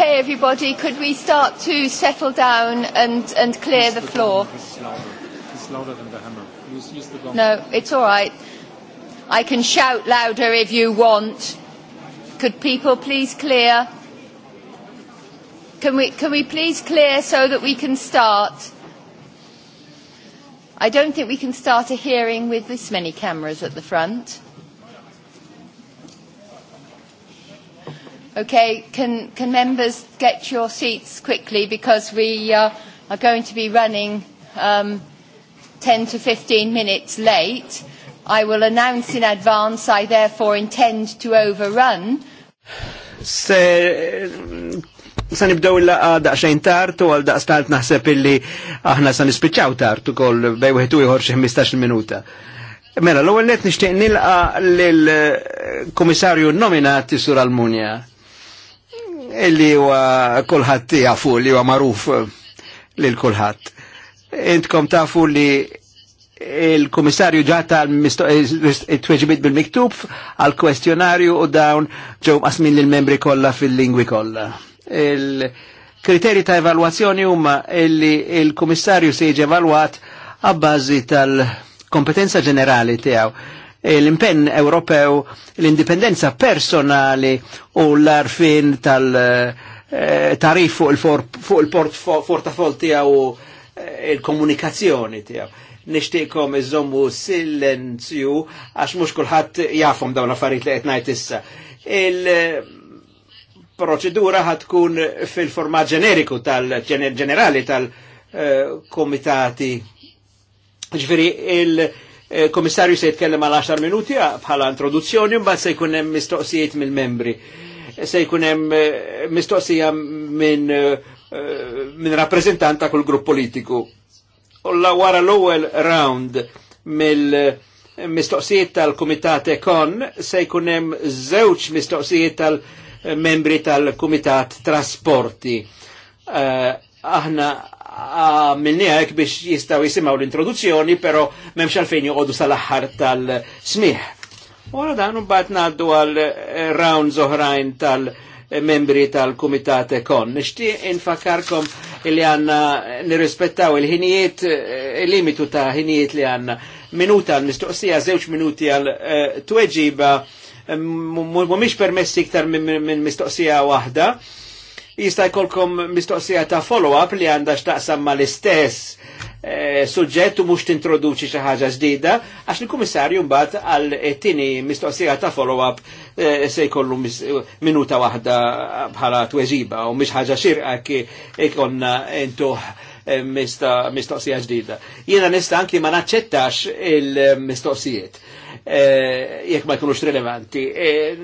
okay, everybody, could we start to settle down and, and clear the, floor? It's louder. than the hammer. No, it's all right. I can shout louder if you want. Could people please clear? Can we, can we please clear so that we can start? I don't think we can start a hearing with this many cameras at the front. Okay, can, can members get your seats quickly because we uh, are going to be running um, 10 to 15 minutes late. I will announce in advance I therefore intend to overrun. Se, se nibdew il-laqa daqsxejn tartu għal daqstalt naħseb illi aħna se nispiċċaw tartu kol bej wieħed ieħor xi 15 minuta. Mela, l-ewwel nett nixtieq nilqa lill-Kummissarju eh, nominati Sur Almunja li huwa kulħadd jafu li huwa magħruf eh, lil kulħadd. Intkom tafu li il-komissarju ġata il-tweġibit bil-miktub għal-kwestjonarju u dawn ġew qasmin lill-membri kollha fil-lingwi kollha. il kriterji ta' evalwazzjoni huma illi il-komissarju se jiġi evalwat għabbażi tal-kompetenza ġenerali tiegħu Eh, l-impenn Ewropew l-indipendenza personali u l-arfin tal-tarif eh, fuq il-portafol tiegħu eh, il-komunikazzjoni tiegħu. Nixtieqkom iżommu silenzju għax mhux kulħadd jafhom dawn affarijiet li qed ngħid issa. Il-proċedura ħad tkun fil-format ġeneriku tal-ġenerali tal-komitati. Ġifieri il- Eh, komissarju se jitkellem għal 10 minuti ah, bħala introduzzjoni, mbagħad se jkun hemm mistoqsijiet mill-membri. Eh, se jkun hemm eh, mistoqsija minn min rappresentant ta' kull grupp politiku. U la wara l-ewwel round mill-mistoqsijiet tal-Kumitat Ekon se jkun hemm żewġ mistoqsijiet tal-membri tal-Kumitat Trasporti. aħna għamilniha biex jistaw jisimaw l-introduzzjoni, pero memx għalfejn juqodu sal axħar tal-smih. Wara dan bat naddu għal eh, rounds oħrajn tal-membri tal-Kumitat Ekon. Nishti infakarkom li għanna nirrispettaw il-ħinijiet, eh, il-limitu ta' ħinijiet li għanna. Minuta l-mistoqsija, zewċ minuti għal eh, tweġiba mumiex permessi iktar minn mistoqsija wahda jista' jkollkom mistoqsija ta' follow-up li għandha x'taqsam mal-istess eh, suġġett u mhux tintroduċi xi ħaġa ġdida, għax il-Kummissarju mbagħad għal tini mistoqsija ta' follow-up eh, se jkollu minuta waħda bħala tweġiba u mhix ħaġa xirqa ikonna intuħ eh, mistoqsija ġdida. Jiena nista' anki ma naċċettax il-mistoqsijiet Eh, jekk ma jkunux rilevanti. Eh,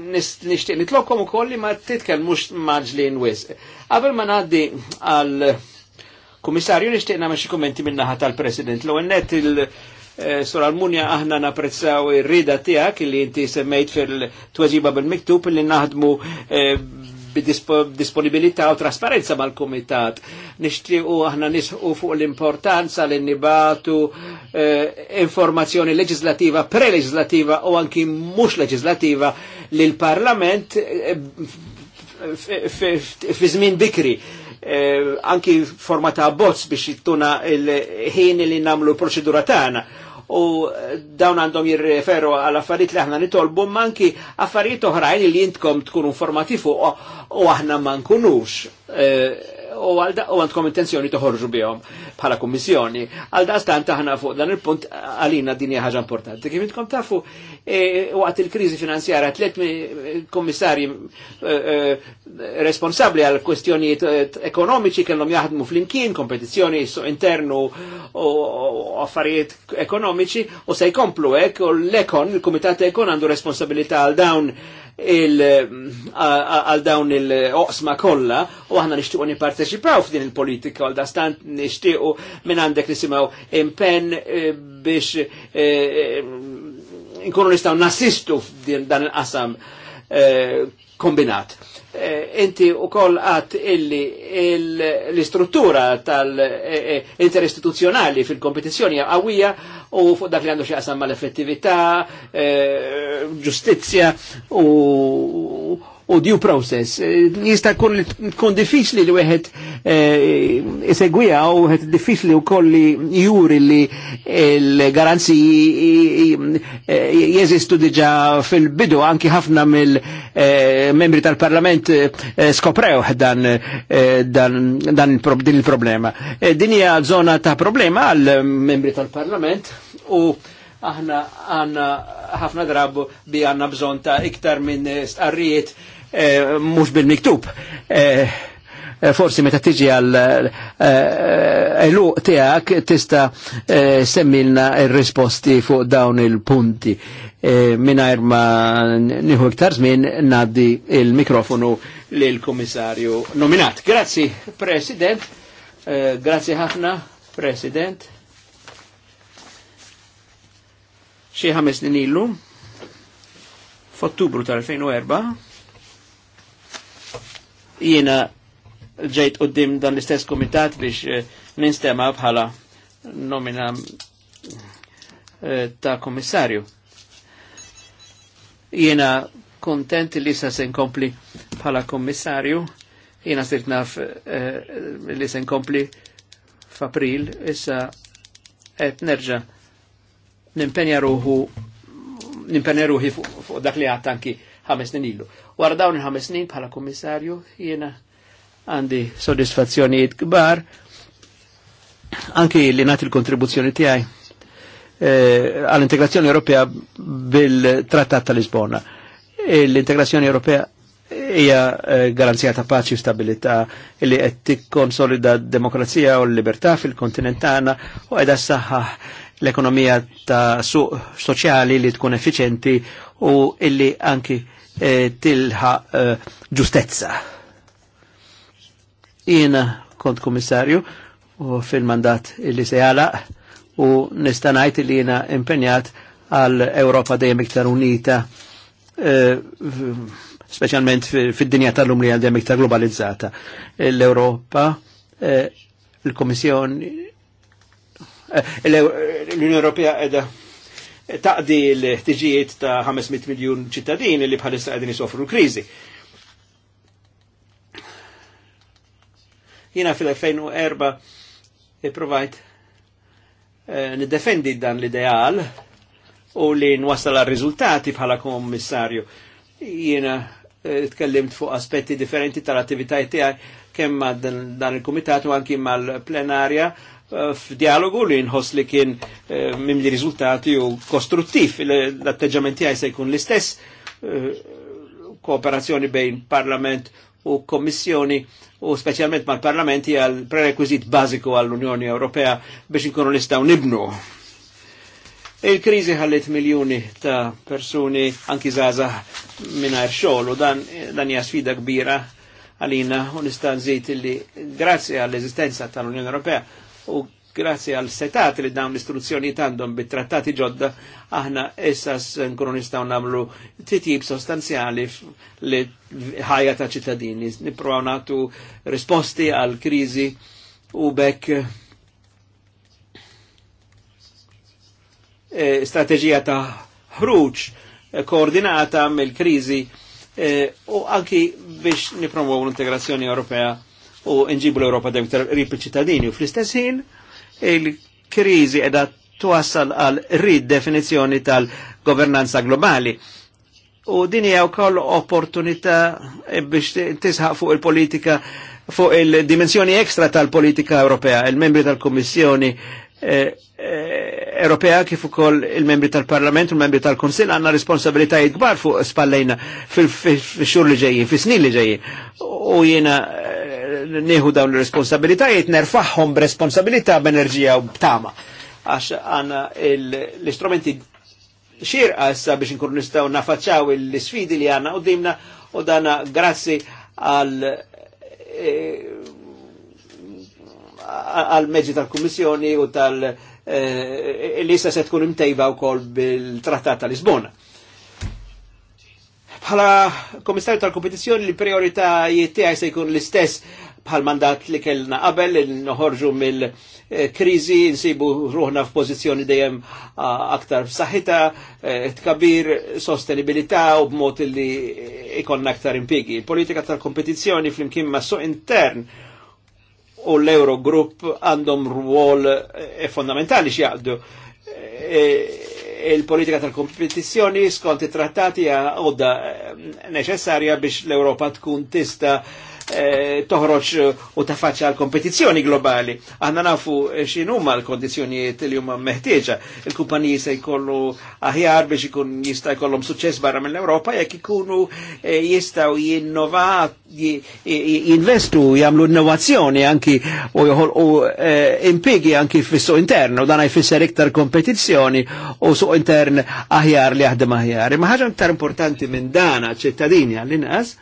Nishtiq nitlokkom ukoll li ma titkellmux maġlin wis. Qabel ma ngħaddi għal kummissarju nixtieq nagħmel xi kummenti min-naħa tal-President. L net il- eh, Sur Almunja aħna napprezzaw ir-rida tiegħek li inti semmejt fil-tweġiba bil-miktub li naħdmu disponibilità u trasparenza mal-Kumitat. u aħna nisħu fuq l-importanza li nibatu eh, informazzjoni pre preleġislativa u anki mhux legislativa l-Parlament eh, fi żmien bikri. Eh, anki formata bozz biex jittuna il-ħin li namlu proċedura tagħna u dawn għandhom jirreferu għal affarijiet li aħna nitolbu manki affarijiet oħrajn li jintkom tkunu informati fuq u aħna ma nkunux. Eh, u għandkom intenzjoni toħorġu bihom bħala kummissjoni. Għal dastan taħna fuq dan il-punt għalina din hija ħaġa importanti. Kif intkom tafu e, waqt il-kriżi finanzjara tliet kommissarji e, e, responsabbli għal kwestjonijiet ekonomiċi kellhom jaħdmu flimkien, kompetizzjoni internu u affarijiet ekonomiċi u se jkomplu hekk u l-ekon, il-Kumitat Ekon għandu responsabilità għal dawn għal dawn il-oqsma kollha u aħna nixtiequ nipparteċipaw f'din il-politika għal dastant nixtiequ minn għandek nisimgħu impenn eh, biex eh, nkunu nistaw nassistu f'din dan il-qasam eh, kombinat. Eh, inti u koll għat illi l-istruttura tal-interistituzjonali eh, eh, fil-kompetizjoni għawija u fuq dak li għandu xieqsam mal-effettività, ġustizja u u due process. Eh, jista' kun diffiċli li wieħed eh, isegwija u wieħed diffiċli wkoll li juri li l-garanziji eh, jeżistu diġa fil-bidu anki ħafna mill-membri tal-Parlament skoprew dan dan din il-problema. Dinja zona ta' problema għal membri tal-Parlament u aħna għanna ħafna drabu bi għanna bżon ta' iktar minn starrijiet eh, mux bil-miktub. Eh, forsi meta tiġi għal eh, eluq tijak tista semmilna il-risposti fuq dawn il-punti mingħajr ma nieħu iktar żmien naddi il-mikrofonu l komissarju nominat. Grazzi President, grazzi ħafna President. xie ħames snin ilu f'Ottubru tal-2004 jiena ġejt qudiem dan l-istess komitat biex eh, ninstema bħala nomina eh, ta' komissarju. Jiena kontent li sa' se nkompli bħala komissarju, jiena sirt naf eh, li se nkompli f'April, issa qed nerġa' nimpenja ruħu nimpenja ruħi fuq dak li għatt anki ħames snin illu. Wara dawn il-ħames snin bħala komissarju jiena għandi soddisfazzjonijiet kbar anki li nagħti l-kontribuzzjoni tiegħi eh, għall-integrazzjoni Ewropea bil-Trattat ta' Lisbona. E l-integrazzjoni Ewropea hija eh, garanzija ta' paċi u stabilità li qed tikkonsolida d-demokrazija u l-libertà fil kontinentana tagħna u qiegħda saħħaħ l-ekonomija ta' suq soċjali li tkun effiċenti u illi anki eh, tilħa eh, ġustezza. Jiena kont komissarju u fil-mandat illi se jalaq u nistanajt li jiena impenjat għal Europa dejjem iktar unita eh, specialment fid-dinja tal-lum li iktar globalizzata. L-Europa, il-Komissjoni, eh, l-Unjoni Ewropea edha taqdi l-ħtiġijiet ta' 500 miljun ċittadin li bħalissa qegħdin isofru l-kriżi. Jiena fil-2004 ipprovajt eh, niddefendi dan l-ideal u li nwassal għal-riżultati bħala kommissarju. Jiena eh, tkellimt fuq aspetti differenti tal-attivitajiet tiegħi kemm dan il-kumitat u anki mal-plenarja Eh, f'dialogu li nħoss li kien eh, mim li rizultati u kostruttiv. l atteġamenti għaj se jkun l-istess eh, kooperazzjoni bejn Parlament u Kommissjoni u speċjalment mal-Parlamenti għal prerequisit bażiku għall-Unjoni Ewropea biex inkunu nistgħu nibnu Il-krizi ħallet miljoni ta' persuni anki zaza minar xogħol u dan, dan hija sfida kbira għalina u nista' nżid li grazzi għall-eżistenza tal-Unjoni Ewropea u grazzi għal setat li dawn l-istruzzjoni tandom bit-trattati ġodda, aħna essas nkunu nistgħu nagħmlu titjib sostanzjali li ħajja ta' ċittadini. Nipprovaw natu risposti għal krizi u bekk eh, strategija ta' ħruġ koordinata mill krizi eh, u anki biex nipromuwu l-integrazzjoni Ewropea u nġibu l-Europa dejjem rib il-ċittadini u fl-istess ħin il-kriżi qiegħda twassal għal rid definizzjoni tal-governanza globali. U din hija wkoll opportunità biex tisħaq fuq il-politika fuq il-dimensjoni ekstra tal-politika Ewropea. Il-membri tal-Kummissjoni Ewropea kif ukoll il-membri tal-Parlament u l-membri tal-Konsil għandna responsabilitajiet kbar fuq spallejna fil-xhur li ġejjin, fis-snin li ġejjin. U jiena nieħu dawn l-responsabilitajiet nerfaħħom b'responsabilità b'enerġija u b'tama. Għax għanna l-istrumenti xirqa issa biex nkunu nistgħu nafaċċaw l-sfidi li għandna qudiemna u dana grazzi għal eh, għal meġi tal-Kummissjoni u tal- eh, li issa se tkun imtejba wkoll bil-Trattat tal-Lisbona. Bħala komissarju tal-kompetizjoni li priorità tiegħi se jkun l-istess bħal mandat li kellna qabel li noħorġu mill-kriżi, eh, nsibu ruħna f'pożizzjoni dejjem aktar f'saħħitha, eh, tkabir, sostenibilità u b'mod li ikonna aktar impigi. politika tal-kompetizzjoni flimkien ma' suq intern u l-Eurogrupp għandhom ruol eh, fondamentali xjaqdu. E, il-politika tal-kompetizjoni skont it-trattati għodda neċessarja biex l-Europa tkun tista' Eh, toħroċ eh, u tafaċċa l-kompetizzjoni globali. Għanna nafu eh, x'inhuma l-kondizzjonijiet li huma meħtieġa. Il-kumpaniji se jkollu aħjar biex ikun jista' jkollhom suċċess barra mill-Ewropa jekk ikunu jistgħu jinnova jinvestu jagħmlu innovazzjoni anki u joħolqu impigi anki fis intern u dan jfisser iktar kompetizzjoni u suq intern aħjar li jaħdem aħjar. Imma ħaġa iktar importanti minn dana ċittadini għall-inqas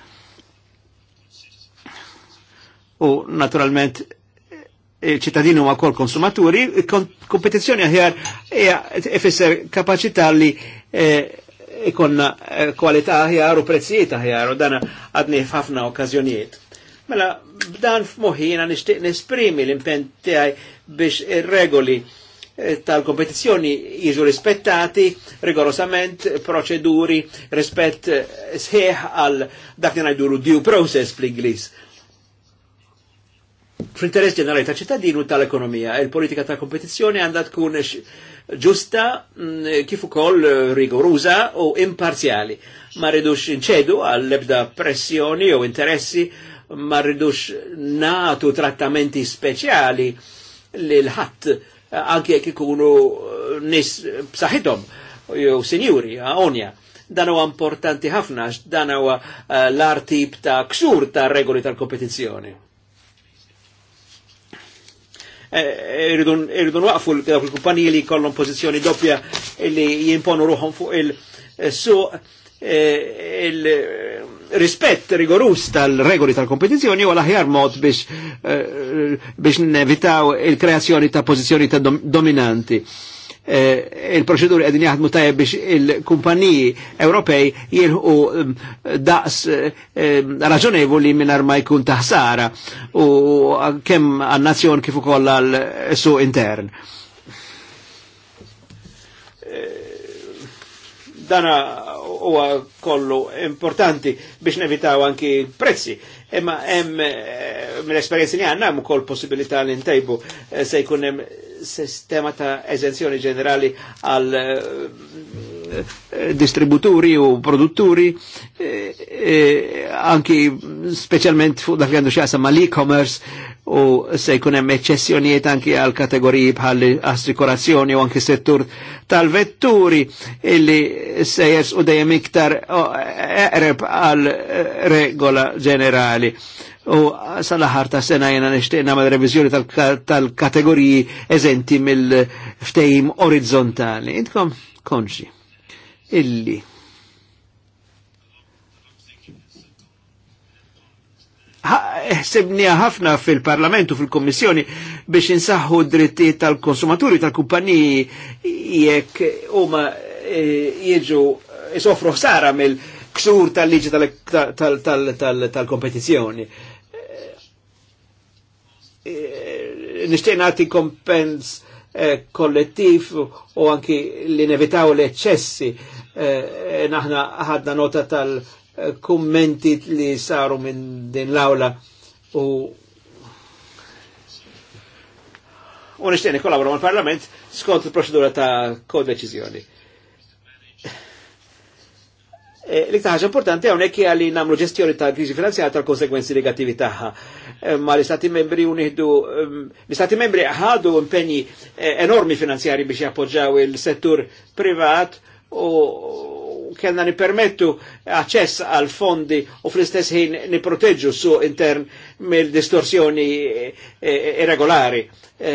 u naturalment ċittadini u għakol konsumaturi, kompetizjoni aħjar hija kapacita li eh, ikonna eh, kualita għahjar u prezzijiet aħjar u dana għadni ħafna okkazjonijiet. Mela, b'dan f'moħħina nixtieq nesprimi l-impenn tiegħi biex ir-regoli eh, tal-kompetizjoni jiġu rispettati rigorosament proċeduri rispett sħiħ għal dak li due process fl-Ingliż fl-interess ġenerali ta' ċittadinu tal-ekonomija. Il-politika ta' kompetizzjoni għandha tkun ġusta mm, kif ukoll eh, rigorosa u imparzjali. Ma rridux inċedu għall-ebda pressjoni u interessi, ma rridux natu trattamenti speċjali lil ħadd eh, anke jekk ikunu eh, nis b'saħħithom jew sinjuri għonja. Dan huwa importanti ħafna dan huwa l-artib ta' ksur ta' regoli tal-kompetizzjoni irridu nwaqfu l-kumpaniji li kollhom pozizjoni doppja li jimponu ruħom fuq il-suq eh, il-rispett rigorus tal-regoli tal-kompetizjoni u l-aħjar mod biex eh, biex nevitaw il-kreazzjoni ta' pozizjoni ta' dominanti. Eh, il-proċeduri għedin jaħdmu tajjeb biex il-kumpaniji Ewropej jirħu mm, daqs eh, raġonevoli minar ma jkun taħsara u kemm għan-nazzjon kif ukoll għal-suq intern. Eh, dana huwa kollu importanti biex nevitaw anki prezzi. Imma hemm mill-esperjenzi li għandna hemm ukoll possibilità li ntejbu se jkun hemm sistema ta' eżenzjoni ġenerali għal eh, eh, distributuri u produtturi, eh, anki specialment fuq dak li għandu xaqsa ma' l-e-commerce u se jkun hemm eċċessjonijiet anki għal kategoriji bħal assikurazzjoni u anki settur tal-vetturi illi se u dejjem iktar eqreb għal regola ġenerali u sal ħar ta' sena jena nishtiqna ma' revizjoni tal-kategoriji eżenti mill-ftejim orizzontali. Intkom konxi. Illi. Sebnija ħafna fil-parlamentu, fil-kommissjoni biex insaħħu drittijiet tal-konsumaturi, tal-kumpaniji jekk huma e, jiġu jisofru ħsara mill-ksur tal-liġi tal-kompetizjoni. Tal tal tal Eh, nishtiq nagħti kompens eh, kollettiv u anki li nevitaw l-eċċessi. Eh, naħna ħadna nota tal-kummenti li saru minn din l-awla u u nishtiq nikkollabora mal-Parlament skont il-proċedura ta' deċizjoni. Eh, l-iktar ħaġa importanti hawnhekk li namlu ġestjoni tal-kriżi finanzjarja tal-konsegwenzi negattivi tagħha. Eh, ma l-Istati membri unieħdu ehm, l-Istati membri ħadu impegni eh, enormi finanzjari biex jappoġġaw il-settur privat u kellna nipermettu aċċess għal fondi u fl-istess ħin niproteġġu su intern mill-distorsjoni irregolari. E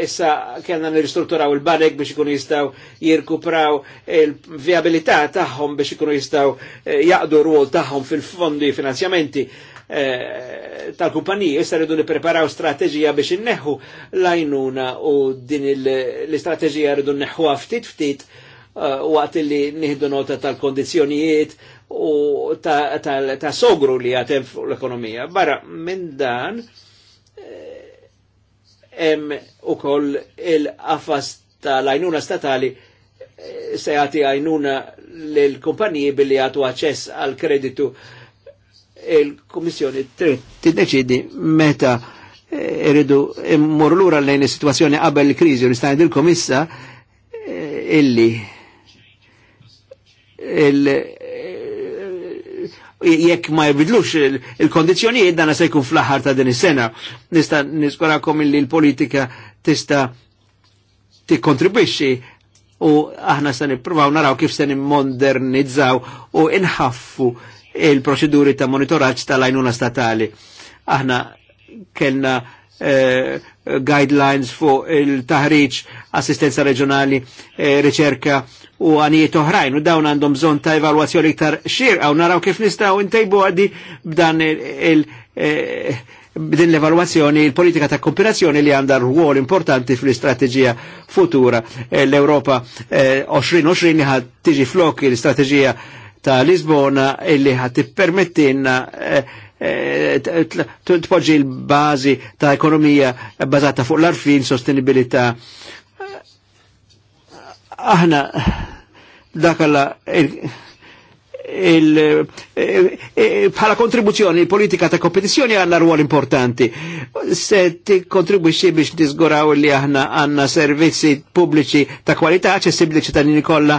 issa kellna nirristrutturaw il-banek biex ikunu jistaw jirkupraw il-viabilità tagħhom biex ikunu jistaw eh, jaqdu rwol tagħhom fil-fondi finanzjamenti eh, tal-kumpaniji. Issa rridu nipreparaw strateġija biex inneħu lajnuna u din l-istrateġija rridu nneħħuha ftit ftit eh, waqt li nieħdu nota tal-kondizzjonijiet u ta', sogru li għatem l-ekonomija. Barra minn dan, hemm ukoll il-qafas ta' lajnuna statali eh, se jagħti għajnuna lil kumpaniji billi għatu aċċess għal kreditu il-Kummissjoni trid tiddeċidi meta eh, irridu immur lura lejn is-sitwazzjoni qabel il-kriżi u nista' ngħidilkom komissa eh, illi jekk ma jibidlux il-kondizjonijiet dana se jkun fl-aħħar ta' din is-sena. Nista' niskorakom illi l-politika tista' tikkontribwixxi u aħna se nippruvaw naraw kif se nimmodernizzaw u inħaffu il-proċeduri ta' monitoraġġ tal-għajnuna statali. Aħna kellna Eh, guidelines fuq il-taħriġ, assistenza reġjonali, eh, riċerka u għanijiet oħrajn u dawn għandhom bżon ta' evalwazzjoni iktar xir għaw naraw kif nistaw ntejbu għaddi b'dan il- eh, b'din l-evalwazzjoni il-politika ta' kooperazzjoni li għandha rwol importanti fl-istrateġija futura l-Europa 2020 li ħad tiġi flok l-istrateġija ta' Lisbona illi ħad tippermettinna Eh, t-tpoġi l bazi ta' ekonomija bazata fuq l-arfin, sostenibilita. Aħna dakalla eh, eh, bħala kontribuzzjoni politika ta' kompetizjoni għanna ruol importanti. Se ti kontribuixi biex disguraw li aħna għanna servizzi pubbliċi ta' kwalità ċessibli ċittadini kolla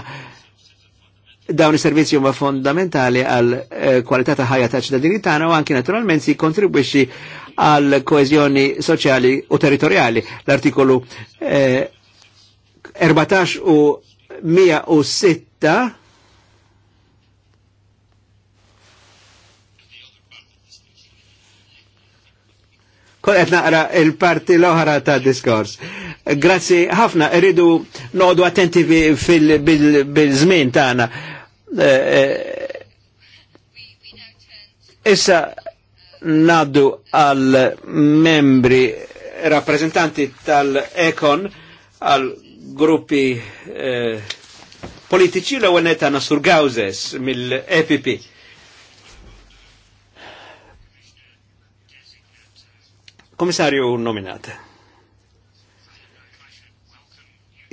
dawn is-servizzi huma fondamentali għal eh, kwalità ta' ħajja ta' ċittadini tagħna u anki naturalment si kontribwixxi għal koeżjoni soċjali u territorjali. L-artikolu 14 eh, u 106 Kol qed naqra il-parti l-oħra ta' diskors. Grazzi ħafna, rridu noqdu attenti bil-żmien tagħna. Eh, eh, issa naddu għal membri rappresentanti tal-Ekon għal gruppi eh, politiċi l ewwel netta Nasur Gawzes mill-EPP. Komissarju nominata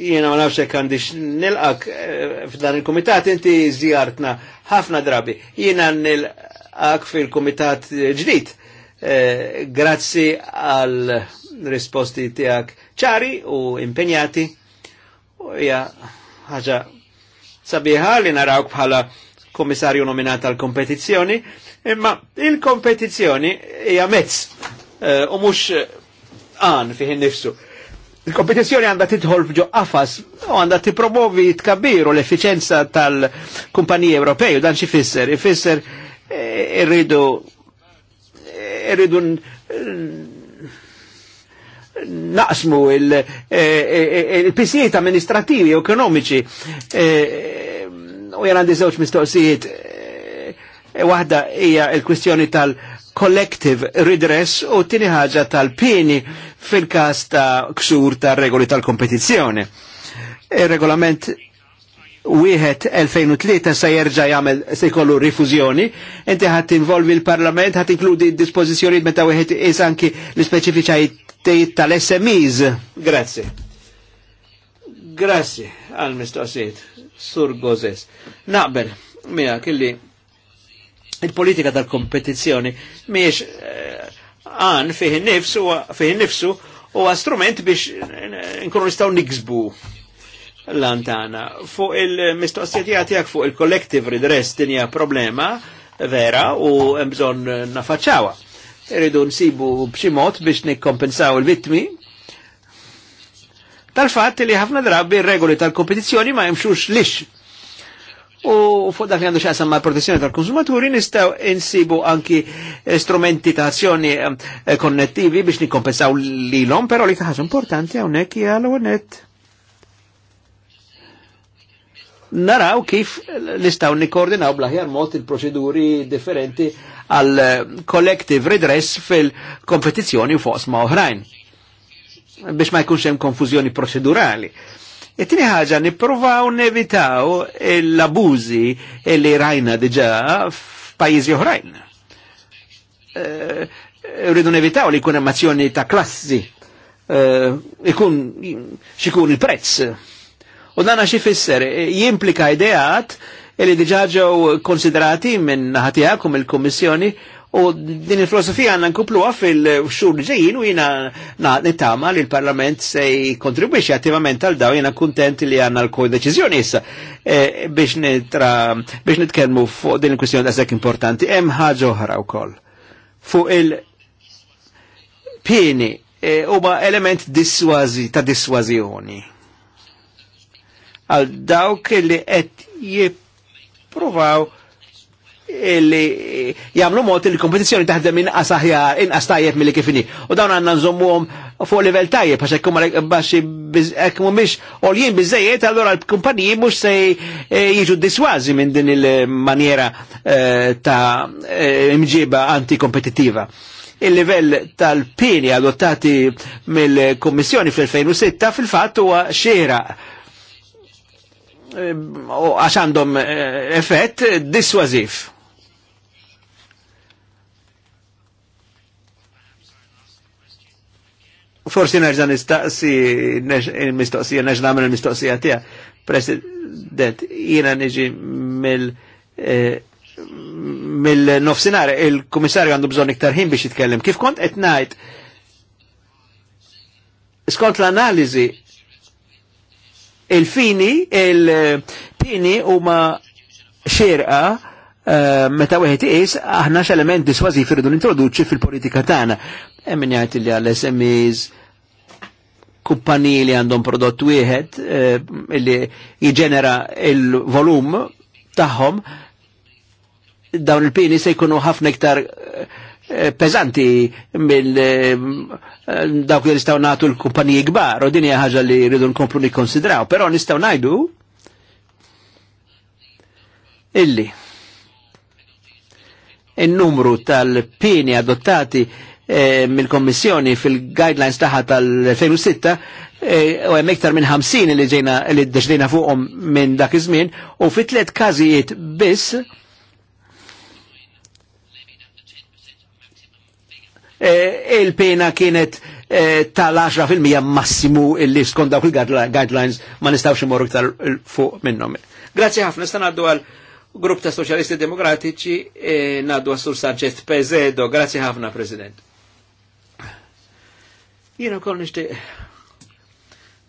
jiena ma nafx hekk għandix nilqak eh, f'dan il-kumitat inti żjartna ħafna drabi. Jiena nilqak fil-kumitat ġdid. Eh, grazzi għal risposti tiegħek ċari u impenjati. Ja ħaġa sabiħa li narawk bħala komissarju nominata għal kompetizzjoni, imma il-kompetizzjoni hija mezz eh, u mhux għan fih nifsu. Il-kompetizjoni għanda titħol ġo għafas, u għanda tipromovi tkabbiru l-efficienza tal kumpanija Ewropej u dan xi fisser. Ifisser eh, irridu eh, irridu naqsmu eh, il-pisijiet amministrativi u ekonomiċi u jgħan għandi zewċ mistoqsijiet waħda hija il-kwistjoni tal- collective redress u tini ħaġa tal-pieni fil-kas ta' ksur ta' regoli tal-kompetizzjoni. Il-regolament wieħed 2003 se jerġa' jagħmel se jkollu rifużjoni, inti ħadd involvi l-Parlament, ħadd inkludi dispożizzjonijiet meta wieħed is anki l ispeċifiċajtejiet tal-SMEs. Grazzi. Grazzi għal mistoqsijiet, Sur Gozes. Naqbel, mija, kelli il-politika tal-kompetizzjoni miex eh, għan fiħin nifsu fih nifsu u għastrument biex eh, nkunu nistaw niksbu l-antana. Fuq il mistoqsijiet jgħatijak fuq il-collective redress din hija problema vera u mbżon nafacċawa. nafaċċawha. Irridu nsibu bximot biex nikkompensaw il vitmi tal fat li ħafna drabi regoli tal kompetizjoni ma jimxux lix U fuq dak li għandu xaqsam ma' protezzjoni tal-konsumaturi nistaw insibu anki eh, strumenti ta' azzjoni eh, konnettivi biex nikompensaw li l-om, pero li taħħaġa importanti għonek jgħal għonet. Naraw kif nistaw nikordinaw blaħjar mod il-proċeduri differenti għal eh, collective redress fil-kompetizjoni u fosma oħrajn biex ma jkunx hemm konfużjoni proċedurali It-tini ħaġa nippruvaw nevitaw l abuzi li rajna diġa f'pajjiżi oħrajn. Eh, rridu nevitaw li jkun emazzjoni ta' klassi, eh, ikun xikun il-prezz. U dana xi fisser, jimplika ideat li diġà konsiderati minn ħatijakum il komissjoni U din il-filosofija għanna nkupluha fil-xhur li ġejjin u jina jiena nittama li l-Parlament se jkontribwixxi attivament għal daw jina kontent li għanna l-kod deċiżjoni issa eh, biex nitra biex nitkellmu fuq din il kwestjoni ta' sekk importanti. Hemm ħaġa oħra wkoll. Fuq il-pieni eh, huma element diswazi ta' diswazjoni. Għal dawk li qed jippruvaw illi jamlu mod il-kompetizzjoni taħdem minn aħjar, inqas tajjeb mill kifini. U dawn għandna nżommuhom fuq livell tajjeb għax hekk baxi hekk mhumiex għoljien biżejjed, allura l-kumpaniji mhux se eh, jiġu diswazi minn din il-maniera eh, ta' eh, imġiba antikompetitiva. il-livell tal-pini adottati mill-Kommissjoni fl-2006 fil-fatt huwa xera għax għandhom effett diswazif. Forsi nerġa' nistaqsi il-mistoqsija, nerġa' nagħmel il-mistoqsija tija. President, jina niġi mill- eh, mill-nofsinar il-komissarju għandu bżon iktar ħin biex jitkellem. Kif kont etnajt. skont l-analiżi il-fini, il-pini huma xirqa uh, meta weħet is aħna x'element diswazi irridu introduċi fil-politika tagħna. Hemm jgħid li għal smes kumpaniji li għandhom prodott wieħed eh, illi jiġenera il-volum tagħhom dawn il-pini se jkunu ħafna iktar eh, pezanti mill eh, dawk li nistgħu nagħtu l-kumpaniji kbar u din hija ħaġa li rridu nkomplu nikkonsidraw, però nistgħu ngħidu illi in-numru tal-pini adottati Eh, mill-Kommissjoni fil-guidelines taħħa tal-2006 eh, u hemm iktar minn 50 li ġejna li ddeċdejna fuqhom minn dak iż-żmien u fi tliet każijiet biss eh, il-pena kienet tal-10% massimu illi skont dawk il-guidelines ma nistawx imorru iktar fuq minnhom. Grazzi ħafna, sta għaddu għal grupp ta' Soċjalisti Demokratiċi ngħaddu naddu għastur Sarġet Pezedo. Grazie ħafna, President. Jiena kol nixtieq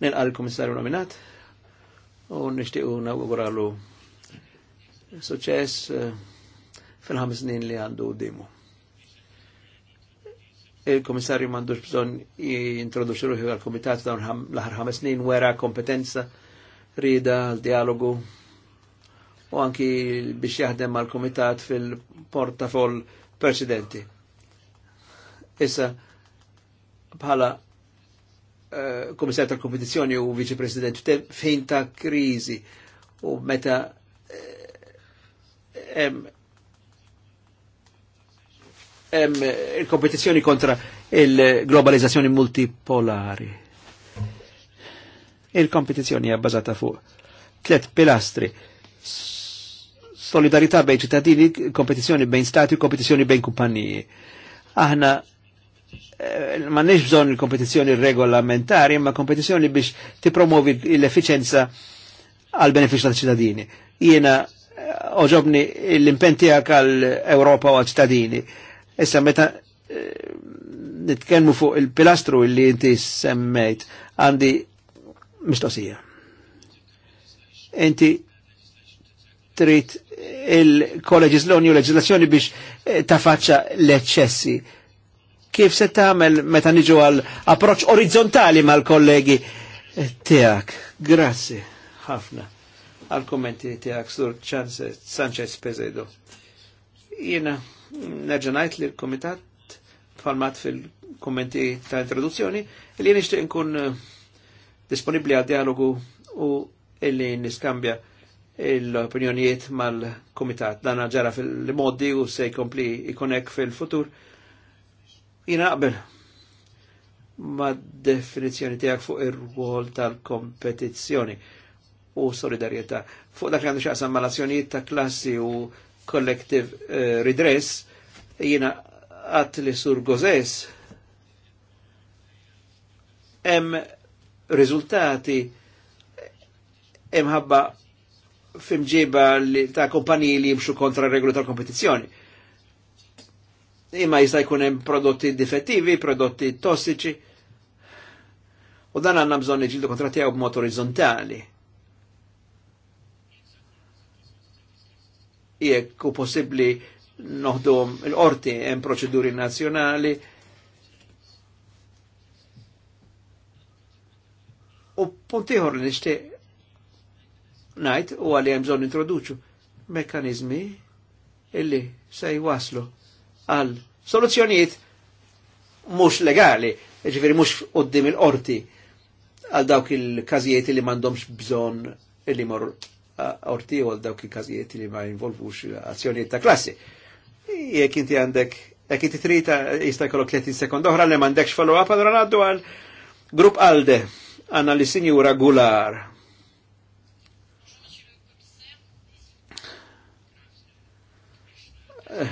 nilqa' l komissarju nominat u u nawguralu suċċess eh, fil-ħames snin li għandu dimu. il komissarju m'għandux bżonn jintroduċi ruħi għal komitat dawn l-aħħar ħames snin wera kompetenza rida għal-dialogu u anki biex jaħdem għal komitat fil-portafol presidenti. Issa, bħala eh, komissar tal kompetizzjoni u viċi-president fejn ta' krizi u meta hemm eh, il-kompetizzjoni kontra il-globalizzazzjoni multipolari. Il-kompetizzjoni hija bbażata fuq tliet pilastri solidarità bejn ċittadini, kompetizzjoni bejn stati, kompetizzjoni bejn kumpaniji. Aħna Eh, ma nix bżon il-kompetizjoni regolamentari, ma kompetizjoni biex tipromovi l-efficienza għal benefiċ tal ċittadini. Jiena eh, oġobni l-impenti għal Europa u għal ċittadini. Issa meta eh, nitkenmu fuq il-pilastru li inti semmejt għandi mistoqsija. Inti trit il-kolleġisloni u leġislazzjoni biex tafaċċa l-eċċessi kif se tagħmel meta niġu għal approċċ orizzontali mal-kollegi eh, tiegħek. Grazzi ħafna għal kommenti tiegħek sur Sanchez Pezedo. Jiena nerġa' ngħid li l-kumitat falmat fil-kommenti ta' introduzzjoni li nixtieq nkun eh, disponibbli għad dialogu u illi niskambja l-opinjonijiet mal-komitat. Dan ġara fil-modi u se jkompli ikonek fil-futur Jina qabel ma definizjoni tijak fuq ir-rwol tal-kompetizzjoni u solidarieta. Fuq dak li għandu xaqsam mal-azzjonijiet ta' klassi u kollektiv uh, eh, redress, jina għat li sur gozes, em rizultati imħabba fimġiba ta' kompani li jimxu kontra regolu tal kompetizzjoni imma jista' jkun hemm prodotti difettivi, prodotti tossiċi. U dan għandna bżonn iġildu kontra tiegħu b'mod orizzontali. Jekk u possibbli noħdu l-qorti hemm proċeduri nazzjonali. U punt ieħor li nixtieq ngħid u għalli hemm bżonn introduċu mekkaniżmi illi se jwaslu għal soluzzjoniet mux legali, ġifiri mux qoddim il-qorti għal dawk il kazijiet li mandomx bżon li mor qorti u għal dawk il kazijiet li ma involvux azzjoniet ta' klassi. Jek inti għandek jek inti trita jista' jkollok 30 sekond oħra li mandekx follow-up għadra għaddu għal grupp Alde għanna li sinjura Gular. Eh,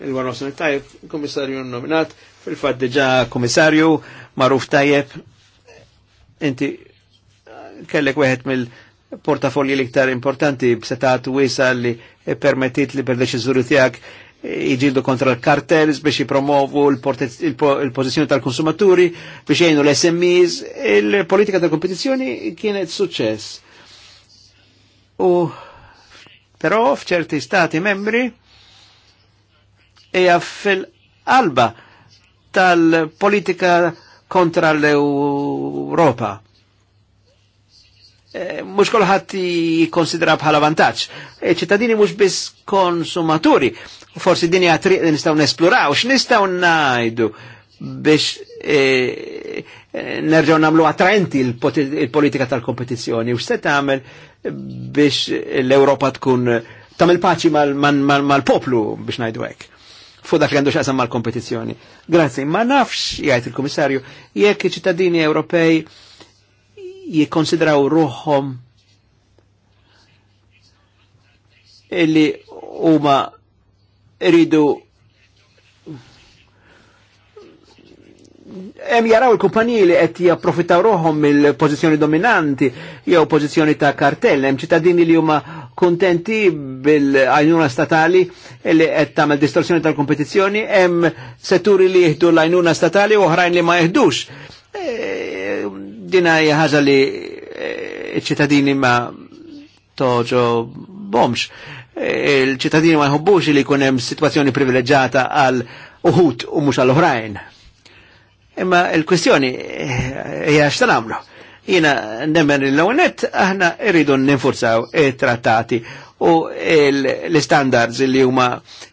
il-Warnof Sunet Tajb, komissarju nominat, fil-fat diġa komissarju, maruf tajjeb, inti kellek weħet mill-portafolji liktar importanti b-setat u wisa li permettit li per deċiżuri tijak iġildu kontra l-kartels biex jipromovu l-pozizjoni tal-konsumaturi, biex jajnu l-SMEs, il-politika tal-kompetizjoni kienet suċess. U però f'ċerti stati membri hija fil-qalba tal-politika kontra l-Europa. E, mux kolħat jikonsidra bħala vantaċ. E, ċittadini mux bis konsumaturi. Forsi dini għatri nistaw nesploraw, x'nistaw najdu biex e, e nerġaw namlu attraenti il-politika tal-kompetizjoni. U x'se tagħmel biex l-Europa tkun tamil paċi mal-poplu mal, mal, mal biex najdu hekk fuq dak li għandu xaqsam mal-kompetizjoni. Grazie, ma nafx, jgħajt il-Komissarju, jekk iċ-ċittadini Ewropej jikonsidraw ruħom illi huma rridu hemm jaraw il-kumpaniji li qed japprofittaw roħhom mill-pożizzjoni dominanti jew pożizzjoni ta' kartell, hemm ċittadini li huma kuntenti bil-għajnuna statali li qed tagħmel distorsjoni tal-kompetizzjoni, hemm setturi li jieħdu l-għajnuna statali u oħrajn li ma jieħdux. E, dina hija ħaġa li ċ e, ċittadini ma toġo bomx. E, il-ċittadini ma jħobbux li jkun hemm sitwazzjoni privileġġata għal uħut u mhux għall oħrajn. Imma il-kwestjoni eh, hija tal għamlu. Jina nemmen il-lawnet aħna rridu ninfurzaw il trattati u l-standards li huma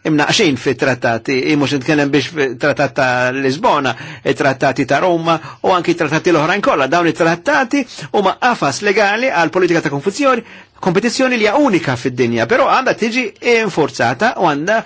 imnaqxin fi trattati mhux nitkellem biex trattati ta' Lisbona, trattati ta' Roma u anki trattati l-oħrajn kollha. Dawn it-trattati huma qafas legali għal politika ta' konfuzzjoni kompetizzjoni li hija unika fid-dinja, però għanda tiġi infurzata u għanda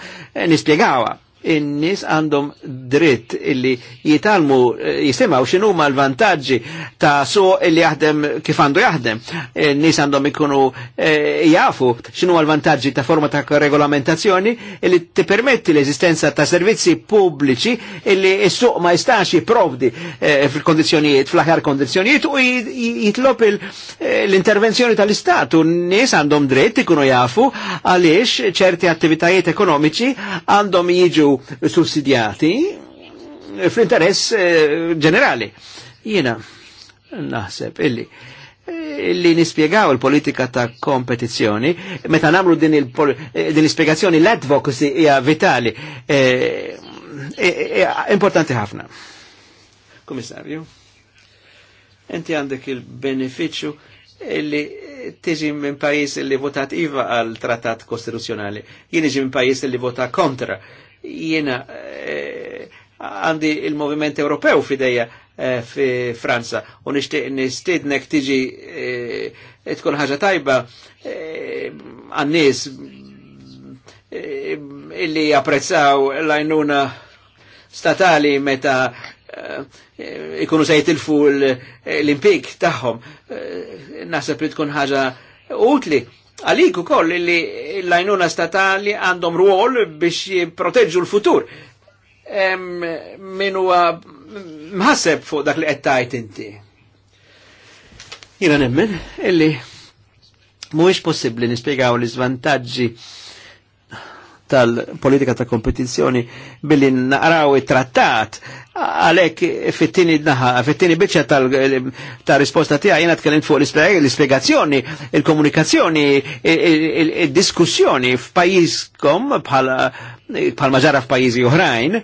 nispiegawa in-nies għandhom dritt illi jitalmu eh, jisimaw x'inhu ma l-vantaġġi ta' so illi jaħdem kif għandu jaħdem. In-nies eh, għandhom ikunu eh, jafu x'inhu l-vantaġġi ta' forma ta' regolamentazzjoni illi tippermetti l-eżistenza ta' servizzi pubbliċi illi s-suq ma jistax jipprovdi e, fil-kondizzjonijiet, fl-aħjar kondizzjonijiet u jitlob l-intervenzjoni tal-Istat u n-nies għandhom dritt ikunu jafu għaliex ċerti attivitajiet ekonomiċi għandhom jiġu sussidjati fl-interess eh, ġenerali. Jina, naħseb illi eh, li nispiegaw il-politika ta' kompetizjoni, meta namlu eh, din l-ispiegazzjoni l-advocacy hija vitali, importanti ħafna. Komissarju, enti għandek il-beneficju li tiġi minn pajis li votat iva għal trattat kostituzjonali, jien iġi minn pajis li vota kontra jiena eh, għandi eh, il-Moviment Ewropew fideja eh, fi Franza u nixtieq nistidnek tiġi eh, tkun ħaġa tajba eh, għan-nies eh, illi japprezzaw l-għajnuna statali meta ikunu se jitilfu l-impik tagħhom. Naħseb li tkun ħaġa utli għalik u koll li l-lajnuna statali għandhom ruol biex jiproteġu l-futur. Minu mħasseb fuq dak li għettajt inti. Jina nemmen, illi muħiċ possibli nispiegaw li svantagġi tal-politika ta' kompetizjoni billi naqraw it-trattat għalek fit-tini naħa, fit-tini bieċa tal-risposta tija jena tkellimt fuq l-ispiegazzjoni, il-komunikazzjoni, il-diskussjoni f'pajiskom bħal maġara f'pajizi oħrajn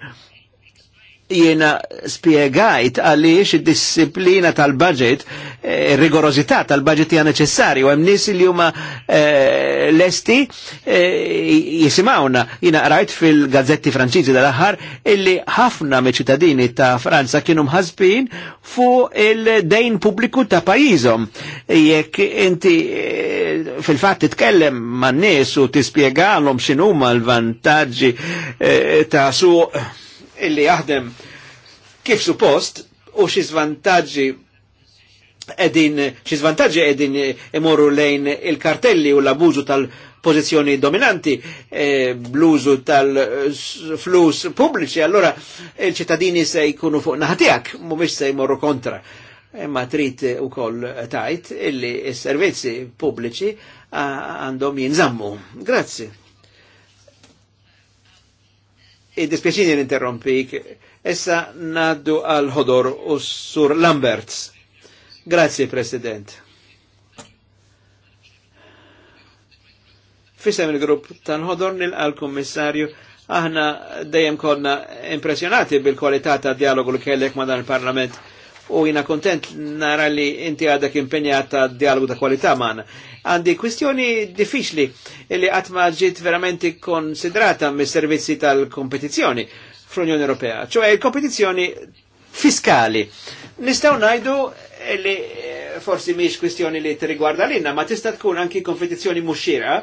jiena spiegajt għaliex id-disciplina tal-budget, eh, rigorozità tal-budget hija neċessarju, hemm nies li huma eh, lesti eh, jisimawna. Jiena rajt fil-gazzetti Franċiżi dal-aħħar illi ħafna me ċittadini ta' Franza kienu mħazbin fuq il-dejn pubbliku ta' pajjiżhom. Jekk inti fil fat titkellem man-nies u tispjegalhom x'inhuma l-vantaġġi ta' suq illi jaħdem kif suppost u xi żvantaġġi edin, xi żvantaġġi qegħdin imorru lejn il-kartelli u l-abużu tal-pożizzjoni dominanti, e, bluzu tal-flus pubbliċi, allora il-ċittadini se jkunu fuq naħatijak, mhumiex se jmorru kontra. Imma trid ukoll tajt illi s-servizzi pubbliċi għandhom jinżammu. Grazzi. Id-dispieċini ninterrompik, essa naddu għal ħodor u sur Lamberts. Grazie, President. Fisem il-grupp tal-ħodor nil-għal kommissarju aħna dejjem konna impressionati bil kualità ta' dialogu l kellek ma' dan il-Parlament u jina kontent nara li inti għadak impenjata dialogu ta' kualità maħna. Għandi kwistjoni diffiċli li għatma ġit verament konsidrata mis servizzi tal-kompetizjoni fl-Unjoni Ewropea, ċoħe il-kompetizjoni fiskali. Nistaw najdu li eh, forsi miex kwistjoni li t-rigwarda l inna ma tista tkun anki kompetizjoni muxira,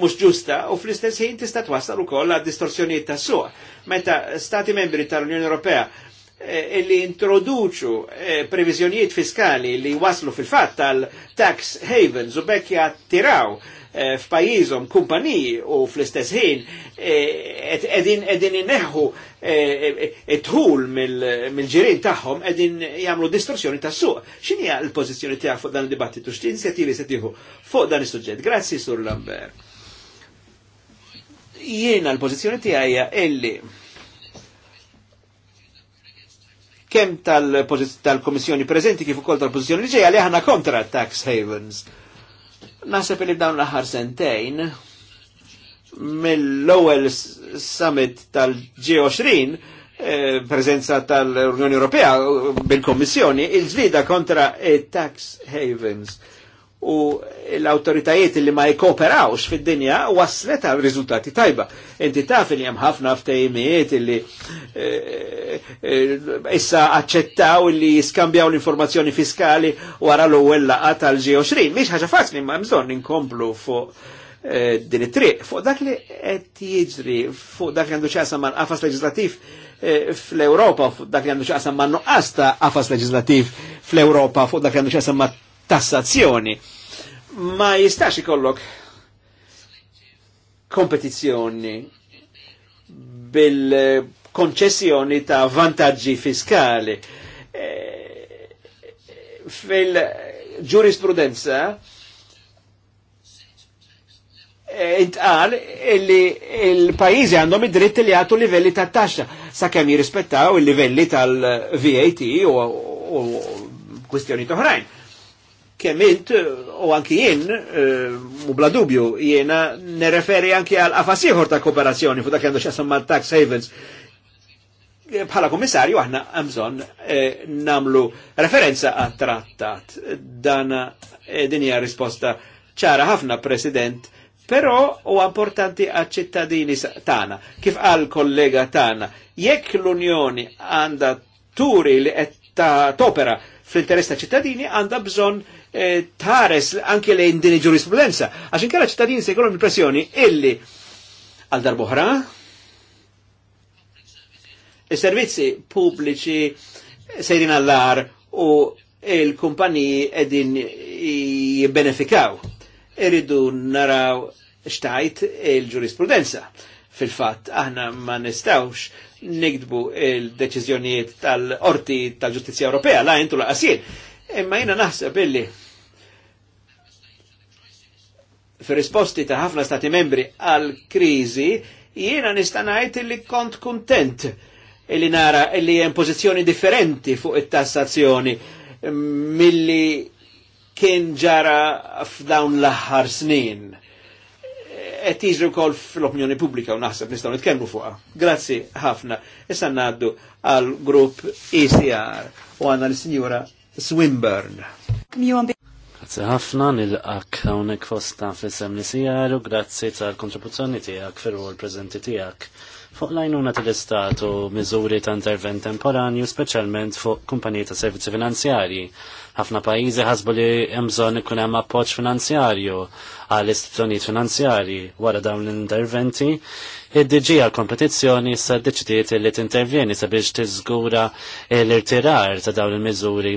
mux ġusta u fl-istess ħin tista' twassal ukoll għad distorsjoni tas-suq. Meta stati membri tal-Unjoni Ewropea Eh, illi introduċu eh, previżjonijiet fiskali li waslu fil-fatt tal-tax havens u bekk jattiraw eh, f'pajjiżhom kumpaniji u fl-istess ħin edin qegħdin ineħħu tħul mill ġirin tagħhom edin jagħmlu distorsjoni tas-suq. X'inhi l-pożizzjoni tiegħek fuq dan id-dibattitu x'ti inizjattivi se tieħu fuq dan is-suġġett. Grazzi Sur Lambert. Jiena l-pożizzjoni tiegħi illi kemm tal-Komissjoni prezenti kif ukoll tal pozizjoni li ġejja li ħana kontra tax havens. Naħseb li dawn l-aħħar sentejn mill-ewwel summit tal-G20 eh, preżenza tal-Unjoni Ewropea eh, bil-Kommissjoni il-ġlida kontra eh, tax havens u l-autoritajiet li ma jkooperawx fid-dinja waslet għal riżultati tajba. Inti taf li hemm ħafna ftejmijiet li eh, eh, issa aċċettaw li jiskambjaw l-informazzjoni fiskali wara l-ewwel laqgħa tal-G20. Mhix ħaġa faċli ma bżonn inkomplu fuq eh, din it-triq. Fuq dak li qed jiġri, fuq dak li għandu ċasam man qafas leġislativ fl-Ewropa, fuq dak li għandu ċasam man nuqqas ta' qafas leġislativ fl-Ewropa, fuq dak li għandu ċasam man tassazzjoni. Ma jistax ikollok kompetizzjoni bil-konċessjoni ta' vantaġġi fiskali. E, fil-ġurisprudenza e, intqal illi il-pajizi għandhom id-dritt li għatu livelli ta' taxxa sakemm jirrispettaw il-livelli tal-VAT u kwistjoni toħrajn kemm int u anki jien, eh, u bla dubju, jiena nereferi anki għal afasiħor ta' kooperazzjoni fuq dak għandu xasam mal tax havens. Eh, bħala komissarju aħna għamżon eh, namlu referenza għat trattat dana dinja risposta ċara ħafna president Però u importanti għat ċittadini tana, kif għal kollega tana, jekk l-Unjoni għanda turi li għetta topera fl-interess ta' ċittadini għanda bżonn Eh, tħares anke lejn din il-ġurisprudenza. Għaxin kera ċittadin se jkollhom impressjoni illi għal darboħra il servizzi pubbliċi sejrin għallar u il-kumpaniji edin jibbenefikaw. Iridu naraw xtajt il-ġurisprudenza. fil fat aħna ma nistawx nikdbu il deċizjoniet tal-orti tal-ġustizja Ewropea, la jentu laqasir. Imma jina naħseb illi fir-risposti ta' ħafna stati membri għal-kriżi, jiena nista' ngħid li kont kontent illi nara illi hemm pozizjoni differenti fuq it-tassazzjoni milli kien ġara f'dawn l-aħħar snin. Et jiġri kol fl-opinjoni pubblika u naħseb nistaw nitkellmu fuqha. Grazzi ħafna. Issa ngħaddu għal grupp ECR u għandna l-Sinjura Swinburne. Grazzi ħafna nil-ak hawnhekk fosta ta' fisem li sijaru, grazzi tal-kontribuzzjoni tiegħek fir-rwol preżenti tiegħek. Fuq lajnuna tal-Istatu miżuri ta' intervent temporanju, speċjalment fuq kumpaniji ta' servizzi finanzjarji. Ħafna pajjiżi ħasbu li hemm bżonn ikun hemm appoġġ finanzjarju għall istituzzjonijiet finanzjarji wara dawn l-interventi id-DG għal-kompetizzjoni issa deċidiet li t-intervjeni sabiex tiżgura l-irtirar ta' dawn il-miżuri.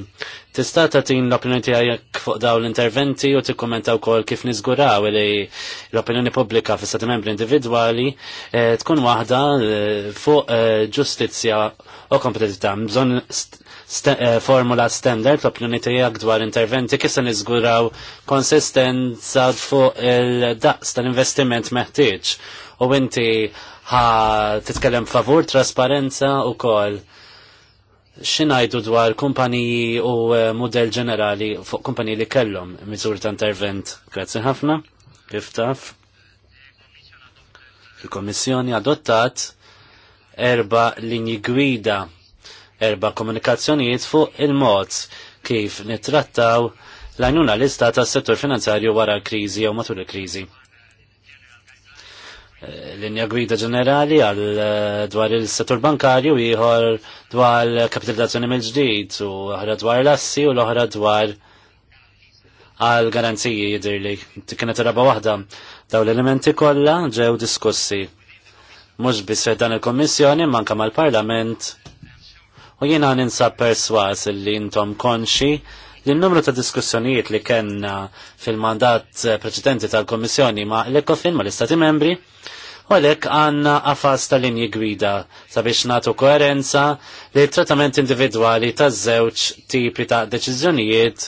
Tista' tagħtin l-opinjoni tiegħek fuq dawn l-interventi u tikkummenta wkoll kif niżguraw li l-opinjoni pubblika fi stati membri individwali eh, tkun waħda eh, fuq eh, ġustizzja u kompetitività. Bżonn formula standard l-opinjoni tiegħek dwar interventi kif se niżguraw konsistenza fuq il-daqs tal-investiment meħtieġ u inti ha titkellem favur trasparenza u kol xinajdu dwar kumpaniji u eh, model ġenerali fuq kumpaniji li kellhom miżur ta' intervent. Grazzi ħafna, kif taf. Il-Komissjoni adottat erba linji gwida, erba komunikazzjonijiet fuq il-mod kif nittrattaw l-għajnuna l-istat tas settur finanzarju wara l-krizi jew matul il-krizi. Eh, linja gwida ġenerali għal eh, dwar il-settur bankarju ieħor dwar kapitalizzazzjoni mill-ġdid u oħra dwar l-assi u l-oħra dwar għal garanziji jidirli. Kienet raba waħda daw l-elementi kollha ġew diskussi. Mhux biss dan il-Kommissjoni manka mal-Parlament u jiena ninsab perswas li intom konxi L-numru ta' diskussjonijiet li kenna fil-mandat preċedenti tal-Komissjoni ma' l-Ekofin ma' l-Istati membri u għalek għanna għafas ta' linji gwida sabiex natu koerenza li trattament individuali ta' zewċ tipi ta' deċizjonijiet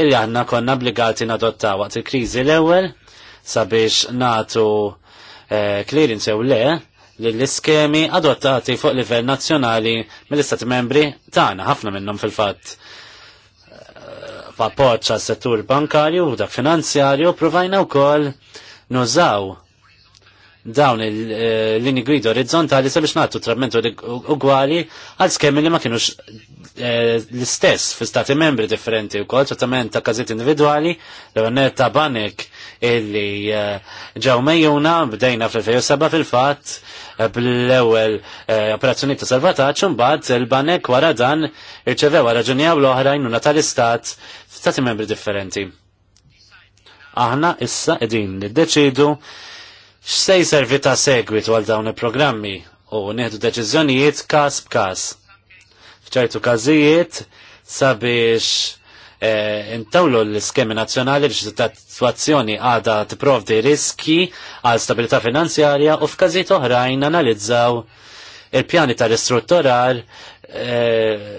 illi għanna konna obbligati nadotta waqt il-krizi l-ewel sabiex natu eh, clearance jew le li l-iskemi adottati fuq livell nazzjonali mill-istat membri tagħna ħafna minnhom fil-fatt appoġġ għas settur bankarju u dak finanzjarju provajna wkoll nużaw dawn il-lini gwida orizzontali sabiex nagħtu trattament ugwali għal skemmi li ma kienux eh, l-istess fi stati membri differenti wkoll trattament ta' każiet individwali l ta' banek illi eh, ġew mejjuna bdejna fl-2007 fil-fatt eh, bl-ewwel operazzjoni ta' salvataġġ u mbagħad il-banek wara dan irċevew raġunijaw l-oħrajn u tal-istat f'stati membri differenti. Aħna issa qegħdin niddeċidu x'se servi ta' segwitu għal dawn il-programmi u nieħdu deċiżjonijiet każ b'każ. F'ċertu każijiet sabiex eh, intawlu l-iskemi nazzjonali li situazzjoni għada t-provdi riski għal stabilità finanzjarja u f'każijiet oħrajn analizzaw il-pjani ta' ristrutturar eh,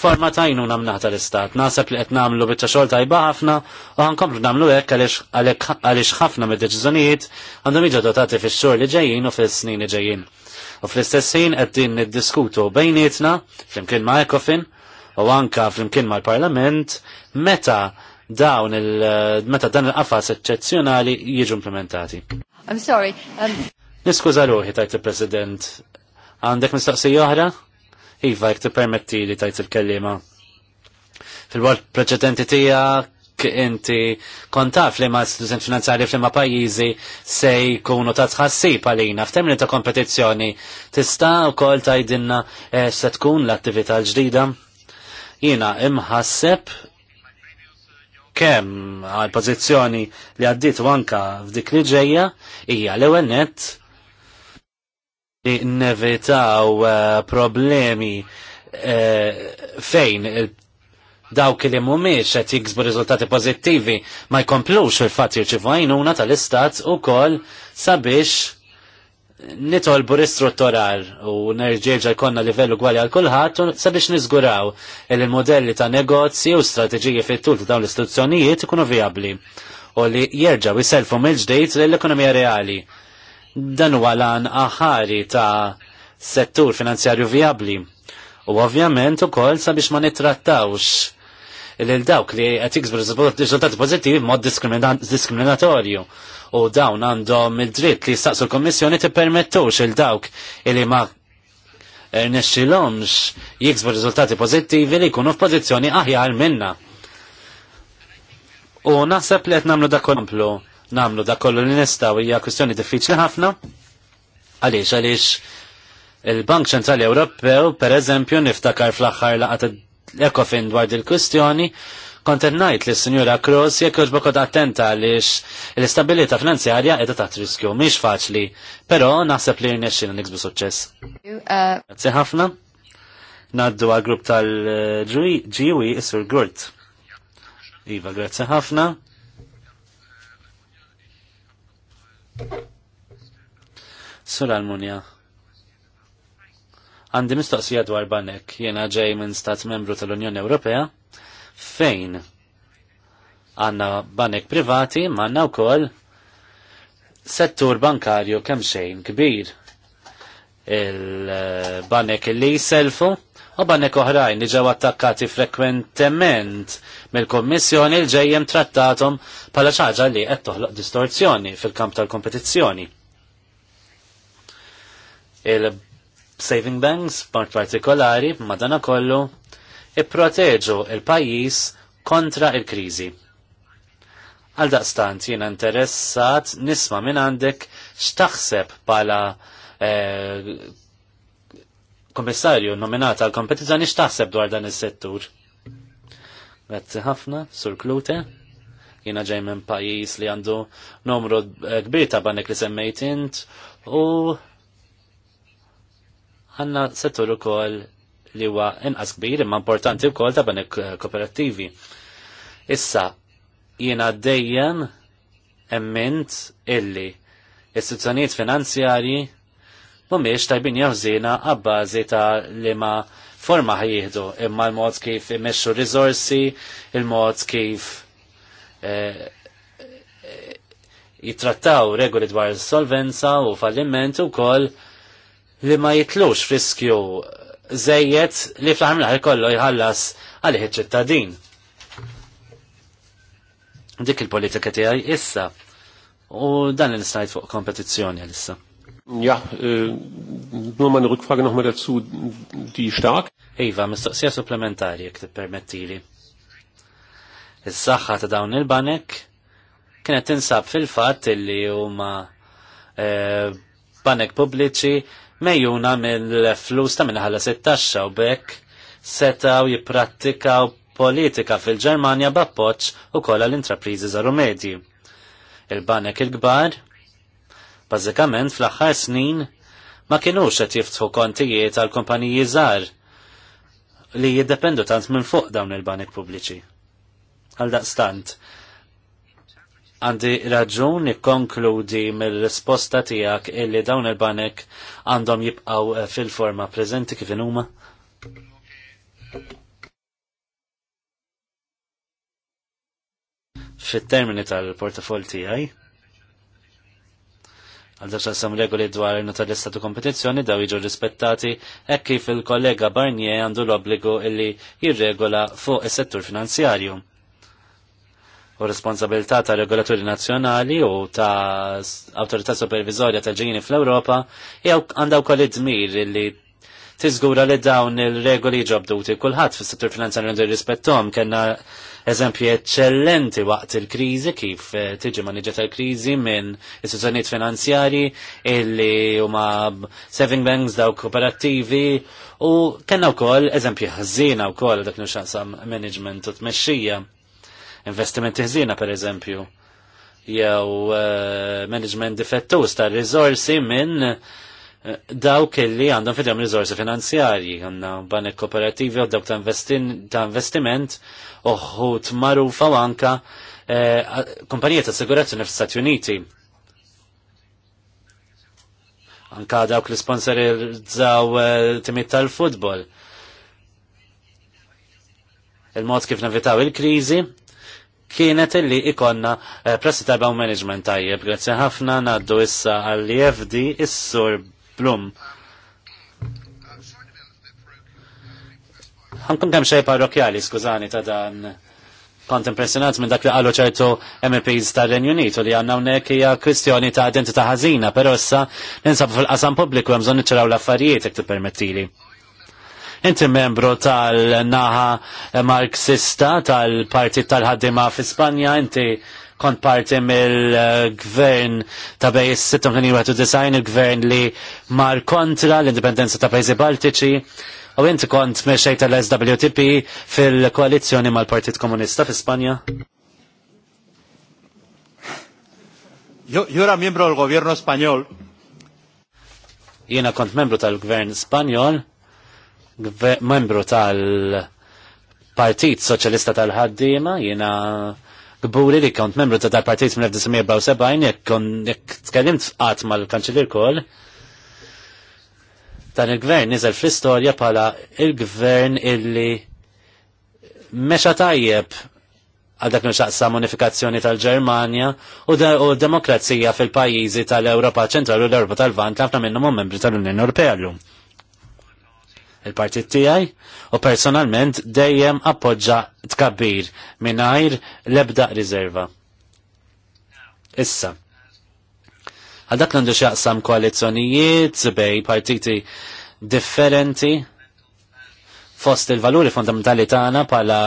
forma tajnu namnaħ tal-istat. Nasab li qed nagħmlu biċċa xogħol tajba ħafna u ħankomplu nagħmlu hekk għaliex ħafna mid deċizonijiet għandhom jiġu dotati fix-xhur li ġejjin u fis-snin li ġejjin. U fl-istess ħin din niddiskutu bejnietna flimkien ma' Ecofin u anka flimkien mal-Parlament meta dawn il meta dan il-qafas eċċezzjonali jiġu implementati. I'm sorry. Um... Niskuża ruħi tajt il-President. Għandek mistaqsija oħra? Iva, jek permetti li tajt il-kellima. Fil-wart preċedenti tijak, inti kontaf li ma student finanzjari fl-ma pajizi se jkunu ta' tħassib għalina. F'termini ta' kompetizzjoni, tista' u kol tajdinna eh, se tkun l-attività l-ġdida? Jina imħasseb kem għal pozizjoni li għaddit wanka f'dik li ġeja, hija l-ewennet li nevitaw eh, problemi eh, fejn dawk li mumiex qed jiksbu riżultati pożittivi ma jkomplux il fatt jirċivu għajnuna tal-istat ukoll sabiex nitolbu ristrutturar u nerġieġa jkollna livellu gwali għal kulħadd sabiex niżguraw il modelli ta' negozji u strateġiji fit-tul ta' dawn l-istituzzjonijiet ikunu viabli u li jerġgħu jiselfu mill-ġdejt l-ekonomija reali Dan huwa lan aħari ta' settur finanzjarju viabli. U ovvjament ukoll sabiex ma nittrattawx lil dawk li qed jiksbu riżultati pożittivi b'mod diskriminatorju. U dawn għandhom id-dritt li jistaqsu l-Kommissjoni tippermettux il dawk li ma nexxilhomx jiksbu riżultati pożittivi li jkunu f'pożizzjoni aħjar minna. U naħseb li qed nagħmlu dak komplu namlu da kollu li nistaw hija kwestjoni diffiċli ħafna. Għaliex għaliex il-Bank Ċentrali Ewropew per eżempju niftakar fl-aħħar laqat ekofin dwar il-kwestjoni kontent najt li s-Sinjura Kroos jekk bokod attenta għaliex l-istabilita finanzjarja edha taħt riskju, miex faċli, pero naħseb li rnexxin niksbu suċċess. Grazzi ħafna. Naddu għal grupp tal-ġiwi, Sur Gurt. Iva, grazzi ħafna. l-Munja. Għandi mistoqsija dwar banek, jena ġej minn stat membru tal-Unjoni Ewropea, fejn għanna banek privati, ma għanna wkoll settur bankarju kemm xejn kbir. Il-banek li jiselfu u bannek oħrajn li ġew attakkati frekwentement mill-Kommissjoni l ġejjem trattatom bħala ċaġa li qed toħloq distorzjoni fil-kamp tal-kompetizzjoni. Il-saving banks, part partikolari, madana kollu, ipproteġu il-pajis kontra il-krizi. Għal daqstant jiena interessat nisma minn għandek x'taħseb bħala eh, komissarju nominata għal nix x'taħseb dwar dan is-settur. Grazzi ħafna, Sur Klute. Jiena ġej minn pajjiż li għandu numru kbir ta' banek li semmejt int u għanna settur ukoll li huwa inqas kbir imma importanti wkoll ta' banek kooperattivi. Issa jiena dejjem emment illi istituzzjonijiet finanzjarji mhumiex tajbin jawżina għabbażi ta' li ma' forma ħajjieħdu imma l-mod kif imexxu risorsi, il-mod kif eh, eh, jitrattaw regoli dwar solvenza u falliment u li ma jitlux friskju zejjed li fl ħar kollu jħallas għalih ċittadin. Dik il-politika tiegħi issa u dan l-instajt fuq kompetizzjoni għal issa. Ja, äh, nur meine Rückfrage nochmal dazu, die stark. Iva, mistoqsija supplementari, jek permettili. Is-saħħa ta' dawn il-banek kienet tinsab fil-fatt li huma e, banek pubbliċi mejjuna mill-flus ta' minħalla 16 u bekk setaw jipprattikaw politika fil-Ġermanja b'appoġġ ukoll għall-intrapriżi żaru medji. Il-banek il-kbar il banek il il banek il kbar Bażikament fl-aħħar snin ma kienux qed jiftħu kontijiet għal kumpaniji żgħar li jiddependu tant minn fuq dawn il-banek pubbliċi. Għal daqstant, għandi raġun ikkonkludi mill-risposta tiegħek illi dawn il-banek għandhom jibqaw eh, fil-forma preżenti kif huma? Fit-termini tal-portafol tiegħi għal daċċassam regoli dwar nota l-istatu kompetizzjoni daw jiġu rispettati e kif il-kollega Barnier għandu l-obbligu illi jirregola fuq is settur finanzjarju. U responsabilità ta' regolaturi nazzjonali u ta' autorità supervizorja tal ġini fl-Europa għandaw kolli id-dmir illi tiżgura li dawn il-regoli ġobduti kulħadd fis settur finanzjarju għandu rispettom kena eżempju eccellenti waqt il-krizi kif eh, tiġi maniġa tal-krizi minn istituzzjonijiet finanzjari illi huma saving banks daw kooperattivi u kellna wkoll eżempju ħżina wkoll dak nuxansam management u tmexxija investimenti ħżina per eżempju jew eh, management difettus tal-rizorsi minn dawk kelli għandhom fidem rizorsi finanzjarji, għanna banek kooperativi u dawk ta' investiment uħut marufa u anka eh, kompanijiet ta' assigurazzjoni fl-Stati Uniti. Anka dawk li sponsorizzaw eh, timit tal-futbol. Il-mod kif navitaw il-krizi kienet illi ikonna eh, prassi tal u management tajjeb. Grazie ħafna naddu issa għall ifd is-sur Blum. Ħankun kemm xej parrokjali, skużani ta' dan kont impressionat minn dak li qalu ċertu MPs tar renju Unitu li għandna hawnhekk hija kwistjoni ta' identità ħażina, però issa ninsab fil-qasam pubbliku hemm bżonn niċċaraw l-affarijiet jekk tippermettili. Inti membru tal-naħa marxista tal-Partit tal-ħaddima fi Spanja, inti kont parti mill-gvern ta' bej 86 il-gvern li mar kontra l-indipendenza ta' pajzi Baltiċi u inti kont meċej tal-SWTP fil-koalizjoni mal-Partit Komunista fi Spanja? Jura Membru era miembro Spanjol. gobierno Jiena kont membru tal-gvern Spanjol, membru tal-Partit Soċjalista tal-ħaddiema, jiena Gburi li kont membru ta' tal-partijt minn 1974 jek kon t-kellimt għat ma' mal-kanċilir kol dan il-gvern nizel fl-istorja pala il-gvern illi mexa tajjeb għal dak nuxaqsa monifikazzjoni tal-Ġermanja u, u demokrazija fil-pajjiżi tal-Ewropa ċentrali u l europa tal-Vant ħafna minnhom membri tal-Unjoni Ewropea llum il-partit tiegħi u personalment dejjem appoġġa tkabbir mingħajr l rizerva. riserva. Issa. Għal dak l-għandu xaqsam koalizjonijiet bej partiti differenti fost il-valuri fondamentali tagħna bħala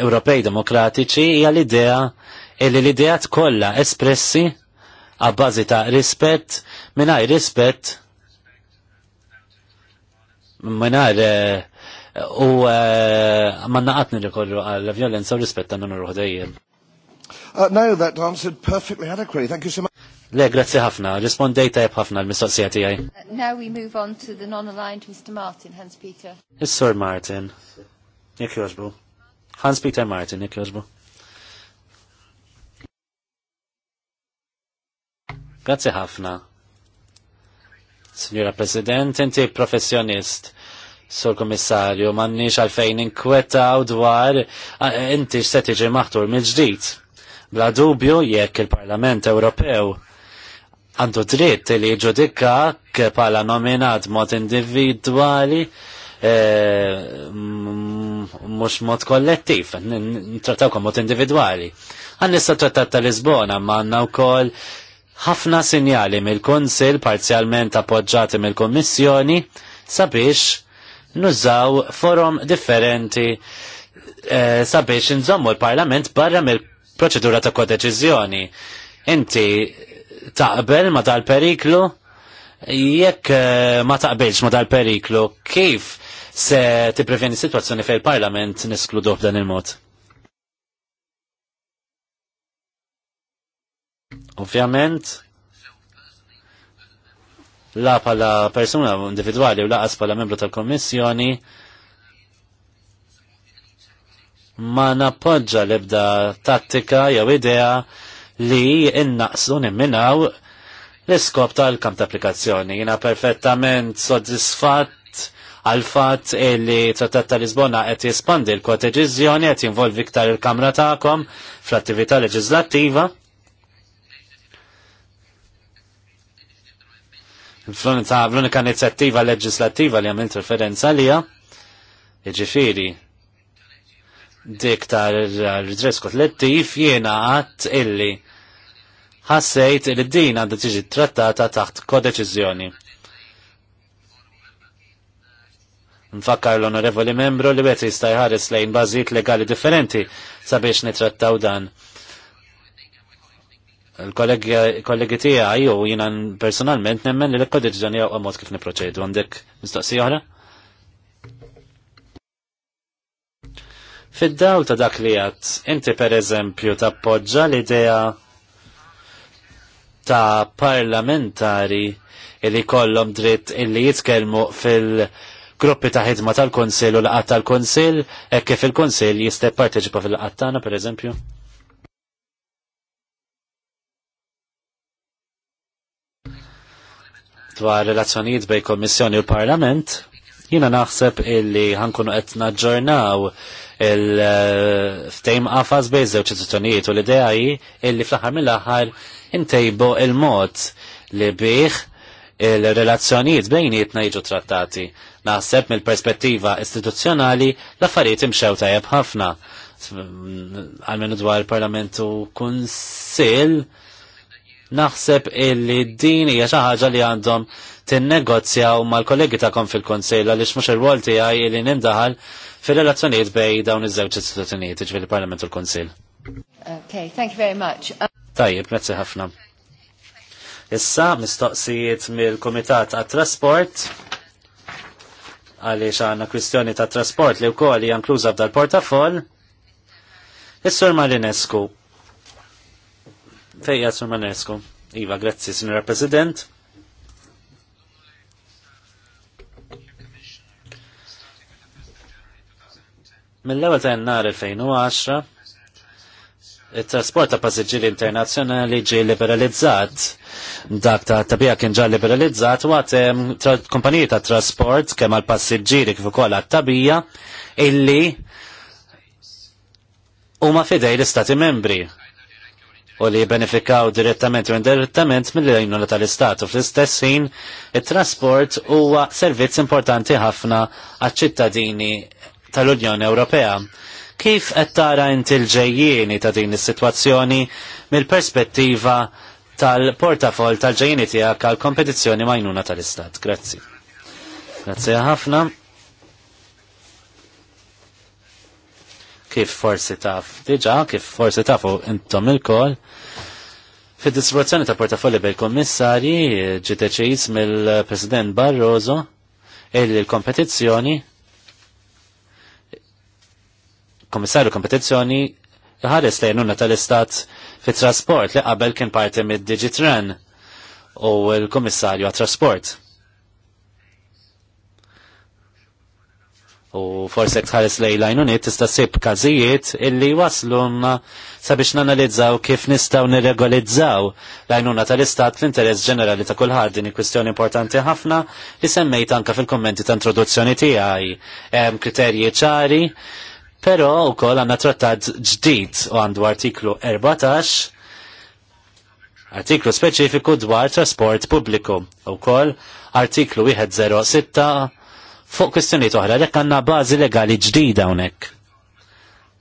Ewropej Demokratiċi hija l-idea illi l-idea tkollha espressi għabbażi ta' rispett mingħajr rispett minar eh, u eh, manna naqatni li kollu għal violenza u rispetta non ruħ dejjem. Uh, no, that answered perfectly adequately. Thank you so much. Le, grazie ħafna. Rispondejta jeb ħafna l-mistoqsija tijaj. Uh, now we move on to the non-aligned Mr. Martin, Hans Peter. Is-Sor Martin. Jek joġbu. Hans Peter Martin, jek joġbu. Grazie ħafna. Signora President, inti professjonist, Sur Komissarju, mannix għalfejn inkwetaw dwar inti se tiġi maħtur mill-ġdid. Bla dubju jekk il-Parlament Ewropew għandu dritt li k pala nominat mod individwali e, mux mod kollettiv, n-trattawkom mod individwali. Għan nissa trattat tal-Lisbona, ma għanna u koll ħafna sinjali mill konsil parzjalment appoġġati mill-Kommissjoni sabiex nużaw forum differenti eh, sabiex nżommu l-Parlament barra mill-proċedura ta' kodeċiżjoni. Inti taqbel ma dal-periklu? Jekk eh, ma taqbilx ma dal-periklu, kif se tippreveni situazzjoni fej il-Parlament niskludu dan il-mod? Ovvjament, la pala persuna individuali u laqas pala membru tal-Kommissjoni ma nappoġġa l-ebda tattika jew idea li innaqsu nimminaw l-iskop tal-kamp ta' applikazzjoni. Jina perfettament soddisfatt għal fatt li trattat tal-Lisbona qed jispandi l-kodeċiżjoni qed jinvolvi iktar il-Kamra tagħkom fl-attività leġislattiva l-unika inizjattiva leġislattiva li għamilt referenza għalija, iġifiri, dik tal-redress kotlettiv jiena għat illi ħassejt li din għandha tiġi trattata taħt kodeċiżjoni. Nfakkar l-onorevoli membru li beti jista' jħares lejn bażijiet legali differenti sabiex nitrattaw dan il-kollegi tija u jina personalment nemmen li l-ekko deċizjoni għu għamot kif niproċedu għandek Mistoqsi oħra? Fid-dawl ta' dak li għat, inti per eżempju tappoġġa l-idea ta' parlamentari illi kollom dritt illi jitkelmu fil- gruppi ta' ħidma tal-Konsil u l-qat tal-Konsil, e kif il-Konsil jiste parteċipa fil-qat tagħna pereżempju? dwar relazzjonijiet bej Kommissjoni u l-Parlament, jina naħseb illi ħankunu qed naġġornaw il-ftejm qafas bej żewġ istituzzjonijiet u l-idea hi illi fl-aħħar mill-aħħar intejbu il-mod li bih il-relazzjonijiet bejnietna jiġu trattati. Naħseb mill-perspettiva istituzzjonali l-affarijiet imxew tajjeb ħafna. għal dwar il-Parlamentu Kunsil, Naħseb illi din hija xi ħaġa li għandhom tinnegozjaw mal-kollegi tagħkom fil kunsejla għaliex mhux ir-rwol tiegħi li nindaħal fir-relazzjonijiet bej dawn iż-żewġ istituzzjonijiet, ġifieri parlament u l-Kunsill. Okay, thank you very much. Uh, Tajjeb, grazzi ħafna. Issa mistoqsijiet mill-Kumitat għat-Trasport għaliex għandna kwistjoni ta' trasport li wkoll hija inkluża f'dal portafoll. Is-Sur Marinescu, Fejja Sur Manesku. Iva, grazzi, Signora President. Mill-ewwel ta' jannar 2010, it-trasport ta' passiġġieri internazzjonali ġie liberalizzat. Dak ta' tabija kien ġa liberalizzat u għat kumpaniji ta' trasport kemm għal passiġġieri kif ukoll għat-tabija illi huma fidej l-Istati membri u li benefikaw direttament u indirettament mill l tal-istat u fl-istess ħin it-trasport huwa servizz importanti ħafna għal ċittadini tal-Unjoni Ewropea. Kif qed tara inti l-ġejjieni ta' din is-sitwazzjoni mill-perspettiva tal-portafol tal-ġejjieni tiegħek għal kompetizzjoni majnuna tal-istat? Grazzi. Grazzi ħafna. kif forsi taf diġa, kif forsi tafu intom il-kol. Fid-distribuzzjoni ta' portafolli bil kommissari ġi mill-President Barroso illi l-kompetizzjoni Kommissarju kompetizzjoni ħares lejnuna tal-istat fit trasport li qabel kien parti mid-Digitran u l-Kommissarju għat-Trasport. U forse tħares lejlajn unit tista' sib każijiet illi waslunna sabiex nanalizzaw kif nistgħu nirregolizzaw lajnuna tal-istat l-interess ġenerali ta' kulħadd din kwistjoni importanti ħafna li semmejt anka fil-kommenti ta' introduzzjoni tiegħi. Hemm kriterji ċari, però wkoll għandna trattat ġdid u għandu artiklu 14 artiklu speċifiku dwar trasport pubbliku u koll artiklu 106 fuq kwistjonijiet oħra jekk għandna bażi legali ġdida hawnhekk.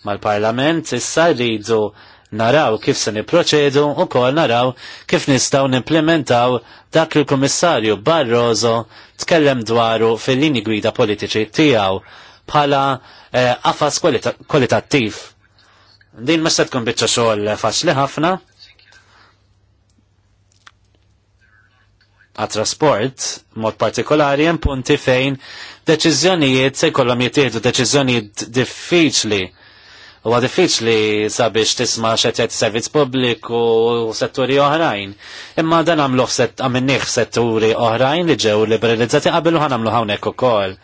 Mal-Parlament issa rridu naraw kif se niproċedu u kol naraw kif nistaw nimplementaw dak li l-Kummissarju Barroso tkellem dwaru fil-lini gwida politiċi tijaw bħala eh, qafas eh, kwalitattiv. Din ma se tkun biċċa xogħol faċli ħafna. Għat trasport, mod partikolari, hemm punti fejn deċiżjonijiet se jkollhom jittieħdu deċiżjonijiet diffiċli. Huwa diffiċli sabiex tisma' xed servizz pubbliku u setturi oħrajn. Imma dan għamluh għamilnih setturi oħrajn li ġew liberalizzati qabel u għawnek hawnhekk ukoll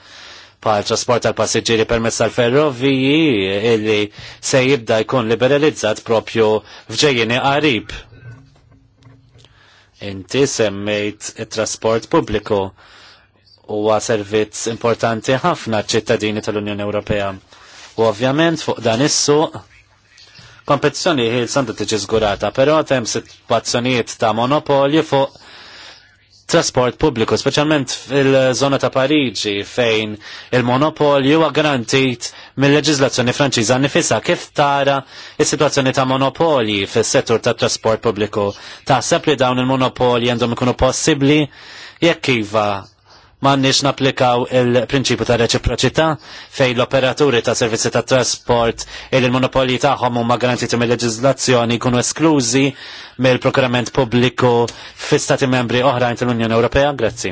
pal trasport tal passiġġieri permezz tal-ferroviji illi se jibda jkun liberalizzat propju f'ġejjini qarib. Inti semmejt it-trasport pubbliku huwa servizz importanti ħafna ċittadini tal-Unjoni Ewropea. U ovvjament fuq dan is-suq kompetizzjoni ħilsan tiġi żgurata, però hemm sitwazzjonijiet ta' monopolju fuq trasport pubbliku, speċjalment fil-żona ta' Pariġi fejn il-monopolju huwa garantit mill-leġiżlazzjoni Franċiża nifisa kif tara is-sitwazzjoni ta' monopolji fis-settur tat trasport pubbliku. Taħseb li dawn il-monopolji għandhom ikunu possibbli jekk iva m'għandniex napplikaw il-prinċipju ta' reċiproċità fejn l-operaturi ta' servizzi ta' trasport il l-monopoli tagħhom huma garantiti mill-leġiżlazzjoni jkunu esklużi mill-prokurament pubbliku fi stati membri oħrajn tal-Unjoni Ewropea. Grazzi.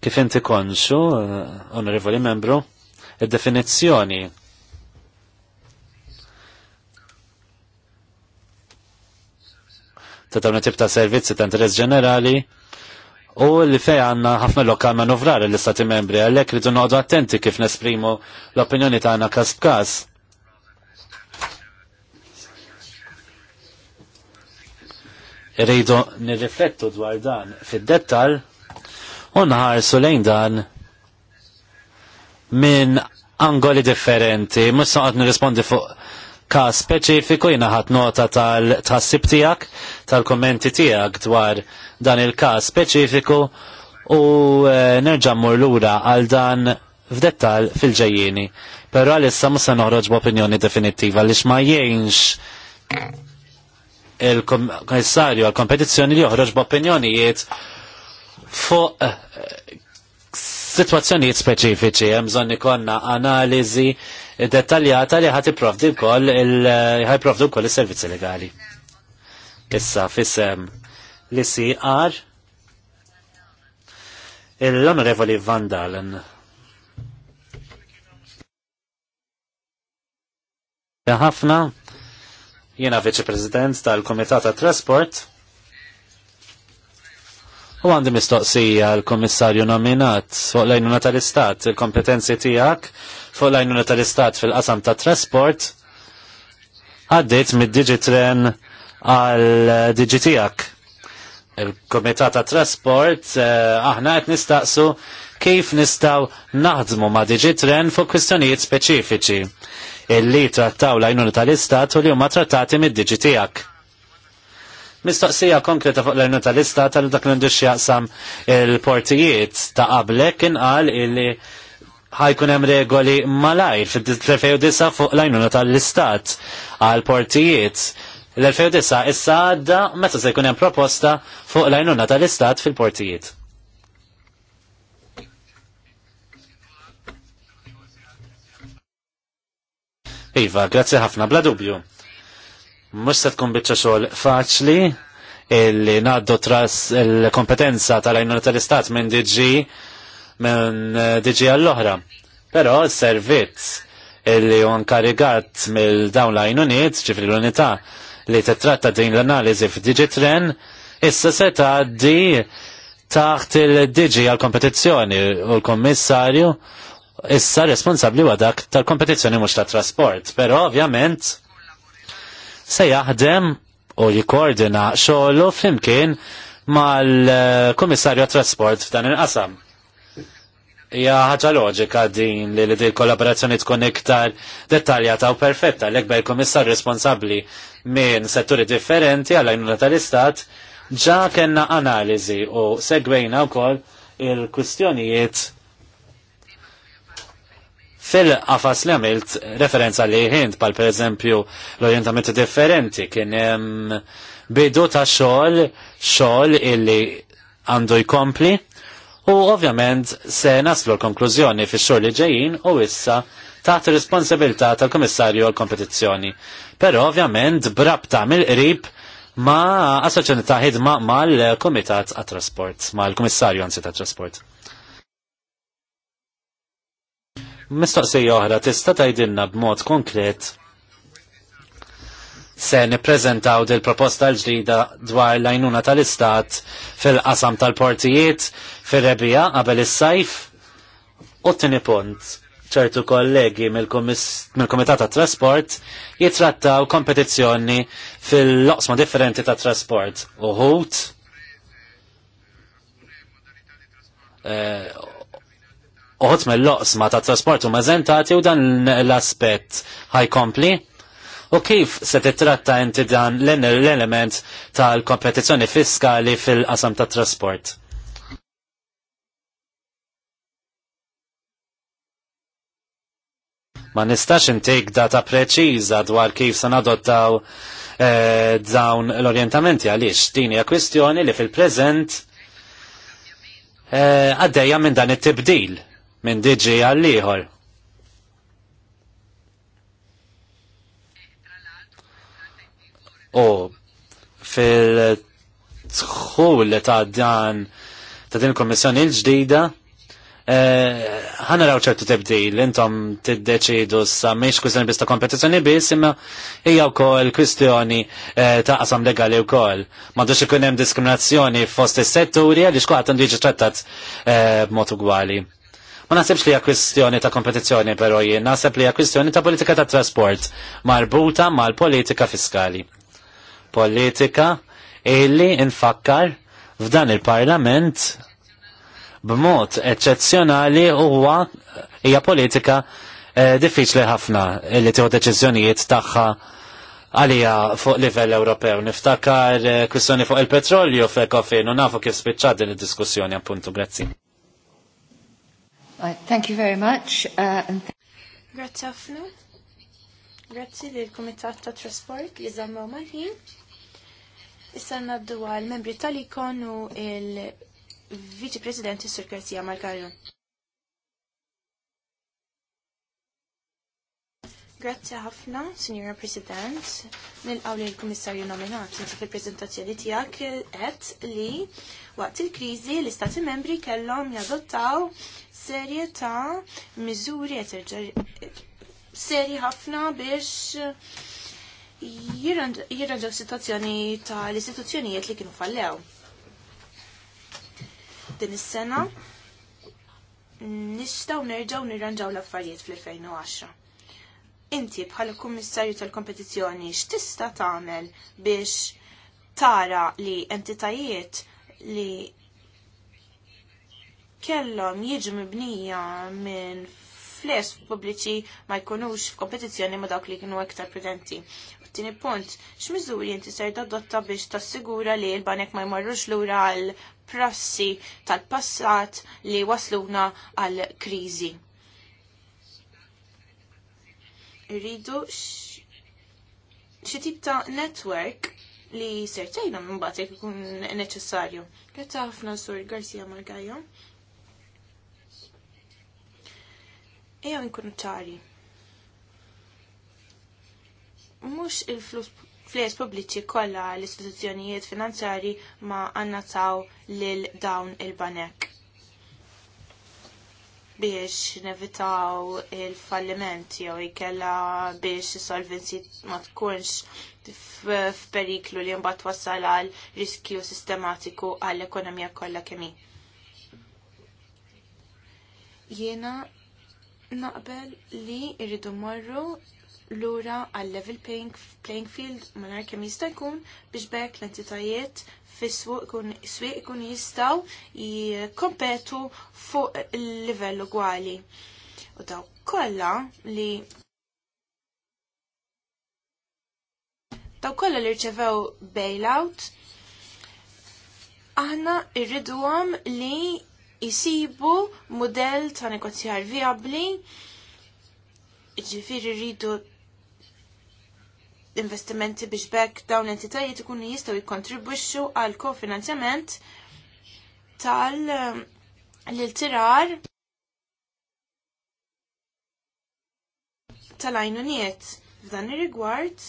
Kif inti konxu, eh, onorevoli membru, id-definizzjoni ta' dawn tip ta' servizzi ta' interess ġenerali u li fej għanna ħafna lokal manovrar l-istati membri għalhekk rridu noqdu attenti kif nesprimu l-opinjoni ta' għana kas b'kas. Rridu nirriflettu dwar dan fid-dettal u nħarsu lejn dan minn angoli differenti, mhux saqat nirrispondi fuq ka speċifiku jina ħat nota tal-tħassib tijak, tal-kommenti tijak dwar dan il-ka speċifiku u eh, nerġa' mmur lura għal dan f'dettal fil ġejjini Però għalissa musa noħroġ b'opinjoni definittiva li ma jgħinx il-komissarju għal-kompetizzjoni li joħroġ b'opinjonijiet fuq eh, situazzjonijiet speċifiċi, hemm bżonn analizi analiżi dettaljata li ħati iprovdi wkoll il-ħajprovdu wkoll is-servizzi legali. Issa fissem li għar l-Onorevoli Van Dalen. ħafna, jena viċi-prezident tal komitata tat Trasport, U għandi mistoqsija l-komissarju nominat fuq l tal-istat, il-kompetenzi tijak fuq lajnuna tal-istat fil-qasam ta' trasport għaddit mid-digitren għal digitijak. Il-komitat ta' trasport eh, aħna qed nistaqsu kif nistaw naħdmu ma' digitren fuq kwistjonijiet speċifiċi illi trattaw l l-għajnuna tal-istat u li huma trattati mid-digitijak Mistoqsija konkreta fuq l-ernu tal-istat tal dak l jaqsam il-portijiet ta' qablek inqal illi ħajkun hemm regoli malajr fid-2009 fuq l-għajnuna tal-istat għal portijiet. L-2009 issa għadda meta se jkun hemm proposta fuq l-għajnuna tal-istat fil-portijiet. Iva, grazzi ħafna, bla dubju. Mustat se tkun bieċa xogħol faċli illi naddu tras il-kompetenza tal-għajnuna tal-istat minn DG minn eh, DG għall-oħra. Pero servizz illi hu nkarigat mill-dawn l-għajnuniet, ġifri l-unità li titratta din l-analiżi f'DG Tren, issa se tgħaddi taħt il-DG għal-kompetizzjoni u l-kommissarju issa responsabli għadak tal-kompetizzjoni mux tal trasport. Pero ovvjament se jaħdem u jikordina xogħlu flimkien mal-Komissarju Trasport f'dan il-qasam. Ja ħaġa loġika din li li din kollaborazzjoni tkun iktar dettaljata u perfetta l ekber komissar responsabli minn setturi differenti għal għajnuna tal-istat ġa kena analizi u segwejna u koll il-kwistjonijiet Fil-qafas li għamilt referenza li jħint pal per eżempju l orientament differenti kien bidu ta' xogħol xogħol illi għandu jkompli u ovvjament se naslu l-konklużjoni fi xogħol li ġejjin u issa taħt responsabilità tal-Komissarju għal-Kompetizzjoni. Però ovvjament brabta mill-qrib ma' asoċjoni ta' ħidma mal-Komitat għat-Trasport, mal-Komissarju għansi ta' Trasport. Mistoqsija oħra tista' tgħidilna b'mod konkret se nippreżentaw dil proposta l-ġdida dwar l-għajnuna tal-istat fil-qasam tal-portijiet fil-rebija qabel is-sajf u t punt ċertu kollegi mill-Komitat tat Trasport jitrattaw kompetizzjoni fil-loqsma differenti ta' trasport uħut eh, uħot me l-loqsma ta' trasportu mażentati u dan l-aspet ħajkompli? U kif se titratta inti dan l-element tal-kompetizzjoni fiskali fil-qasam ta' trasport? Ma nistax intik data preċiża dwar kif se nadottaw eh, dawn l-orientamenti għaliex din hija kwistjoni li fil-preżent eh, għaddejja eh, minn dan it-tibdil minn diġi għalliħor. U fil-tħul ta' dan ta' din il-kommissjoni l-ġdida eh, ħanaraw ċertu tibdil, intom tiddeċidu sa meċ kwistjoni bista' kompetizjoni bis, biss, imma hija wkoll kwistjoni eh, ta' qasam legali wkoll. M'għandux ikun hemm diskriminazzjoni fost is-setturi għaliex kulħadd għandu jiġi trattat eh, b'mod ugwali. Ma nasibx li hija kwistjoni ta' kompetizzjoni però jien naħseb li hija kwistjoni ta' politika ta' trasport marbuta mal-politika fiskali. Politika illi infakkar f'dan il-Parlament b'mod eċċezzjonali huwa hija politika eh, diffiċli ħafna illi tieħu deċiżjonijiet tagħha għalija fuq livell Ewropew. Niftakar eh, kwistjoni fuq il-petrolju fekofin u nafu kif spiċċat din id-diskussjoni appuntu, grazzi thank you very much. Grazie uh, and Grazie Grazzi li l-Komitat ta' Trasport li zammaw mal-ħin. Issa naddu għal membri tal-ikon u il-Viċi Presidenti Sur Garcia Malkarjon. Grazzi ħafna, Signora President, nilqaw li l-Komissarju nominat fil-prezentazzjoni tiegħek qed li waqt il-kriżi l-Istati Membri kellhom jadottaw serje ta' miżuri serji ħafna biex jirranġaw situazzjoni ta' l-istituzzjonijiet li kienu fallew. Din is-sena nistgħu nerġgħu nirranġaw l-affarijiet fl-2010 inti bħal kummissarju tal-kompetizzjoni x'tista' tagħmel biex tara li entitajiet li kellhom jiġu mibnija minn fles pubbliċi ma jkunux f'kompetizzjoni ma dawk li kienu aktar prudenti. Tini punt, x'miżuri inti ser tadotta biex tassigura li l-banek ma jmorrux lura għal prassi tal-passat li wasluna għal kriżi rridu xi tip ta' network li sertejna minn bagħad jekk ikun neċessarju. Kretta ħafna sur Garcia Margajo. Ejja nkunu ċari. Mhux il-flus flejes pubbliċi kollha l-istituzzjonijiet finanzjari ma annataw lil dawn il-banek biex nevitaw il-falliment jew ikella biex solvenzi ma tkunx f'periklu li mbagħad wassal għal riskju sistematiku għall-ekonomija kollha kemm Jiena naqbel li irridu morru l-ura għal level playing field malar kemm jista' jkun biex bekk l-entitajiet fis-swieq ikun jistaw jikompetu jistgħu jikkompetu fuq il-livell ugwali. U daw kollha li daw kollha li rċevew bailout aħna irriduhom li jisibu modell ta' negozjar viabli ġifiri rridu investimenti biex bekk dawn l-entitajiet ikunu jistgħu jikkontribwixxu għal kofinanzjament tal eh, l-tirar tal-għajnuniet. F'dan ir-rigward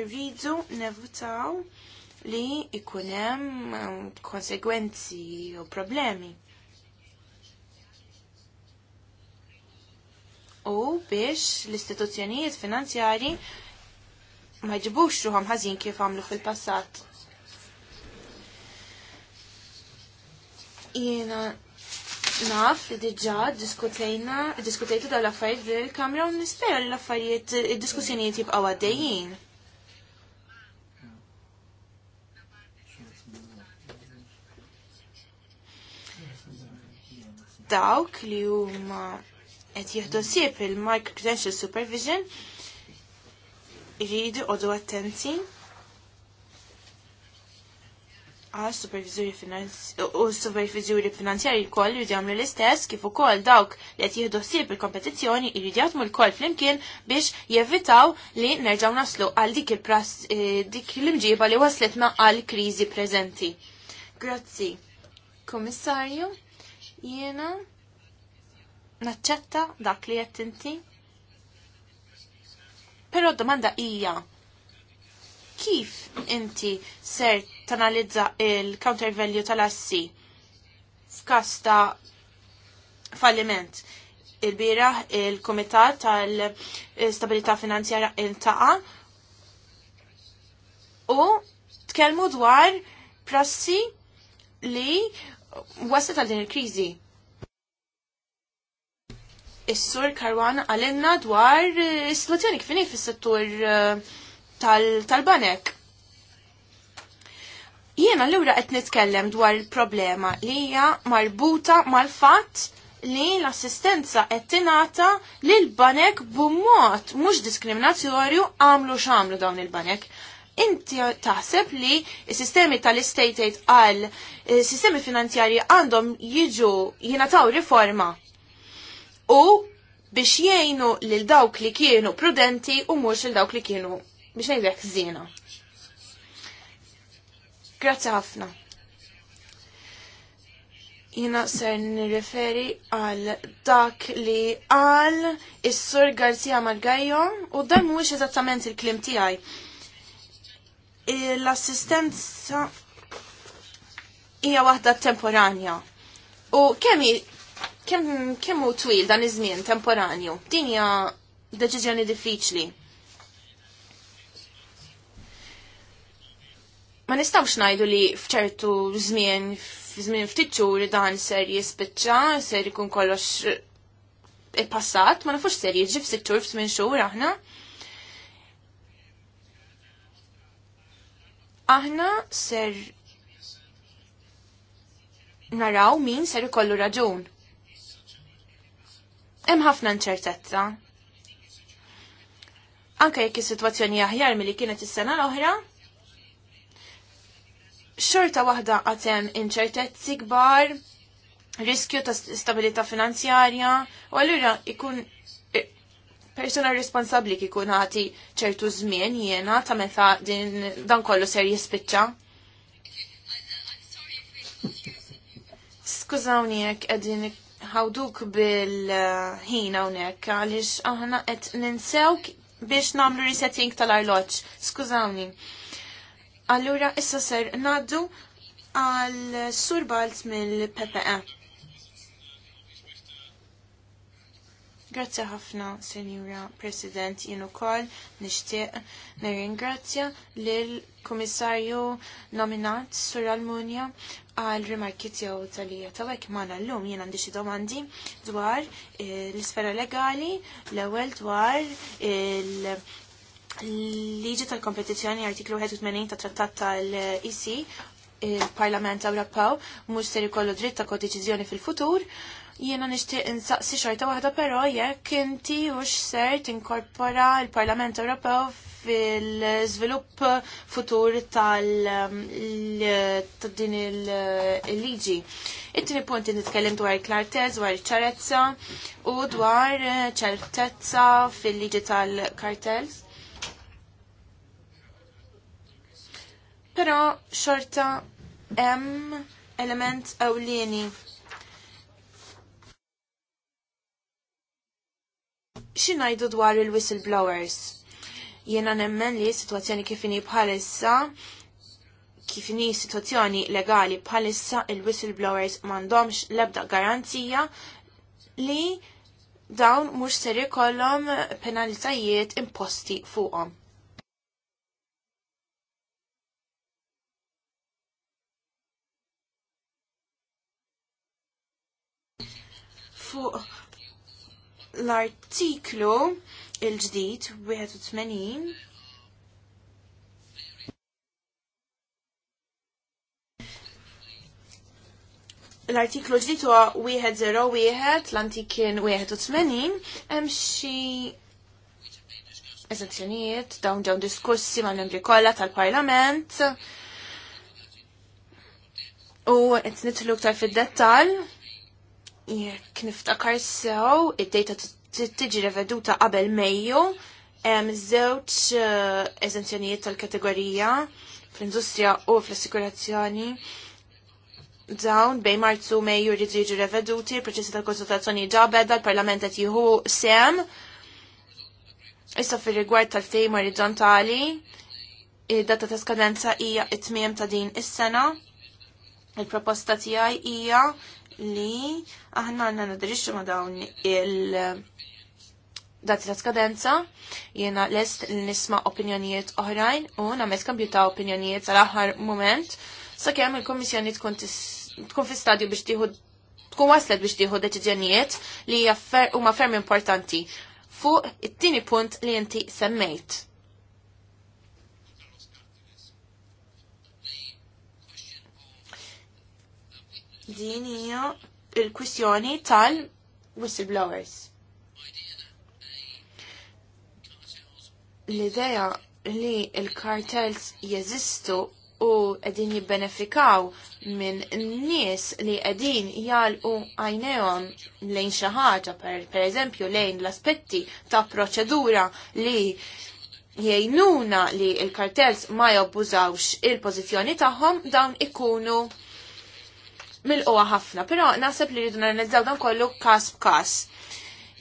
irridu nevutaw li ikun hemm eh, konsegwenzi u problemi. u biex l-istituzzjonijiet finanzjari ma jġibux ruħam ħażin kif għamlu fil-passat. Jiena naf li diġà diskutejna, diskutejtu daw l-affarijiet bil-kamra u nispera li l-affarijiet, id-diskussjonijiet jibqgħu għaddejjin. dawk li huma qed jieħdu sieb il-Micro Credential Supervision iridu għodu attenti għal supervizuri u supervizuri finanzjari koll jridu jagħmlu l-istess kif ukoll dawk li qed jieħdu ħsieb il-kompetizzjoni jridu jaħdmu l-koll flimkien biex jevitaw li nerġgħu naslu għal dik il-prass eh, dik l-imġiba li waslitna għal kriżi preżenti. Grazzi. Komissarju, jiena naċċetta dak li qed inti. Però d-domanda hija kif inti ser tanalizza il-counter value tal-assi f'każ ta' falliment. Il-biraħ il-Komitat tal-Stabilità Finanzjara intaqa' u tkellmu dwar prassi li waslet għal din il-kriżi Is-sur Karwana għalinna dwar eh, is-situazzjoni kif fis-settur eh, tal-banek. Jiena l-ura qed nitkellem dwar il-problema li hija marbuta mal-fatt li l-assistenza qed tingħata lil banek b'mod mhux diskriminatorju għamlu x'għamlu dawn il-banek. Inti taħseb li s-sistemi tal-estate aid għal eh, sistemi finanzjarji għandhom jiġu jingħataw riforma u biex jgħinu lil dawk li kienu prudenti u mhux lil dawk li kienu biex ngħidlek żiena. Grazzi ħafna. Jina ser nirreferi għal dak li għal is-sur Garcia Margajo u dan mhuwiex eżattament il-klim tiegħi. L-assistenza hija waħda temporanja. U kemm kemm kemm hu twil dan iż-żmien temporanju. Din hija deċiżjoni diffiċli. Ma nistawx ngħidu li f'ċertu żmien f'żmien ftit xhur dan ser jispiċċa, ser ikun kollox il-passat, ma nafux ser jiġi f'sitt xhur f'tmien xhur aħna. Aħna ser naraw min ser ikollu raġun. Hemm ħafna inċertezza. Anke jekk is-sitwazzjoni aħjar milli kienet is-sena l-oħra, xorta waħda għad hemm inċertezzi kbar, riskju ta' stabilità finanzjarja, u allura ikun e, persona responsabli kikun għati ċertu żmien jiena ta' meta din dan kollu ser jispiċċa. Skużawni jekk qegħdin ħawduk bil-ħin hawnhekk għaliex aħna qed ninsew biex nagħmlu resetting tal-arloġġ. Skużawni. Allura issa ser ngħaddu għal Surbalt mill-PPE. Grazzi ħafna, Senjura President, jien ukoll nixtieq nirringrazzja lill komissarju nominat Sur Almunja għal rimarki tiegħu talija tawek tal-hekk llum jien għandi xi domandi dwar eh, l-isfera legali, l-ewwel dwar il- liġi tal-kompetizjoni artiklu 81 ta' trattat tal-EC il-Parlament Ewropew mhux ser ikollu dritt ta' kodeċiżjoni fil-futur jiena nixtieq insaqsi xorta waħda però jekk inti ux ser tinkorpora l-Parlament Ewropew fil-żvilupp futur tal-din um, il-liġi. It-tieni punti nitkellem dwar klartez, dwar ċarezza u dwar ċertezza fil-liġi tal-kartels. Però xorta hemm element ewlieni xinajdu dwar il-whistleblowers. Jena nemmen li situazzjoni kifini bħalissa kifini situazzjoni legali bħalissa il-whistleblowers mandomx lebda garanzija li dawn mux ser kollom penalizajiet imposti fuqhom. Fuq l-artiklu il-ġdid 81 l-artiklu ġdid huwa 101 l-antik kien 81 hemm xi eżenzjonijiet dawn ġew diskussi mal membri kollha tal-Parlament u qed nitlu iktar fid-dettall Jekk niftakar sew, id-data tiġi reveduta qabel Mejju, hemm żewġ eh, eżenzjonijiet tal-kategorija fl-industrija u fl-assikurazzjoni dawn bej marzu Mejju jrid jiġu reveduti, il-proċessi tal-konsultazzjoni ġabed dal-Parlament qed jieħu sem. Issa fir-rigward tal fejm orizzontali, id-data ta' skadenza hija t tmiem ta' din is-sena. Il-proposta tiegħi hija li aħna għanna nadrixxu ma' dawn il- dati ta' skadenza, jena lest nisma opinjonijiet oħrajn u namet kambju ta' opinjonijiet għal-aħħar moment, sa' kem il-Komissjoni tkun fi stadju biex tiħu tkun waslet biex tieħu deċiżjonijiet li huma ferm importanti fuq it-tieni punt li inti semmejt. din hija il-kwistjoni tal-whistleblowers. L-idea li il-kartels jeżistu u qegħdin jibbenefikaw minn nies li qegħdin jgħalqu għajnejom lejn xi ħaġa pereżempju per lejn l-aspetti ta' proċedura li jgħinuna li il-kartels ma jobbużawx il-pożizzjoni tagħhom dawn ikunu mil-qoha ħafna, però naħseb li rridu nanalizzaw dan kollu kas b'kas.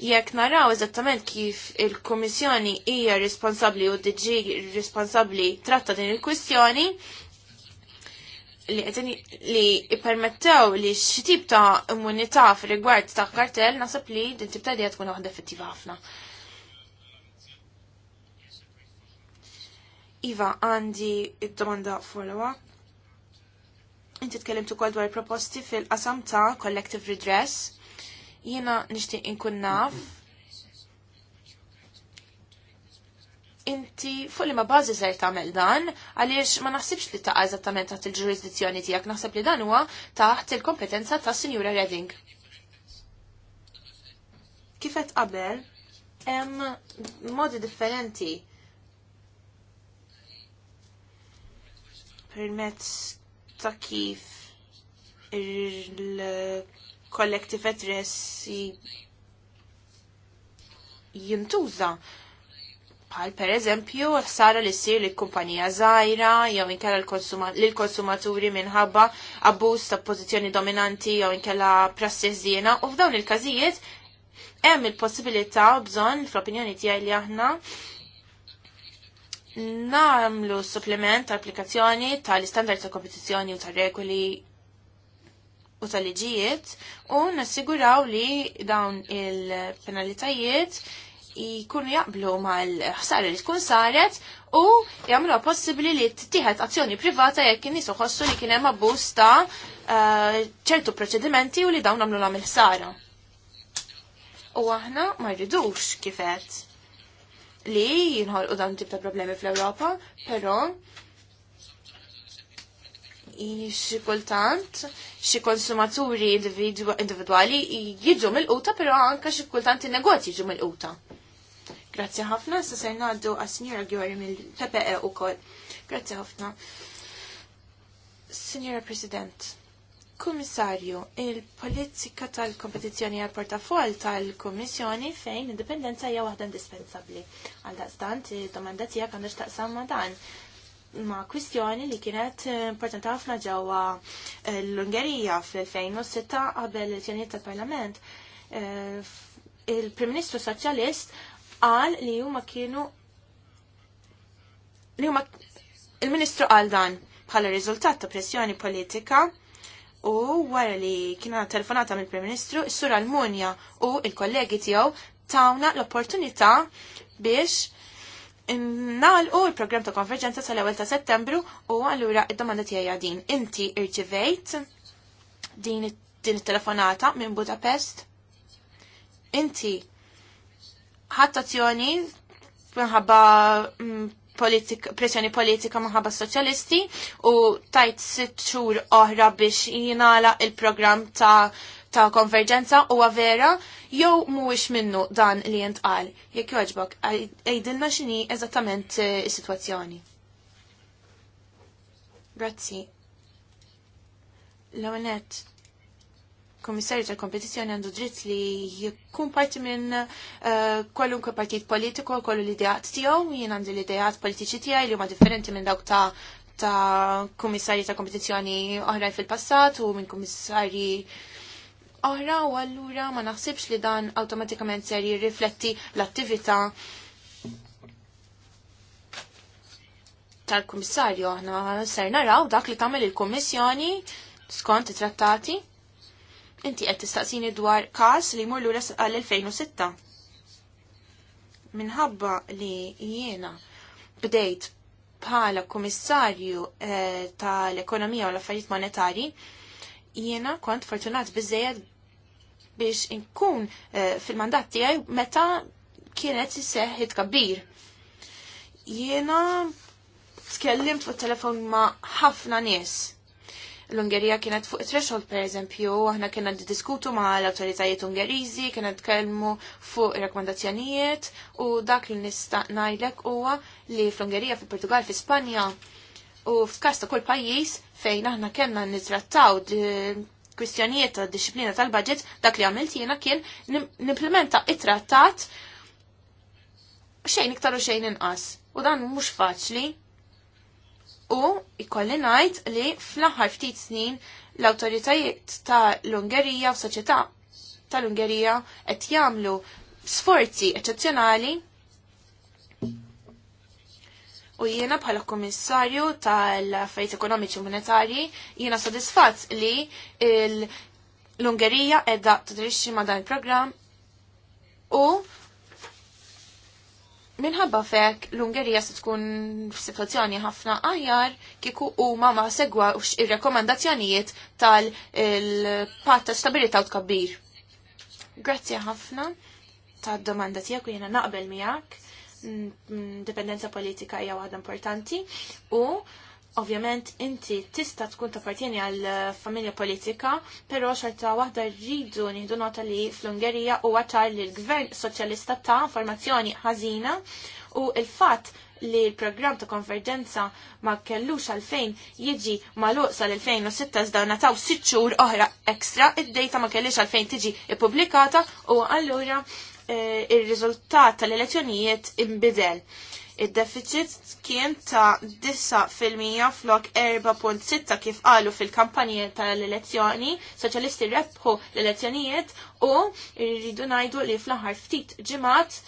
Jekk naraw eżattament kif il-Kummissjoni hija responsabbli u diġi dg responsabbli tratta din il-kwistjoni, li li permettew li xitib ta' immunità fir rigward ta' kartell nasab li din tip ta' tkun waħda effettiva ħafna. Iva, għandi id-domanda follow-up inti tkellimt ukoll dwar proposti fil-qasam ta' collective redress. Jiena nixtieq inkun naf. Inti fuq li ma bażi ser tagħmel dan għaliex ma naħsibx li taqa' eżattament taħt il-ġurisdizzjoni tiegħek naħseb li dan huwa taħt il-kompetenza ta' Sinjura Redding. Kifet qabel, hemm modi differenti permezz ta' kif il-collective address jintuża. Bħal per eżempju, ħsara li ssir li kumpanija żgħira jew inkella lill-konsumaturi minħabba abbuż ta' pożizzjoni dominanti jew inkella prassi żiena u f'dawn il-każijiet hemm il-possibilità bżonn fl-opinjoni tiegħi li aħna namlu supplement tal-applikazzjoni tal-standard ta' kompetizzjoni u tal-regoli u tal-liġijiet u nassiguraw li dawn il-penalitajiet jkunu jaqblu mal-ħsara li tkun saret u jamlu possibbli li tittieħed azzjoni privata jekk in-nies uħossu li kien hemm ta' eh, ċertu proċedimenti u li dawn namlu l ħsara. U aħna ma rridux kifet li jinħolqu dan tip ta' problemi fl-Ewropa, però xi kultant xi konsumaturi individwali jiġu mill-quta, però anke xi kultant in-negozji jiġu mill-quta. Grazzi ħafna, sa se ngħaddu għas-Sinjora Gjori mill-PPE kol. Grazzi ħafna. Sinjora President. Kummissarju, il-politika tal-kompetizzjoni għal portafol tal-Kummissjoni fejn indipendenza hija waħda indispensabbli. Għal daqstant, domanda tiegħek għandux taqsam ma' dan ma' kwistjoni li kienet importanti ħafna ġewwa eh, l-Ungerija fl-2006 qabel il elezzjonijiet tal-Parlament. Eh, Il-Prim Ministru Soċjalist qal li huma kienu li huma il-Ministru qal dan bħala riżultat ta' pressjoni politika u wara li kiena telefonata mill prim Ministru, is-Sur munja u il-kollegi tiegħu tawna l-opportunità biex u il-programm ta' konverġenza tal-ewwel ta' Settembru u allura id-domanda tiegħi din. Inti irċivejt din it-telefonata minn Budapest? Inti ħattazzjoni azzjoni minħabba mm, politik, pressjoni politika maħabba soċjalisti u tajt sitt xhur oħra biex jinala il-programm ta' ta' konverġenza u vera jew mhuwiex minnu dan li jentqal. Jekk joġbok, għajdilna x'inhi eżattament eh, is-sitwazzjoni. Grazzi. Leonet, komissarju tal-kompetizjoni għandu dritt li jkun parti minn eh, kwalunkwe partit politiku kollu l-idejat tiegħu, jien għandi l-idejat politiċi tiegħi li huma differenti minn dawk ta' ta' tal ta' kompetizjoni oħra fil-passat u minn komissarji oħra u allura ma naħsibx li dan automatikament ser jirrifletti l-attività tal kummissarju aħna ser naraw dak li tagħmel il-kummissjoni skont it-trattati Inti qed tistaqsini dwar każ li jmur lura għall-2006. Minħabba li jiena bdejt bħala kummissarju eh, tal-ekonomija u l-affarijiet monetari, jiena kont fortunat biżejjed biex inkun eh, fil-mandat tiegħi meta kienet isseħ kabbir. Jiena tkellimt fuq telefon ma' ħafna nies l-Ungerija kienet fuq threshold per eżempju, aħna kena diskutu ma l-autoritajiet Ungeriżi, kena tkellmu fuq rekomendazzjonijiet u dak li nista' ngħidlek huwa li fl-Ungerija, fil-Portugal, fi Spanja u f'każ ta' kull pajjiż fejn aħna kellna nittrattaw kwistjonijiet ta' disciplina tal-budget, dak li għamilt jiena kien nimplementa it-trattat xejn iktar u xejn inqas. U dan mhux faċli, U ikolli ngħid li fl-aħħar ftit snin l-awtoritajiet ta' l-Ungerija u soċjetà tal-Ungerija qed jagħmlu sforzi eċċezzjonali u jiena bħala komissarju tal-affarijiet ekonomiċi u monetarji jiena sodisfatt li l-Ungerija qiegħda tidrixxi ma' dan il-programm u Minħabba fek l-Ungerija se tkun f'sitwazzjoni ħafna aħjar kieku huma ma segwawx ir rekomendazzjonijiet tal-Patt ta' stabilita u Tkabbir. Grazzi ħafna tad domanda tiegħek u jiena naqbel miegħek dipendenza politika hija waħda importanti u Ovvjament inti tista' tkun tappartieni għal eh, familja politika, però xorta waħda rridu nieħdu nota li fl-Ungerija huwa ċar li l-Gvern Soċjalista ta' formazzjoni ħażina u l-fatt li l-programm ta' konverġenza ma kellux għalfejn jiġi maluq sal-2006 zda nataw 6 xhur oħra ekstra, id-dejta ma kellix għalfejn tiġi ippubblikata u allura e, ir-riżultat tal-elezzjonijiet imbidel. Id-deficit kien ta' 9% flok 4.6 kif qalu fil-kampanja tal-elezzjoni, soċjalisti rebħu l-elezzjonijiet u rridu najdu li fl-aħħar ftit ġimgħat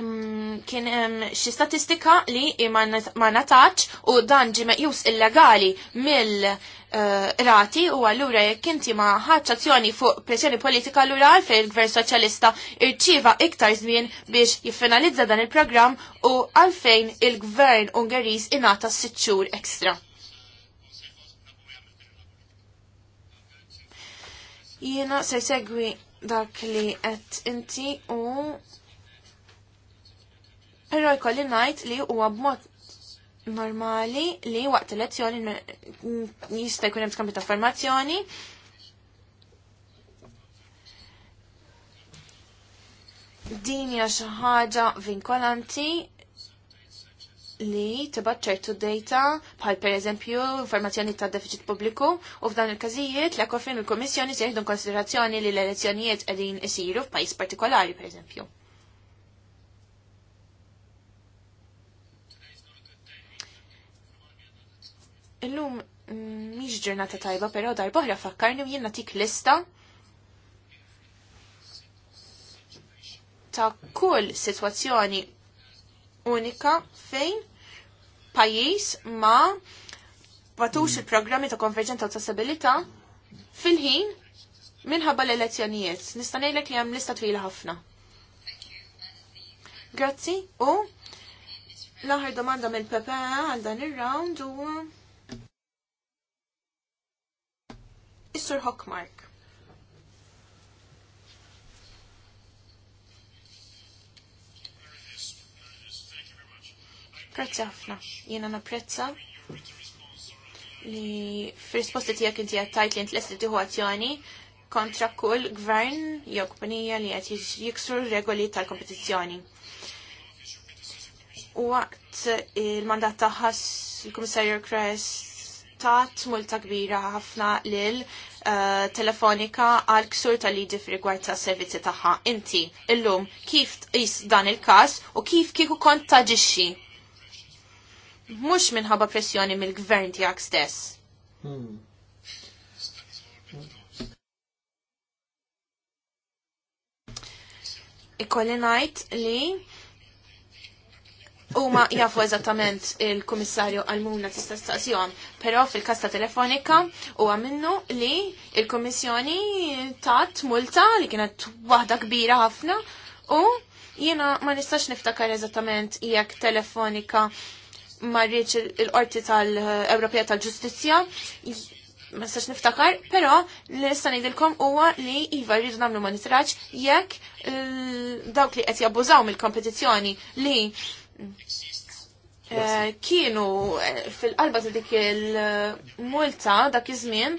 Mm, kien hemm xi statistika li ma natax u dan ġi meqjus illegali mill eh, rati u allura jekk inti ma ħadx azzjoni fuq pressjoni politika allura għalfejn il-Gvern Soċjalista irċieva iktar żmien biex jiffinalizza dan il-programm u għalfejn il-Gvern Ungeriż ingħata sitt xhur ekstra. Jiena se segwi dak li qed inti u Però jkolli ngħid li huwa b'mod normali li waqt elezzjoni jista' jkun hemm skambju ta' formazzjoni. Din hija xi ħaġa vinkolanti li tibgħat ċertu data bħal pereżempju informazzjoni ta' deficit pubbliku u f'dan il-każijiet l-ekofin il-Kummissjoni se jieħdu konsiderazzjoni li l-elezzjonijiet qegħdin isiru f'pajjiż partikolari pereżempju. Illum miex mm, ġurnata tajba, però darbohra fakkarni u jiena tik lista ta' kull sitwazzjoni unika fejn pajjiż ma matux il-programmi ta' konverġenza u tasabilita fil-ħin minħabba l-elezzjonijiet. Nista' ngħidlek li hemm lista twila ħafna. Grazzi u l-aħħar domanda mill-PPA e għal dan ir-round u Is-Sur Hockmark. Grazie ħafna. Jiena napprezza li fir risposta tiegħek inti qed tajt li int lesti tieħu azzjoni kontra kull gvern jew kumpanija li qed jiksru regoli tal-kompetizzjoni. Waqt il-mandat taħħas il-Kummissarju Kress tat multa kbira ħafna lil uh, eh, telefonika għal ksur tal liġi f'rigward ta' servizzi tagħha. Inti illum kif tqis dan il-każ u kif kieku kont taġixxi. Mhux minħabba pressjoni mill-gvern tiegħek stess. Hmm. Ikolli li Uma jafu eżattament il-Kummissarju għall-muna tista' stazzjon, però fil kasta ta' telefonika huwa minnu li il-Kummissjoni tat multa li kienet waħda kbira ħafna u jiena ma nistax niftakar eżattament jekk telefonika marriċ il-qorti tal-Ewropea tal-Ġustizzja ma nistax niftakar, però nista' ngħidilkom huwa li iva rridu nagħmlu monitoraġġ jekk dawk li qed jabbużaw mill-kompetizzjoni li Eh, kienu eh, fil-qalba ta' dik il-multa dak iż-żmien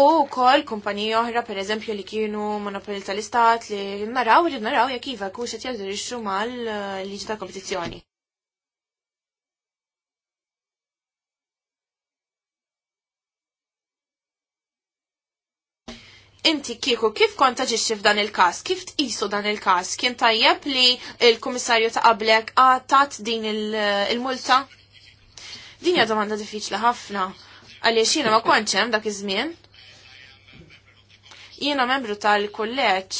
U kol kumpaniji oħra pereżempju li kienu monopoli tal-istat li naraw li naraw jekk iva kux qed jadirixxu mal liġi ta' kompetizzjoni. inti kieku kif konta ġiċi f'dan il-kas, kif tqisu dan il-kas, kien tajjeb li il-komissarju ta' qablek għatat din il-multa? Din hija domanda diffiċli ħafna, għaliex jiena ma kontx hemm dak iż-żmien. Jiena membru tal-kulleġġ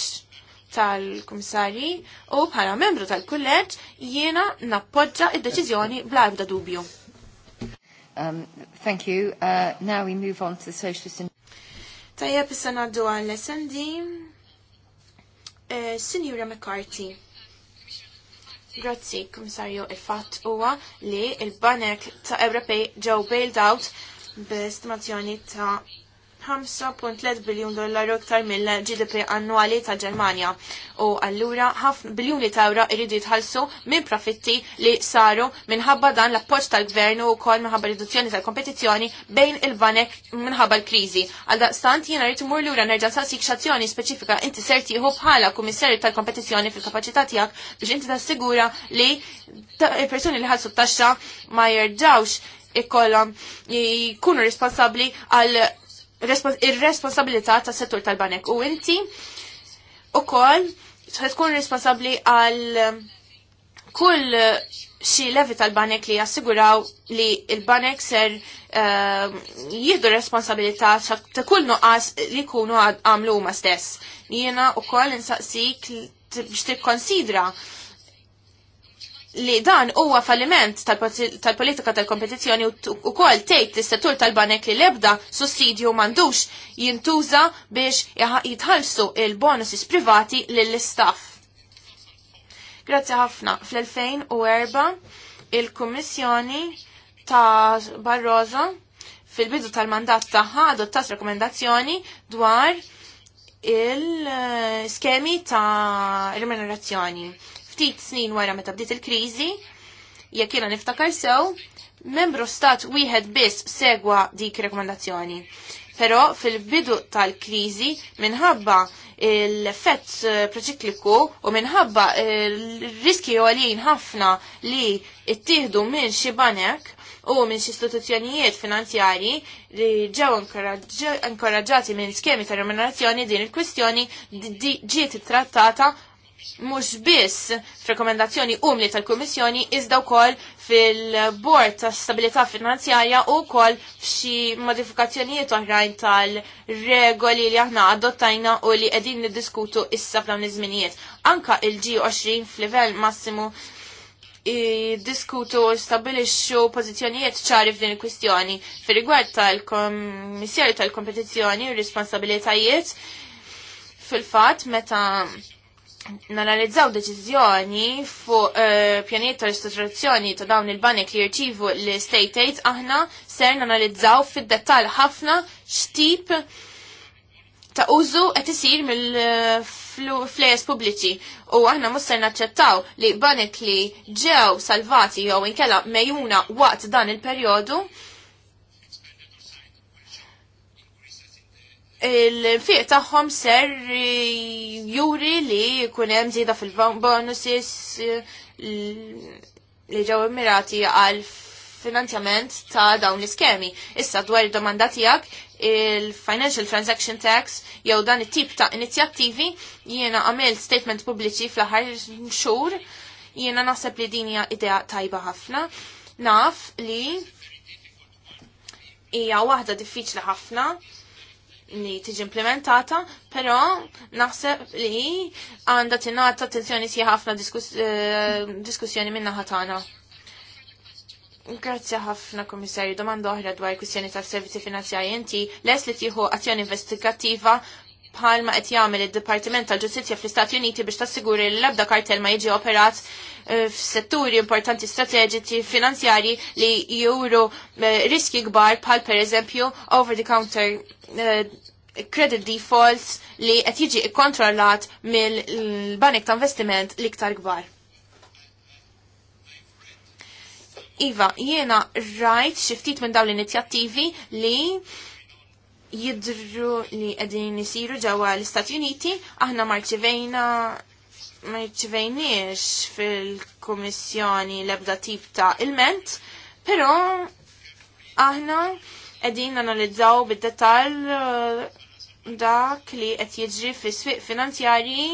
tal-komissarji u bħala membru tal-kulleġġ jiena nappoġġa id-deċiżjoni bla ebda dubju. Um, thank you. Uh, now we move on to the Socialist and Tajjeb issa naddu għal SND. Eh, Signora McCarthy. Grazzi, komissarju, il-fatt huwa li il-banek ta' Ewropej ġew bailed out b'estimazzjoni ta' 5.3 biljun dollaru iktar mill-GDP annwali ta' Ġermanja. U allura ħafna biljuni ta' euro irridu jitħallsu minn profitti li saru minħabba dan l-appoġġ tal-gvernu u kol minħabba riduzzjoni tal-kompetizzjoni bejn il-banek minħabba l-kriżi. Għal daqstant jiena rrid imur lura nerġa' saqsik x'azzjoni speċifika inti ser tieħu bħala kummissarju tal-kompetizzjoni fil-kapaċità tiegħek biex inti tassigura li il-persuni li ħallsu t-taxxa ma jerġgħux ikollhom jkunu responsabbli għal ir-responsabilità tas settur tal-banek u inti ukoll tkun responsabbli għal kull xi levi tal-banek li jassiguraw li il-banek ser eh, jihdu responsabilità ta' kull nuqqas li kunu għamlu ma stess. Jiena u koll insaqsik biex konsidra li dan huwa falliment tal-politika tal-kompetizzjoni u kol tgħid l-istatur tal-banek li lebda sussidju mandux jintuża biex jitħallsu il-bonuses privati lill-istaff. Grazzi ħafna. Fl-2004 il-Kummissjoni ta' Barroso fil-bidu tal-mandat ta' tagħha adottat rekomendazzjoni dwar il-skemi eh, ta' remunerazzjoni ftit snin wara meta bdiet il-kriżi, jekk jiena niftakar sew, membru stat wieħed biss segwa dik rekomendazzjoni. Però fil-bidu tal-kriżi minħabba l-effett eh, proċikliku u minħabba l-riski eh, għalin ħafna li ittieħdu minn xi banek u minn xi istituzzjonijiet finanzjari li ġew inkoraġġati minn skemi ta' remunerazzjoni din il-kwistjoni ġiet trattata mhux biss f'rekomendazzjoni umli tal-Kummissjoni iżda wkoll fil-Bord ta' Stabilità Finanzjarja u wkoll f'xi modifikazzjonijiet oħrajn tal-regoli li aħna adottajna u li qegħdin niddiskutu issa f'dawn iż-żminijiet. Anka il-G20 f'livell massimu diskutu stabilixxu pożizzjonijiet ċari f'din il-kwistjoni fir-rigward tal-Kommissjoni tal-Kompetizzjoni u responsabilitajiet fil-fatt meta nanalizzaw deċiżjoni fuq uh, eh, pjaniet ta' ristrutturazzjoni ta' dawn il-banek li jirċivu l-state aid, aħna ser nanalizzaw fid-dettal ħafna x'tip ta' użu qed isir mill-flejes pubbliċi u aħna mhux ser naċċettaw li banek li ġew salvati jew inkella mejjuna waqt dan il-perjodu il-fiq tagħhom ser juri li jkun hemm żieda fil-bonuses eh, li ġew immirati għal finanzjament ta' dawn l-iskemi. Issa dwar id-domanda tiegħek il-Financial Transaction Tax jew dan it-tip ta' inizjattivi jiena għamilt statement pubbliċi fl-aħħar xhur jiena naħseb li din hija idea tajba ħafna. Naf li hija waħda diffiċli ħafna li tiġi implementata, però naħseb li għandha tingħata attenzjoni si ħafna eh, diskussjoni minna ħatana. Grazzi ħafna komissarju, domanda oħra dwar kwistjoni tal-servizzi finanzjarji inti les li tieħu azzjoni investigattiva bħalma qed jagħmel id-Dipartiment tal-Ġustizzja fl-Istati Uniti biex tassiguri li l-ebda kartel ma jiġi operat eh, f'setturi importanti strateġiċi finanzjarji li juru eh, riski kbar bħal pereżempju over the counter eh, credit defaults li qed jiġi kontrollat mill-banek ta' investiment l-iktar kbar. Iva, jiena rajt xiftit minn dawn l-inizjattivi li jidru li qegħdin isiru ġewwa l-Istati Uniti, aħna marċivejna marċivejniex fil-Kummissjoni l-ebda tip ta' ilment, però aħna qegħdin analizzaw bid-dettall uh, dak li qed jiġri fis-swieq finanzjarji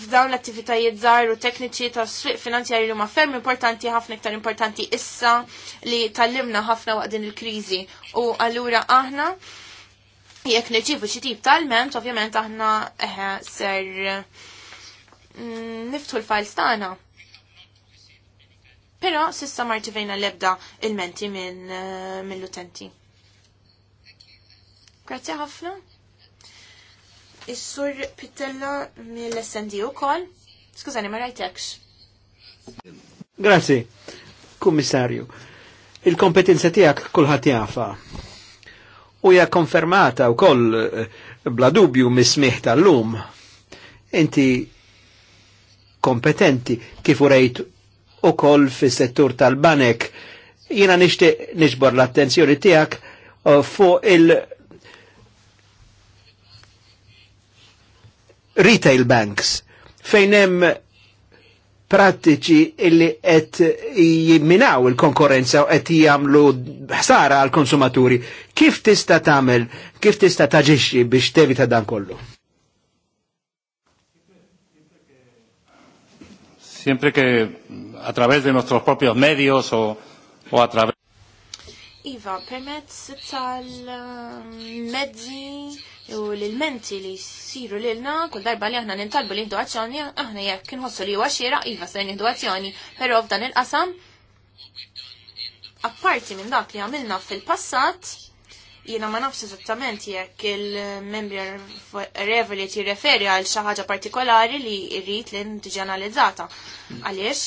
f'dawn l-attivitajiet żgħar u tekniċi ta' sfiq finanzjarji li huma ferm importanti ħafna iktar importanti issa li tallimna ħafna waqt din il-kriżi. U allura aħna jekk nirċievu xi tip tal-ment, ovvjament aħna ser mm, niftu l-files tagħna. Però sissa marċivejna l-ebda il-menti eh, mill-utenti. Grazzi ħafna. Is-sur Pittella mill-SND kol? Skużani, ma rajtekx. Grazie, kummissarju. Il-kompetenza tiegħek kulħadd jafa. U hija konfermata wkoll eh, bla dubju mismiħ tal-lum. Inti kompetenti kif urejt ukoll fis-settur tal-banek. Jiena nixtieq nixbor l-attenzjoni tiegħek eh, fuq il- retail banks fejn hemm prattiċi illi qed jimminaw il-konkurrenza u qed jagħmlu ħsara għal konsumaturi. Kif tista' tagħmel, kif tista' taġixxi biex tevita dan kollu? Siempre che a través de nuestros propios medios o, o a través Iva, permets tal-medzi um, u l-menti li siru lilna kull darba li aħna nintalbu l-induazzjoni aħna jekk nħossu li huwa xira iva se induazzjoni, azzjoni, però f'dan il-qasam apparti minn dak li għamilna fil-passat jiena ma nafx eżattament jekk il-membri revoli ti referi għal xi ħaġa partikolari li rrid li n analizzata. Għaliex,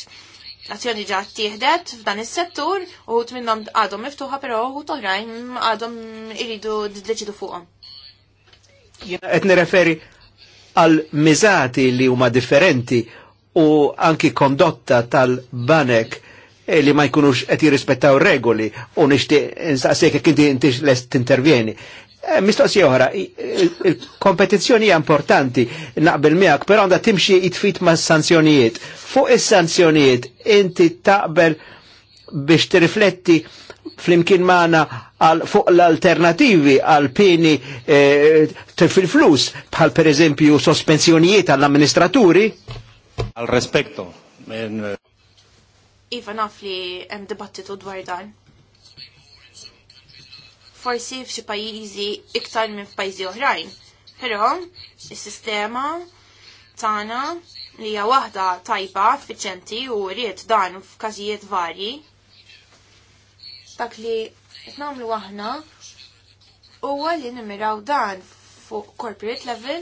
l-azzjoni ġa tieħdet f'dan is-settur u minnhom għadhom miftuħa però u toħrajn għadhom d deċidu fuqhom. Qed nirreferi għal miżati li huma differenti u anki kondotta tal-banek eh, li ma jkunux qed jirrispettaw regoli u nixtieq insaqsejk jekk inti lest tintervjeni. Eh, mistoqsija oħra, il-kompetizzjoni hija importanti naqbel miegħek, però għandha timxi jitfit ma' sanzjonijiet. Fuq is-sanzjonijiet inti taqbel biex tirrifletti flimkien maħna fuq l-alternativi għal pieni eh, fil-flus, bħal per eżempju sospensjonijiet għall-amministraturi? Għal respekto. Eh, iva naf li hemm dibattitu dwar dan. Forsi f'xi pajjiżi iktar minn f'pajjiżi oħrajn, però is-sistema tagħna li hija waħda tajba, effiċenti u riet dan f'każijiet varji, Dak li namlu aħna huwa li nimiraw dan fuq corporate level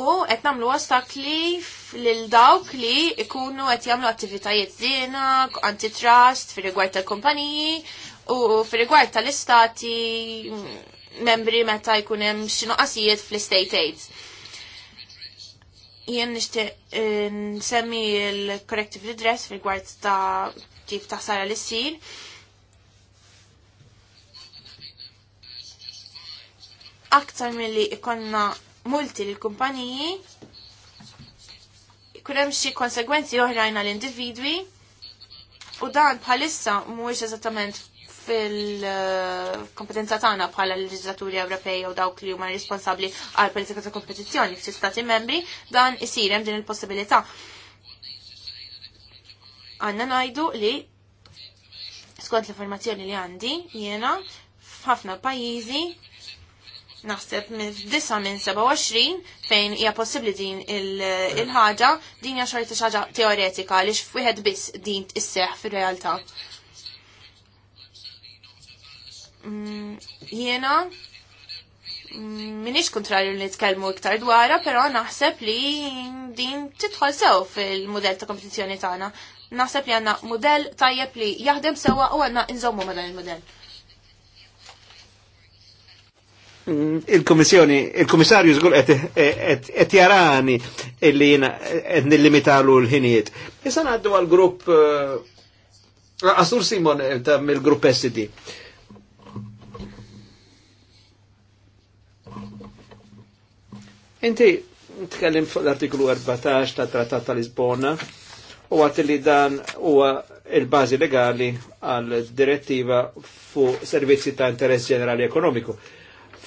u qed nagħmlu li lil dawk li ikunu qed jagħmlu attivitajiet żiena, antitrust fir-rigward tal-kumpaniji u fir-rigward tal-istati mm, membri meta jkun hemm xi fl-state aids jien nishti eh, nsemmi l-corrective redress fil-gwart ta' kif ta' sara li ssir. Aktar mill-li ikonna multi l-kumpaniji, kurem xie konsegwenzi oħrajn l individwi u dan bħalissa mhuwiex eżattament fil-kompetenza tagħna bħala l-leġislaturi Ewropej u dawk li huma responsabbli għal politika ta' kompetizzjoni fi stati membri dan isir hemm din il-possibilità. Għandna ngħidu li skont l-informazzjoni li għandi jiena f'ħafna pajjiżi naħseb minn 9 minn 27 fejn hija possibbli din il-ħaġa din hija xorta xi ħaġa teoretika għaliex wieħed biss din tisseħ fir-realtà. Mm, jiena mm, minix kontrarju li nitkellmu iktar dwarha, però naħseb li din titħol sew fil-mudell ta' kompetizzjoni tagħna. Naħseb li għandna mudell tajjeb li jaħdem sewwa u għandna nżommu ma' dan il-mudell. Mm, Il-Komissjoni, il-Komissarju żgur qed jarani li jiena qed nillimitalu l-ħinijiet. Issa ngħaddu għall-grupp eh, Asur Simon eh, ta' mill-grupp SD. Inti tkellim fuq l-artiklu 14 ta' Trattat ta' Lisbona u għat li dan huwa il bazi legali għal direttiva fuq servizzi ta' interess ġenerali ekonomiku.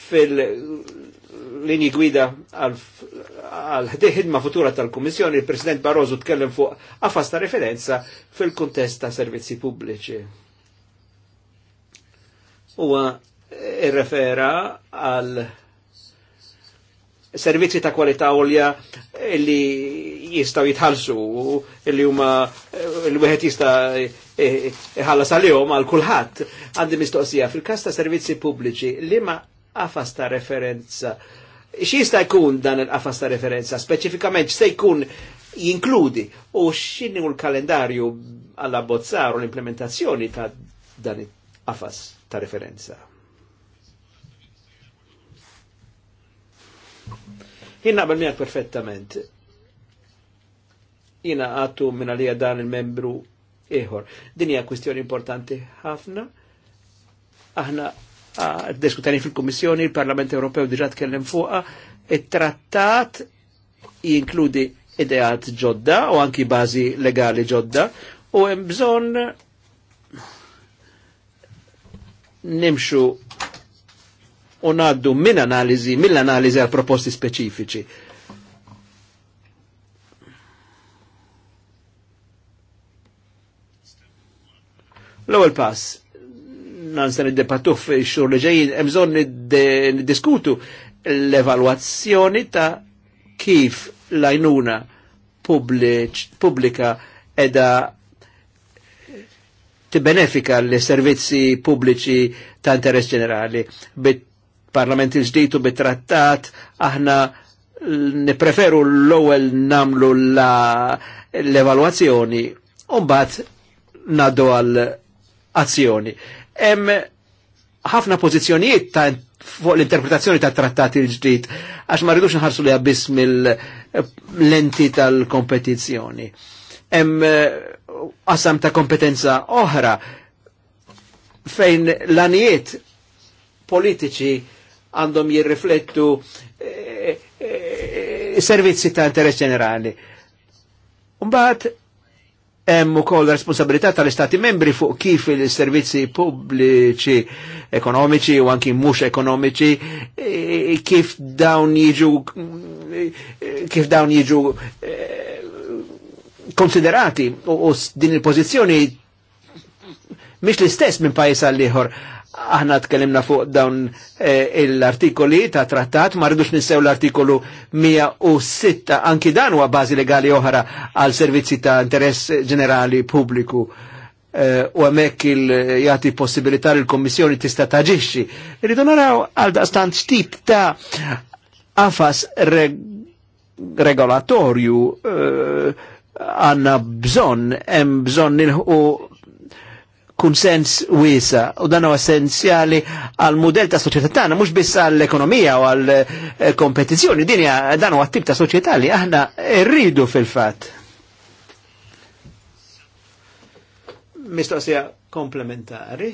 Fil-linji gwida għal ħidma futura tal-Kummissjoni, il-President Barroso tkellem fuq għafasta referenza fil kontest ta' servizzi pubblici. Huwa irrefera għal servizzi ta' kwalità olja li jistaw jitħalsu li huma eh, l-wieħed jista' eh, eh, iħallas għalihom għal kulħadd. Għandi mistoqsija fil-każ ta' servizzi pubbliċi li ma qafas ta' referenza. X'jista' jkun dan il-qafas ta' referenza? Speċifikament x'se jkun jinkludi u x'inhu l-kalendarju għall-abbozzar u l-implementazzjoni ta' dan il-qafas ta' referenza? Jien naqbel miegħek perfettament. Jiena għattu minna li dan il-membru ieħor. Din hija kwistjoni importanti ħafna. Aħna diskutani fil-Kummissjoni, il-Parlament Ewropew diġà tkellem fuqha, it-trattat jinkludi ideat ġodda u anki bażi legali ġodda u hemm bżonn nimxu u naddu minn analizi, mill-analizi għal proposti speċifiċi. L-ewwel pass, nansen id-debattu fix-xhur li ġejjin, hemm bżonn diskutu l-evalwazzjoni ta' kif l-għajnuna pubblika edha tibbenefika l-servizzi pubbliċi ta' interess ġenerali bit parlament il-ġdijtu bit-trattat, aħna nipreferu l-ewel namlu l-evaluazzjoni, mbagħad naddu għal azzjoni. Hemm ħafna pozizjonijiet ta' fuq l-interpretazzjoni ta' trattat il-ġdid, għax ma rridux nħarsu li għabbis mill-lenti tal-kompetizjoni. Hemm qasam ta' kompetenza oħra fejn l-anijiet politiċi għandhom jirriflettu eh, eh, servizzi ta' interess ġenerali. Umbat, hemm ukoll responsabilità tal-Istati membri fuq kif il-servizzi pubbliċi ekonomiċi u anki mhux ekonomiċi eh, kif dawn jiġu kif dawn jiġu konsiderati u, u din il-pożizzjoni mhix l-istess minn pajjiż għall ieħor aħna tkellimna fuq dawn eh, l-artikoli ta' trattat, ma rridux nissew l-artikolu 106, anki dan huwa bażi legali oħra għal servizzi ta' interess ġenerali pubbliku. Eh, u għamek il-jati possibilità l-Kommissjoni tista' taġixxi. Irridu naraw għal daqstant xtip ta' afas regolatorju eh, għanna bżonn bżon, hemm bżon nilħu sens wiesa u dan huwa essenzjali għal mudell ta' soċjetà tagħna mhux biss għall ekonomija u għall eh, kompetizzjoni din dan huwa tip ta' soċjetà li aħna rridu fil-fatt. Mistoqsija komplementari.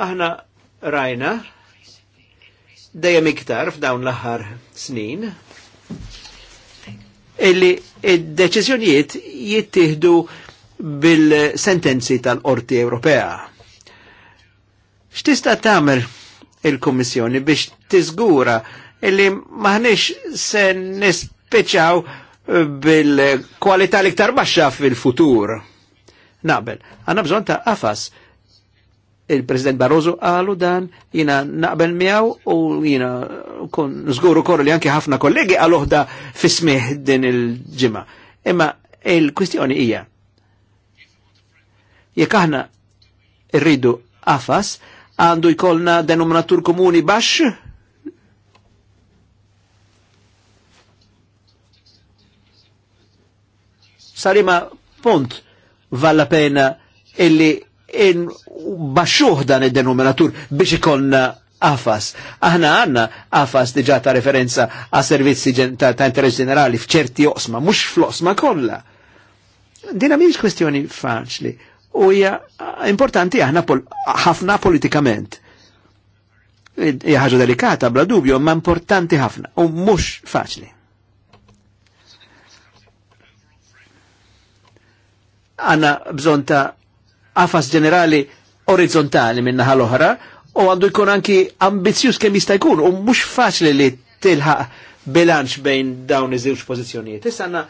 Aħna rajna dejjem iktar f'dawn l-aħħar snin illi id-deċiżjonijiet jittieħdu bil-sentenzi tal-Qorti Ewropea. X'tista' tagħmel il-Kummissjoni biex tiżgura illi maħniex se nispeċaw eh, bil-kwalità l-iktar baxxa fil-futur. Naqbel, għanna bżon ta' qafas. Il-President Barroso għalu dan, jina naqbel miaw u jina kun zguru korru li anki ħafna kollegi għaluħda fismih din il ġima Imma il-kwistjoni hija Jekk aħna rridu qafas, għandu jkollna denominatur komuni baxx? Sarima punt valla pena illi in baxxuħ dan il-denominatur biex ikonna AFAS. Aħna għanna AFAS diġa ta' referenza a servizzi ta', ta interess ġenerali fċerti osma, mux fl-osma kolla. Dina miex kwestjoni faċli u hija importanti aħna ħafna pol politikament. Hija ħaġa delikata bla dubju, ma importanti ħafna u mhux faċli. Għanna bżon ta' għafas ġenerali orizzontali minna ħal oħra u għandu jkun anki ambizjus kemm jista' jkun u mhux faċli li tilħaq bilanċ bejn dawn iż-żewġ pożizzjonijiet. Issa għandna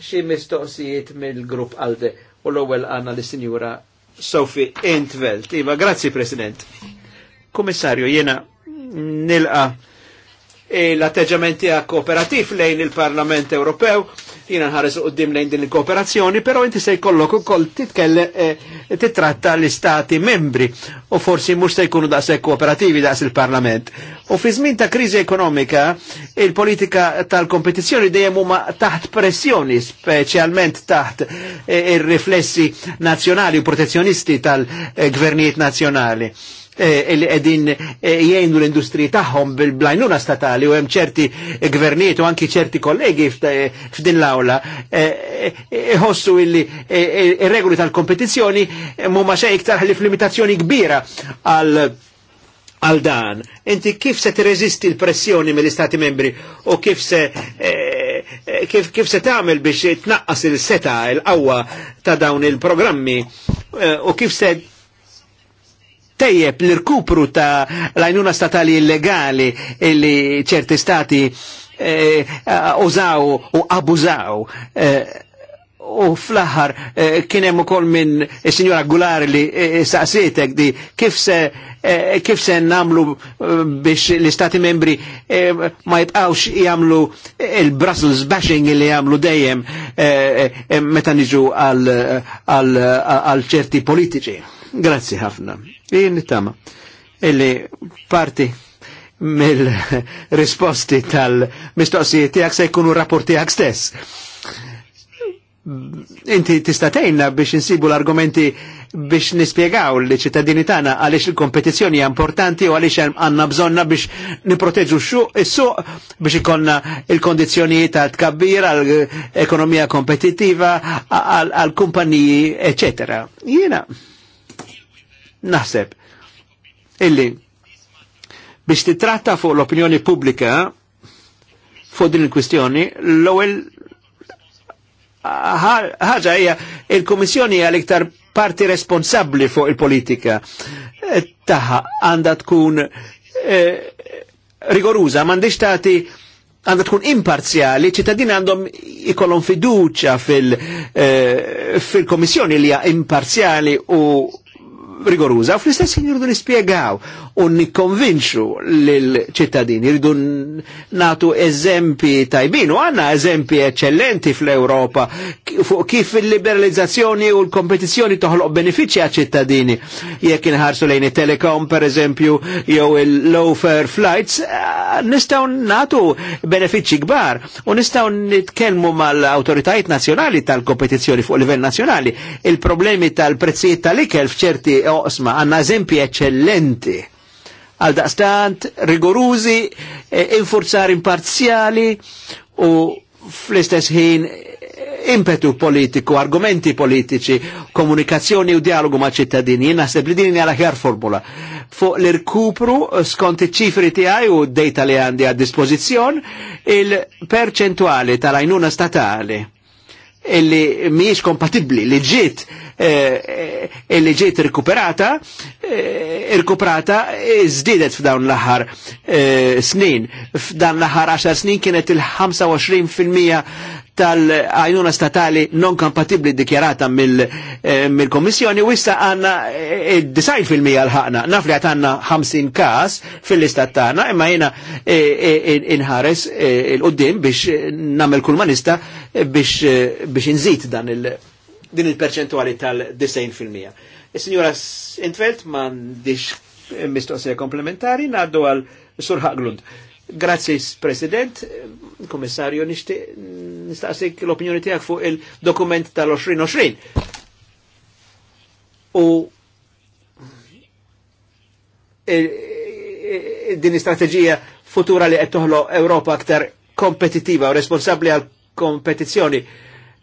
xi mistoqsijiet mill-grupp għalde u l-ewwel għandna l sinjura Sofi Entvelt. Iva, grazzi President. Kummissarju, jiena nilqa' eh, l-atteġġament tiegħek kooperativ lejn il-Parlament Ewropew jina nħares u d-dim lejn din il-kooperazzjoni, però inti se jkollok ukoll titkelle eh, titratta l-istati membri u forsi mhux se jkunu daqs kooperativi daqs il-Parlament. U fi zmin ta' krizi ekonomika, il-politika tal kompetizjoni dejjem huma taħt pressjoni, specialment taħt eh, il riflessi nazjonali u protezjonisti tal-gvernijiet eh, nazjonali. Eh, li edin eh, jgħinu l-industriji tagħhom bil-blajnuna statali u hemm ċerti gvernijiet u anki ċerti kollegi eh, f'din l-awla ħossu illi ir-regoli tal-kompetizzjoni mhuma xejn iktar li limitazzjoni kbira għal għal dan. Inti kif se t-rezisti l-pressjoni mill-Istati membri u kif se kif, kif se tagħmel biex tnaqqas il-seta l qawwa ta' dawn il-programmi u kif se tejjeb l-irkupru ta' lajnuna statali illegali illi ċerti stati eh, użaw u abużaw eh, u fl-aħħar eh, kien hemm ukoll minn is-Sinjora Gular li saqsitek di kif se kif se nagħmlu biex l-Istati membri ma jibqgħux jagħmlu il-Brussels bashing li jagħmlu dejjem meta niġu għal ċerti politiċi. Grazzi ħafna. Jien nittama. Illi parti mill-risposti tal-mistoqsijiet tiegħek se jkunu rapport tiegħek stess. Inti tista' tgħinna biex insibu l-argumenti biex nispjegaw li ċittadini tagħna għaliex il-kompetizzjoni hija importanti u għaliex għandna bżonna biex niproteġu s-suq biex ikonna il-kondizzjonijiet ta' tkabbir għal ekonomija kompetittiva għal kumpaniji, eċetera. Jiena naħseb illi biex titratta fuq l-opinjoni pubblika fuq din il-kwistjoni l-ewwel ħaġa hija il-Kummissjoni hija l-iktar parti responsabbli fuq il-politika taħħa għandha tkun eh, rigoruża, m'għandix tagħti għandha tkun imparzjali, ċittadini għandhom ikollhom fiduċa fil-Komissjoni eh, li hija imparzjali u rigoruża u fl-istess ħin irdu nispjegaw u nikkonvinċu l-ċittadini. Rridu natu eżempi tajbin, u għanna eżempi eccellenti fl-Europa fuq kif il-liberalizzazzjoni u l-kompetizjoni toħloq benefici għal ċittadini. Jekk inħarsu lejn telekom per eżempju, jew il-low fare flights, eh, nistaw natu benefici kbar u nistaw nitkelmu mal-autoritajiet nazjonali tal kompetizzjoni fuq livell nazjonali. Il-problemi tal-prezzijiet tal-ikel fċerti osma, għanna eżempi eccellenti għal daqstant rigorużi, eh, infurzar imparzjali u fl-istess ħin eh, impetu politiku, argumenti politiċi, komunikazzjoni u dialogu ma' ċittadini, naħseb se bridini għala ħjar formula. Fuq l-irkupru eh, skonti ċifri tiegħi u d-data li għandi għad dispozizjon, il-perċentuali tal ajnuna statali illi miex kompatibli li ġiet eh, illi ġiet irkuperata eh, irkuperata zdidet eh, f'dawn l-aħħar snin f'dan l-aħħar 10 snin kienet il-25% tal-għajnuna statali non kompatibli dikjarata eh, mill-Komissjoni u eh, eh, design għanna 90% l-ħakna. Naf li għatanna 50 kas fil-istat tagħna, imma jena inħares il-qoddim biex namel kulmanista biex inżit dan din il-perċentuali tal-90%. Signora Intfeld, mandiċ mistoqsija komplementari, naddu għal Sur Haglund. Grazie, President komissarju, nistaqsik l-opinjoni tijak fuq il-dokument tal-2020. U e, e, e, din istrateġija futura li qed toħlo Ewropa aktar kompetitiva u responsabli għal kompetizzjoni.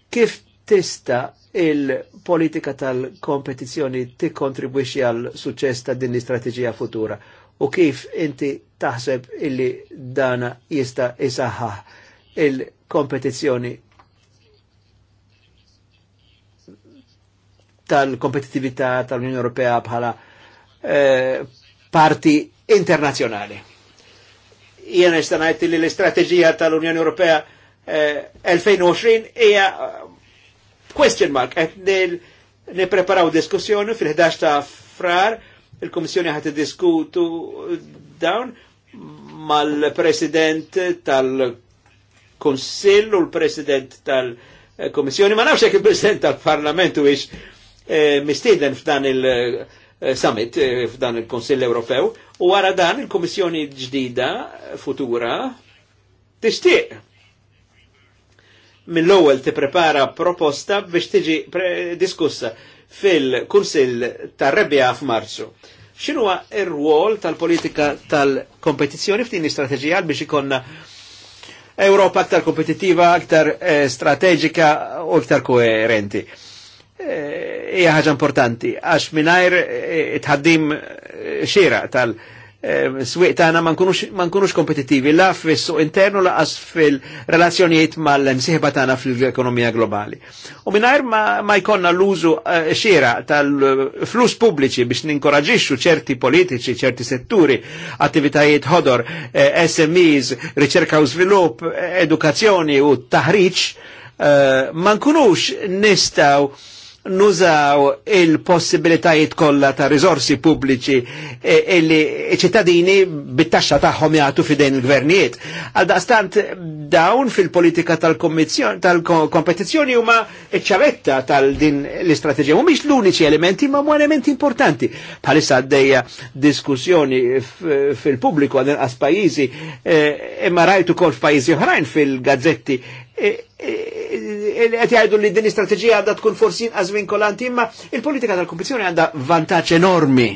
Kif tista il-politika tal-kompetizzjoni tikkontribwixxi għal suċċess ta' din l-istrateġija futura? u kif inti taħseb illi dana jista jisaħħa il kompetizjoni tal-kompetitività tal-Unjoni Ewropea bħala eh, parti internazzjonali. Jien nista' ngħid li l-istrateġija tal-Unjoni Ewropea 2020 eh, hija eh, question mark qed nipreparaw diskussjoni fil-11 ta' frar il-Komissjoni ħat diskutu dawn mal-President tal-Konsill u l-President tal-Komissjoni, ma nafx jekk il-President tal-Parlament u ix eh, mistiden f'dan il-Summit, eh, eh, f'dan il-Konsill Ewropew, u wara dan il-Komissjoni ġdida futura tixtieq mill-ewwel prepara proposta biex tiġi diskussa fil-Kunsil tar-Rebbija f'Marzu. X'inhuwa r-rwol tal-politika tal-kompetizzjoni f'din l-istrateġija biex ikonna Europa aktar kompetittiva, aktar eh, strateġika u aktar koerenti. Eh, hija e, ħaġa importanti għax mingħajr eh, tħaddim eh, xira tal- eh, Eh, swieq tagħna ma nkunux kompetitivi la fissu internu internu laqas fil-relazzjonijiet mal-msieħba tana fl-ekonomija globali. U mingħajr ma jkollna l-użu eh, xiera tal-flus pubbliċi biex ninkoraġixxu ċerti politiċi, ċerti setturi, attivitajiet ħodor, eh, SMEs, riċerka u svilupp, edukazzjoni u taħriġ, ma nkunux nistaw nużaw il-possibilitajiet kollha ta' riżorsi pubbliċi illi e, e, ċittadini bit-taxxa tagħhom jagħtu f'idejn il-gvernijiet. Għal daqstant dawn fil-politika tal-kompetizzjoni huma ċavetta tal-din l-istrateġija. Mhumiex l-uniċi elementi ma huma elementi importanti. Bħalissa għaddejja diskussjoni fil-pubbliku għal inqas pajjiżi e, imma rajtu kol f'pajjiżi oħrajn fil-gazzetti E, e, e, qed jgħidu li din istrateġija għandha tkun forsi għazmin vinkolanti, imma il-politika tal-kompetizzjoni għandha vantaċ enormi.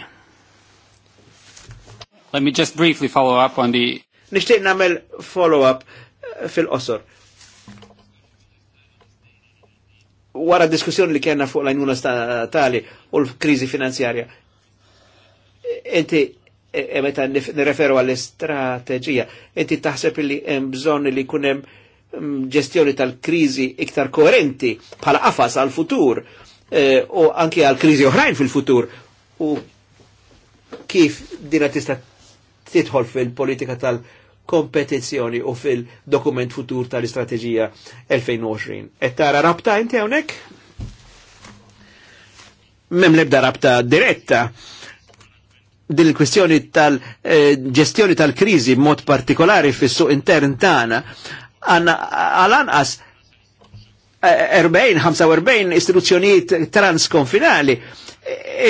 Let me just briefly follow up on the Nishtiq namel follow up eh, fil-qosor. Wara diskussjoni li kena fuq l-għajnuna statali u l krizi finanzjarja. Inti eh, eh, meta nireferu għall-istrateġija, inti taħseb li hemm bżonn li kunem hemm Mm, ġestjoni tal-krizi iktar koerenti bħala qafas għal-futur eh, u anki għal-krizi oħrajn fil-futur u kif dina tista' tidħol fil-politika tal-kompetizzjoni u fil-dokument futur tal-istrateġija 2020. Et tara rabta inti hawnhekk? Mem lebda rabta diretta din il-kwestjoni tal-ġestjoni eh, tal-krizi mod partikolari fis-suq intern tagħna għanna għal-anqas 40-45 istituzzjonijiet transkonfinali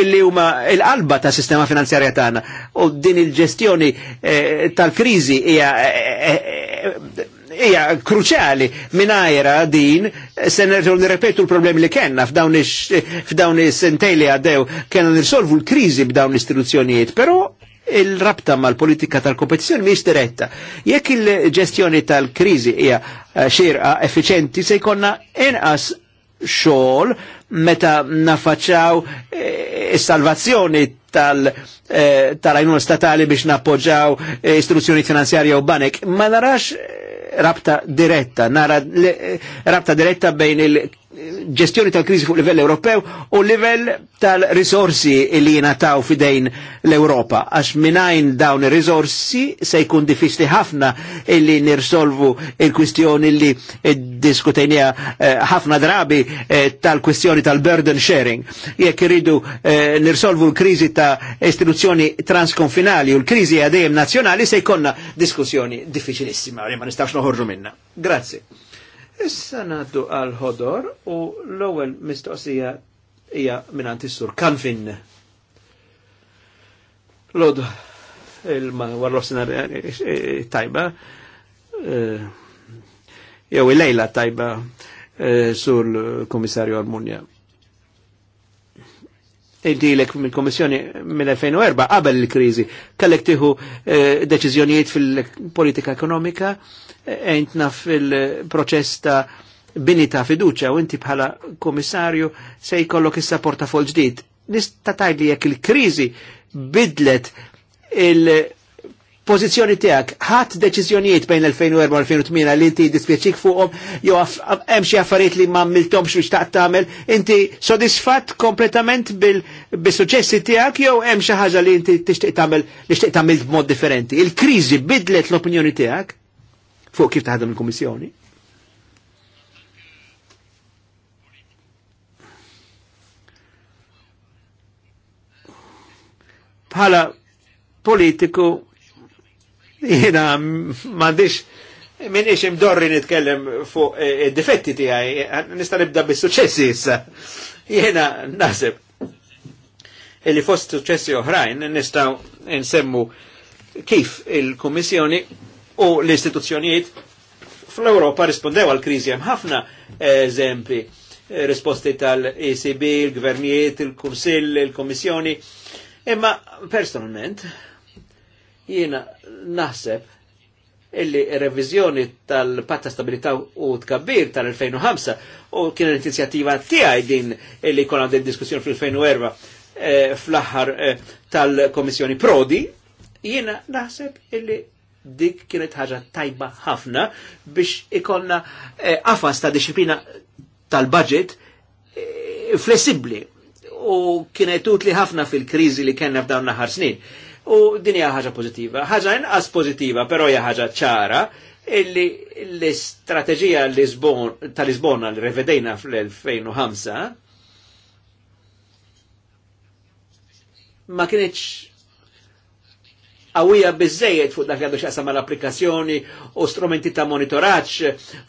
illi huma il-qalba ta' sistema finanzjarja tagħna u din il-ġestjoni eh, tal-kriżi hija eh, eh, hija kruċjali minajra din se nerġgħu nirrepetu l-problemi li kellna f'dawn is-sentej li għaddew kellna nirsolvu l-kriżi b'dawn l-istituzzjonijiet, però il-rabta mal-politika tal-kompetizjoni mhix diretta. Jekk il-ġestjoni tal-kriżi hija eh, xirqa effiċenti se jkollna inqas xogħol meta nafaċċaw eh, is-salvazzjoni eh, tal-għajnuna statali biex nappoġġaw istruzzjoni finanzjarja u banek. Ma narax rabta diretta, nara rabta diretta bejn il ġestjoni tal-krizi fuq livell Ewropew u livell tal-risorsi li jinataw fidejn l-Europa. Għax minajn dawn il-risorsi se jkun diffiċli ħafna illi nirsolvu il-kwistjoni li diskutejnija eh, ħafna drabi eh, tal-kwistjoni tal-burden sharing. Jek irridu eh, nirsolvu l-krizi ta' istituzzjoni transkonfinali u l-krizi għadejem nazjonali se jkonna diskussjoni diffiċilissima li ma nistax noħorġu minna. Grazie. Issa naddu għal ħodor u l-ewwel mistoqsija hija minn sur kanfin. Lod il-ma warrosna eh, eh, tajba eh, jew il-lejla tajba sur l-Komissarju Armunja dilek mill-Komissjoni mill-2004 qabel il-krizi kellek tieħu eh, deċiżjonijiet fil-politika ekonomika eh, entna fil-proċess ta' bini ta' fiduċa u inti bħala komissarju se jkollok issa portafol ġdid. Nista' tajli jekk il-kriżi bidlet il- pożizzjoni tiegħek ħadd deċiżjonijiet bejn 2004 u 2008 li inti dispieċik fuqhom jew hemm xi affarijiet li ma miltomx biex taqt tamel, inti sodisfatt kompletament bis-suċessi tiegħek jew hemm xi ħaġa li inti tixtieq tamel, li xtieq tagħmel b'mod differenti. Il-kriżi bidlet l-opinjoni tiegħek fuq kif taħdem il-Kummissjoni. Bħala politiku jina mandiċ, minn iċ imdorri nitkellem fuq eh, id-difetti tijaj, nista nibda bis-suċessi jissa. Jena nasib, illi fost suċessi oħrajn nista nsemmu kif il komissjoni u l-istituzzjonijiet fl-Europa rispondew għal krizi hemm ħafna eżempi eh, risposti tal-ECB, il-gvernijiet, il-Kunsill, il komissjoni Imma personalment, Jiena naħseb illi revizjoni tal-patta stabilita u tkabbir tal-2005 u kien l-inizjattiva tiegħi din illi kon għandil diskussjoni fil-2004 eh, fl-aħħar eh, tal-Komissjoni Prodi, jiena naħseb illi dik kienet ħaġa tajba ħafna biex ikonna eh, qafas ta' disciplina tal-budget flessibli u kienet utli ħafna fil-kriżi li kellna f'dawn naħar snin u din hija ħaġa pożittiva. Ħaġa inqas pożittiva, però hija ħaġa ċara illi l-istrateġija tal-Lisbona li revedejna fl-2005 ma kienieċ għawija bizzejiet fuq dak li għandu xaqsam mal applikazzjoni u strumenti ta' monitoraċ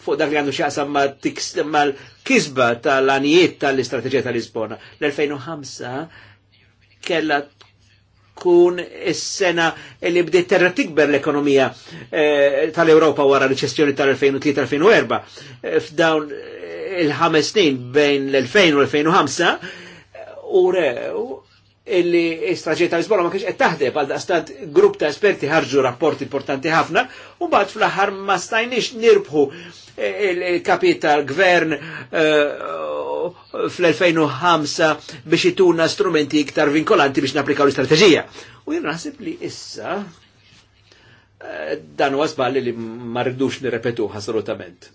fuq dak li għandu xaqsam mal kisba tal-anijiet tal-istrateġija tal-Lisbona. L-2005 kella tkun is-sena li bdiet terra tikber l-ekonomija eh, tal-Ewropa wara l-ċestjoni tal-2003-2004. Eh, f'dawn eh, il-ħames snin bejn l-2000 u l-2005 u rew illi istraġiet ta' lisbona ma kienx qed taħdem għal daqstant grupp ta' esperti ħarġu rapport importanti ħafna u mbagħad fl-aħħar ma stajniex nirbħu il-kapital gvern fl-2005 biex ituna strumenti iktar vinkolanti biex naplikaw l-istrateġija. U jirnaħseb li issa eh, dan huwa sballi li ma rridux nirrepetu assolutament.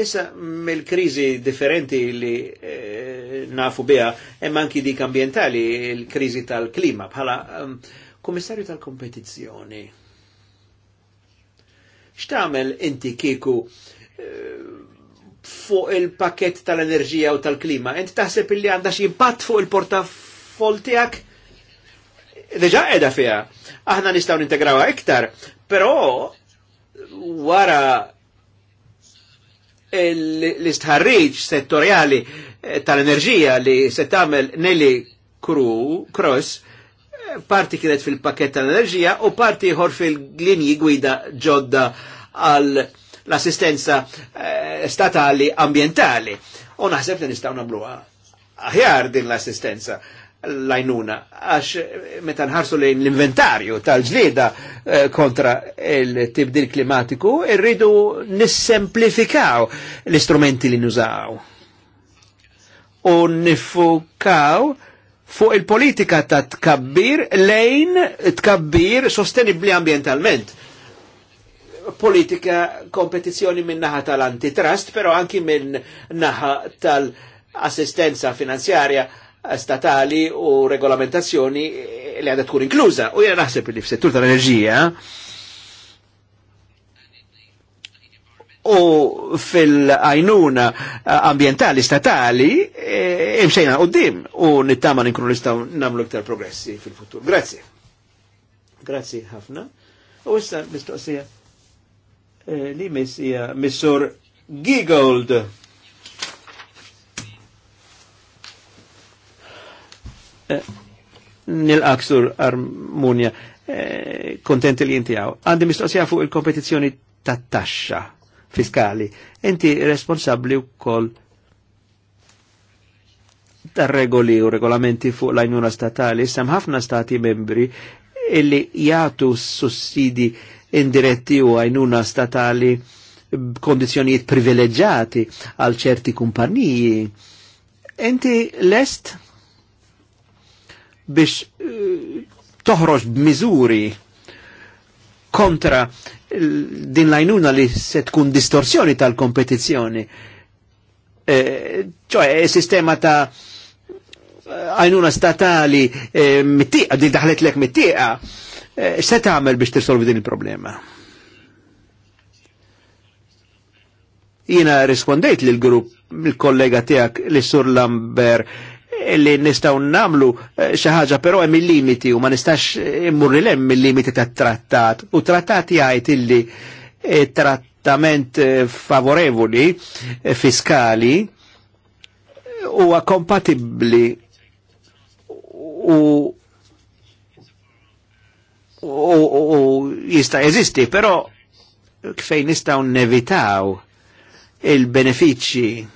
Issa mill-kriżi differenti li e, nafu biha hemm anki dik ambientali il-kriżi tal-klima bħala um, kummissarju tal-kompetizzjoni x'tagħmel inti kieku fuq il-pakket tal-enerġija u tal-klima. Ent taħseb li għandha xi impatt fuq il-portafol tiegħek? Deġa qiegħda fiha. Aħna nistgħu nintegrawha iktar, però wara l-istħarriġ settorjali eh, tal-enerġija li se tagħmel Nelly Kru, Cross, eh, parti kienet fil-pakket tal-enerġija u parti ieħor fil glini gwida ġodda għal l-assistenza eh, statali ambientali. U naħseb li nistgħu nagħmluha aħjar din l-assistenza lajnuna, għax eh, meta nħarsu lejn l-inventarju tal-ġlida eh, kontra il-tibdil klimatiku, irridu nissemplifikaw l-istrumenti li nużaw. U nifukaw fuq il-politika ta' tkabbir lejn tkabbir sostenibli ambientalment politika kompetizjoni minn naħa tal-antitrust, pero anki minn naħa tal-assistenza finanzjarja statali u regolamentazzjoni li għadha tkun inkluża. U jena naħseb li f'settur tal-enerġija u fil-għajnuna ambientali statali eh, imxejna u dim u nittama ninkun nistaw namlu iktar progressi fil-futur. Grazie. Grazie ħafna. U issa mistoqsija Eh, li miss Missur Gigold. Eh, Nil-aksur armonia, eh, kontenti li jinti għaw. Għandi mistoqsija fuq il-kompetizjoni ta' taxxa fiskali. Inti responsabli u koll ta' regoli u regolamenti fuq l-ajnuna statali, sem ħafna stati membri illi jgħatu sussidi indiretti u għajnuna statali b'kondizjonijiet privileġġati għal ċerti kumpaniji. Enti lest biex eh, toħroġ b'miżuri kontra din lajnuna li se tkun distorsjoni tal-kompetizzjoni. Eh, ċoħe, e, sistema ta' għajnuna statali e, mittiqa, di daħlet lek mittiqa Eh, se tagħmel biex tisolvi din il-problema? Jiena rispondejt lil grupp il-kollega tiegħek li sur Lamber li nistaw namlu eh, xaħġa pero hemm il-limiti u ma nistax eh, immurri lem il-limiti ta' trattat u trattat jgħid illi trattament favorevoli fiskali huwa kompatibbli u u jista jeżisti, pero kfej nistaw nevitaw il benefiċi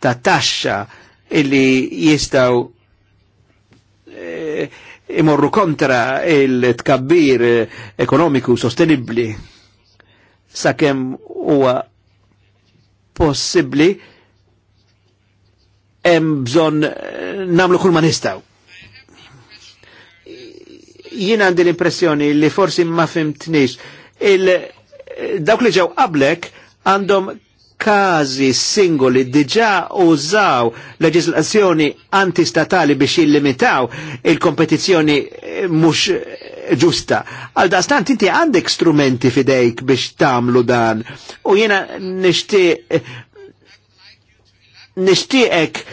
ta' taxxa illi jistaw eh, imorru kontra il-tkabbir ekonomiku sostenibli sakemm huwa possibli hemm bżonn eh, namlu kull ma nistgħu jien għandi l-impressjoni li forsi ma fimtnix dawk li ġew qablek għandhom kazi singoli diġa użaw leġislazzjoni antistatali biex jillimitaw il-kompetizjoni eh, mux eh, ġusta. Għal dastant inti għandek strumenti fidejk biex tamlu dan. U jena nishti eh, nishtiqek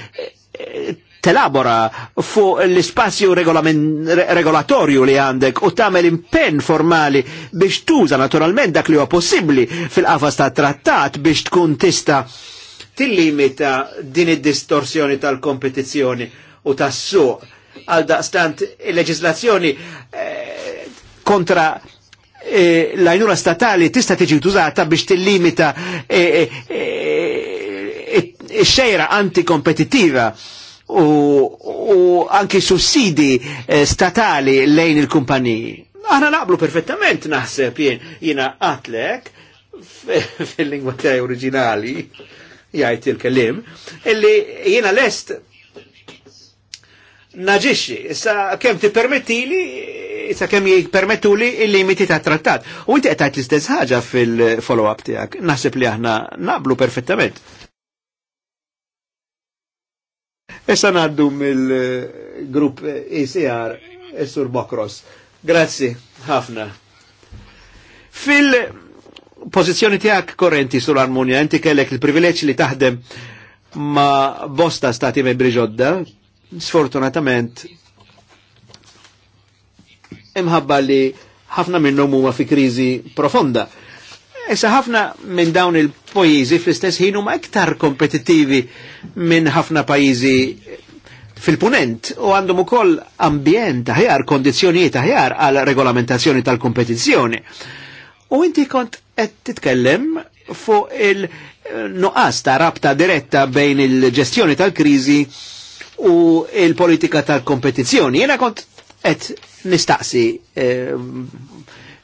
telabora fuq l-ispazju regolatorju li għandek u tagħmel impen formali biex tuża naturalment dak li huwa possibbli fil-qafas ta' trattat biex tkun tista' tillimita din id-distorsjoni tal-kompetizzjoni u tas-suq għal daqstant il-leġislazzjoni eh, kontra eh, l-għajnuna statali tista' tiġi tużata biex tillimita eh, eh, eh, eh xejra antikompetitiva u, u anki sussidi eh, statali lejn il-kumpaniji. Aħna naqblu perfettament naħseb jien jina għatlek fil-lingwa tiegħi oriġinali jgħid il-kelim illi jiena lest naġixxi issa kemm tippermettili issa kemm jippermettuli il-limiti ta' trattat. U inti qed l-istess ħaġa fil-follow-up tiegħek. Naħseb li aħna naqblu perfettament. Issa naddu mill-grupp ECR, Essur Bokros. Grazzi, ħafna. Fil-pozizjoni tijak korrenti sull-armonja, inti kellek il-privileċ li taħdem ma bosta stati membri ġodda, sfortunatament, imħabba li ħafna minnhom huma fi kriżi profonda Issa ħafna minn dawn il-pajjiżi fl-istess ħin huma iktar kompetittivi minn ħafna pajjiżi fil-punent u għandhom ukoll ambjent aħjar, kondizzjonijiet aħjar għal regolamentazzjoni tal-kompetizzjoni. U inti kont qed titkellem fuq il-nuqqas ta' rabta diretta bejn il-ġestjoni tal-kriżi u il-politika tal-kompetizzjoni. Jena kont qed nistaqsi eh,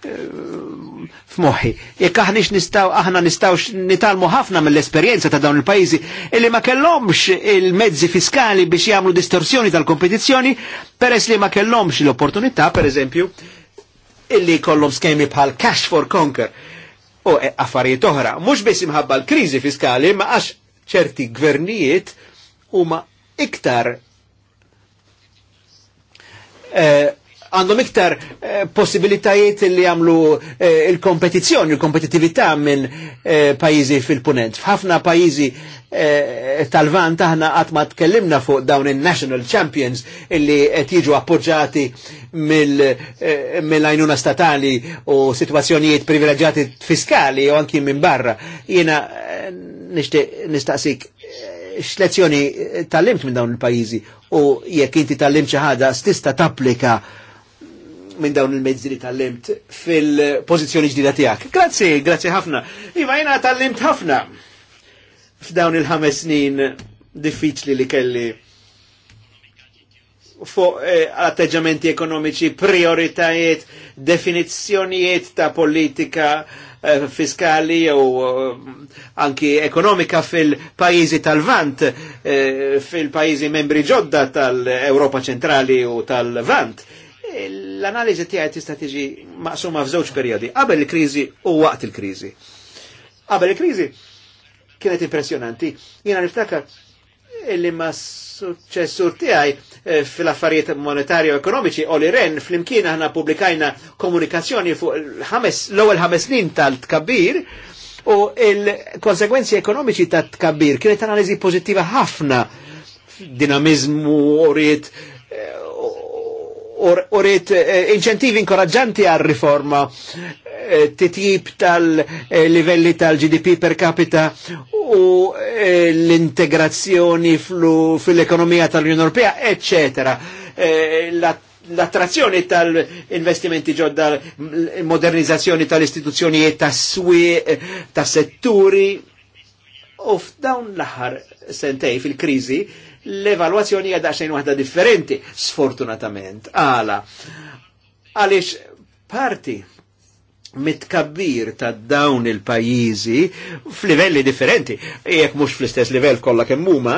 f'moħħi. Jekk aħniex nistaw aħna nistaw nitalmu ħafna mill-esperjenza ta' dawn il-pajjiżi illi ma kellhomx il-mezzi fiskali biex jagħmlu distorsjoni tal-kompetizzjoni peress li ma kellhomx l-opportunità, per eżempju, illi jkollhom skemi bħal cash for conquer u e- affarijiet oħra. Mhux biss imħabba l-kriżi fiskali, ma għax ċerti gvernijiet huma iktar eh, għandhom iktar eh, possibilitajiet li jagħmlu eh, il-kompetizzjoni, il-kompetitività minn eh, pajizi pajjiżi fil-punent. F'ħafna pajjiżi tal-vant aħna qatt ma tkellimna fuq dawn in-national champions illi qed jiġu appoġġati mill-għajnuna statali u situazzjonijiet privileġġati fiskali u anki minn barra. Jiena nistaqsik x-lezzjoni tal-limt minn dawn il-pajizi u jekk inti tal-limt ħaġa stista tapplika minn dawn il-mezzi li tal-limt fil-pozizjoni ġdida tijak. Grazzi, grazzi ħafna. Iva jena tal-limt ħafna f'dawn il-ħames snin diffiċli li kelli fuq eh, atteġġamenti ekonomiċi, prioritajiet, definizzjonijiet ta' politika eh, fiskali jew eh, anki ekonomika fil-pajizi tal-Vant, eh, fil-pajizi membri ġodda tal-Europa ċentrali u tal-Vant l-analiżi tiegħi tista' tiġi maqsuma f'żewġ perjodi, qabel il-kriżi u waqt il-kriżi. Qabel il-kriżi kienet impressjonanti. Jiena niftakar illi ma suċessur tiegħi eh, fil-affarijiet monetarju ekonomiċi Oli Ren fl-imkien aħna publikajna komunikazzjoni fuq l-ewwel ħames snin tal-tkabbir u il-konsegwenzi ekonomiċi ta' tkabbir kienet analiżi pożittiva ħafna dinamizmu, oriet eh, u rrit eh, inċentivi inkoraġġanti għal riforma eh, titjib tal-livelli eh, tal-GDP per capita u l-integrazzjoni fil-ekonomija tal-Unjoni Europea, eccetera. L-attrazzjoni tal-investimenti ġodda, modernizzazzjoni tal e tas-swi, tas-setturi, u f'dawn l ħar sentej fil-krizi, l-evalwazzjoni għadha xejn waħda differenti, sfortunatament, għala. Għaliex parti mitkabbir ta' dawn il-pajizi f'livelli differenti, jekk mhux fl-istess livell kollha kemm huma,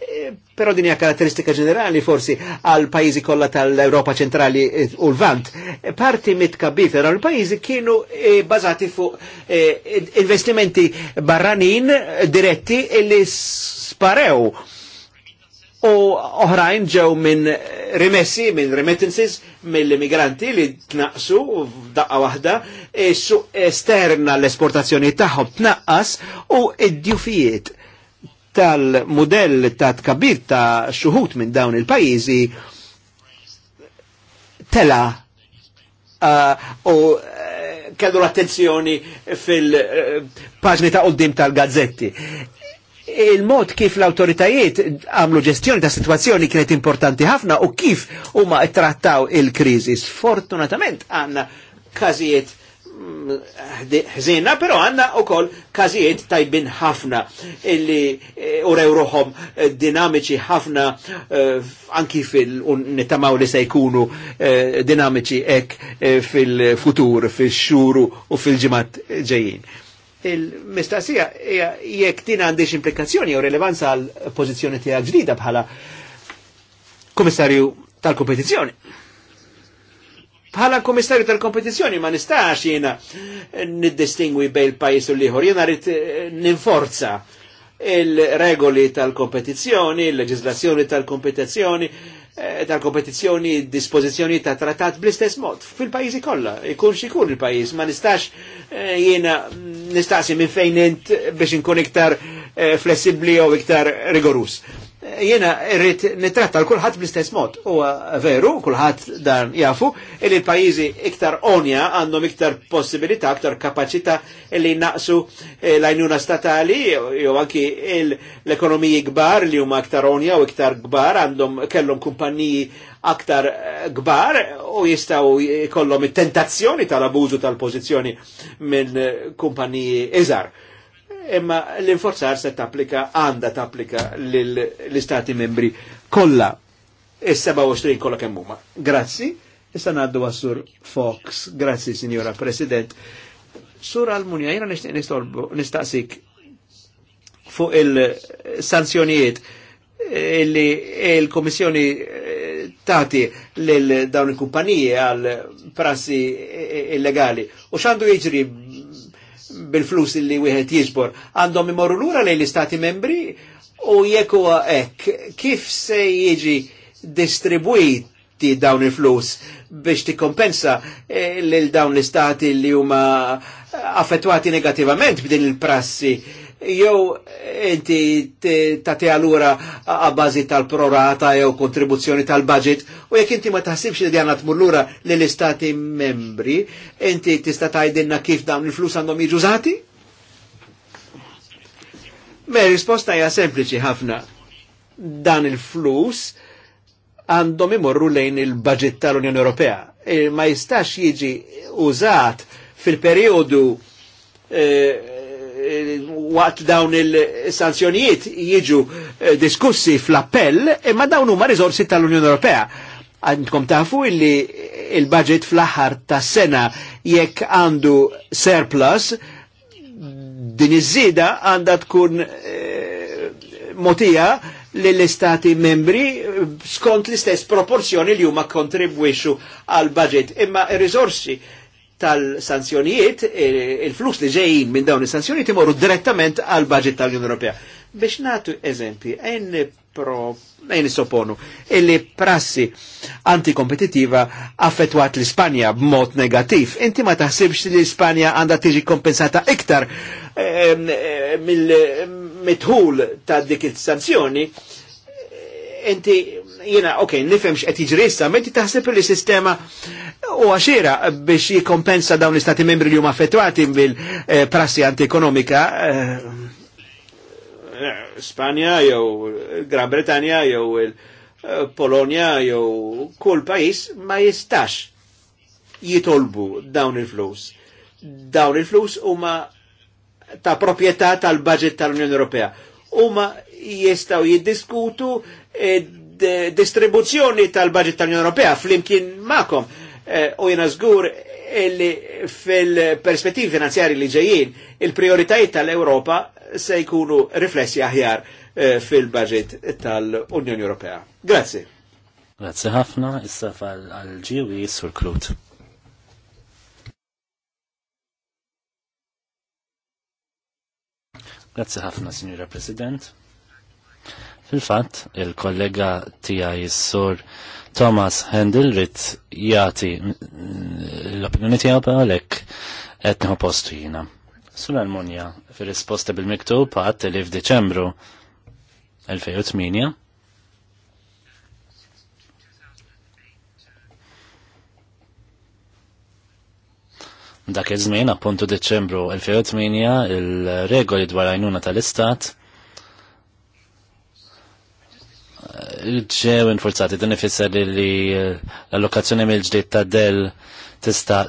eh, però din hija karatteristika ġenerali forsi għal pajjiżi kollha tal-Europa ċentrali eh, u l-Vant. Parti mitkabbir ta' dawn il-pajjiżi kienu e, bażati fuq investimenti barranin diretti li sparew u oħrajn ġew minn rimessi, minn remittances mill-immigranti li tnaqsu f'daqqa waħda, su esterna l-esportazzjoni tagħhom tnaqqas u id-djufijiet tal-modell ta' tkabbir ta' xuħut minn dawn il-pajjiżi tela uh, u uh, kellu l-attenzjoni fil-paġni uh, ta' qoddim tal-gazzetti il-mod kif l-autoritajiet għamlu ġestjoni ta' situazzjoni kienet importanti ħafna u kif huma trattaw il-kriżi. Sfortunatament għanna każijiet mm, ħżina, pero għanna u koll kazijiet tajbin ħafna illi eh, u rewruħom eh, dinamiċi ħafna eh, anki fil-nittamaw li se jkunu dinamiċi ek fil-futur, fil-xuru u fil-ġimat ġejjin il-mistaqsija hija jekk din għandix implikazzjoni jew rilevanza għal pożizzjoni tiegħek ġdida bħala komissarju tal-kompetizzjoni. Bħala komissarju tal-kompetizzjoni ma nistax jiena niddistingwi bej il-pajis u liħor, jiena rrid eh, ninforza il-regoli tal-kompetizzjoni, il-leġislazzjoni tal-kompetizzjoni, eh, tal-kompetizzjoni, dispozizjoni ta' trattat bl-istess mod. Fil-pajizi kolla, ikun xikun il-pajiz, ma nistax eh, jena nistaqsi minn fejn int biex inkun iktar eh, flessibli u iktar rigorus jena rrit nitratta l-kulħat bl-istess mod. U veru, kulħat dan jafu, illi l-pajizi iktar onja għandhom iktar possibilità, iktar kapacità illi naqsu eh, l-ajnuna statali, jew anki l-ekonomiji gbar li huma iktar onja u iktar gbar għandhom kellhom kumpaniji aktar eh, gbar u jistaw kollom it-tentazzjoni tal-abużu tal-pozizjoni minn eh, kumpaniji iżar imma l-inforzar se t-applika għanda t-applika l-istati membri kolla is-27 kolla kemmuma. Grazzi, issa ngħaddu għas Fox, grazzi Signora President. Sur Almunja, jena nistaqsik fuq il-sanzjonijiet illi il-Komissjoni eh, tati l-dawni kumpanije għal prassi illegali. U xandu jġrib bil-flus li wieħed jiġbor għandhom imorru lura lejn l-istati membri u jekk huwa hekk kif se jiġi distribwiti dawn il-flus biex tikkompensa eh, lil dawn l-istati li huma affettwati negativament b'din il-prassi jew inti tati għalura għabbażi tal-prorata jew kontribuzzjoni tal-budget u jekk inti ma taħsibx li għandna tmur lura lill istati membri, inti tista' tgħidilna kif dawn il-flus għandhom jiġu Me risposta hija sempliċi ħafna. Dan il-flus għandhom imorru lejn il-budget tal-Unjoni Ewropea. Eh, ma jistax jiġi użat fil-periodu eh, waqt dawn il-sanzjonijiet jiġu eh, diskussi fl-appell, imma dawn huma riżorsi tal-Unjoni Ewropea. Għandkom tafu illi il-budget fl-aħħar ta' sena jekk għandu surplus, din iż-żieda għandha tkun eh, motija lill istati membri skont l-istess proporzjoni li huma kontribwixu għal budget. Imma il-rizorsi tal-sanzjonijiet, eh, il-flus li ġejjin minn dawn is-sanzjonijiet imorru direttament għal budget tal-Unjoni Ewropea. Biex natu eżempi, għajn sopponu, illi prassi antikompetitiva affettwat l-Ispanja b'mod negativ. Inti ma taħsibx li l-Ispanja għandha tiġi kompensata iktar ehm, eh, mill-mitħul ta' dik il-sanzjoni, inti jena, ok, nifem xqed jiġri issa, meti taħseb li sistema u għaxira biex jikompensa dawn l-istati membri li huma affettwati bil-prassi ekonomika eh, Spanja jew Gran Bretanja jew Polonia polonja jew kull pajis ma jistax jitolbu dawn il-flus. Dawn il-flus huma ta' proprjetà tal-budget tal-Unjoni Ewropea. Huma jistgħu jiddiskutu eh, distribuzzjoni tal-budget tal-Unjoni Ewropea flimkien magħkom eh, U jiena żgur illi fil-perspettivi finanzjari li ġejjin il-prioritajiet tal-Ewropa se jkunu riflessi aħjar eh, fil-budget tal-Unjoni Ewropea. Grazzi. Grazzi ħafna, issa għal-ġiwi sur Klut. Grazzi ħafna, Signora President. Fil-fatt, il-kollega tiegħi s-sur Thomas Handel rrit jagħti l-opinjoni tiegħu għalhekk qed nieħu postu jina. sul munja fir-risposta bil-miktub il li f'Diċembru 2008 dak iż-żmien appuntu Deċembru 2008 il-regoli dwar għajnuna tal-Istat ġew infurzati din ifisser li eh, l-allokazzjoni mill-ġdid ta' del tista'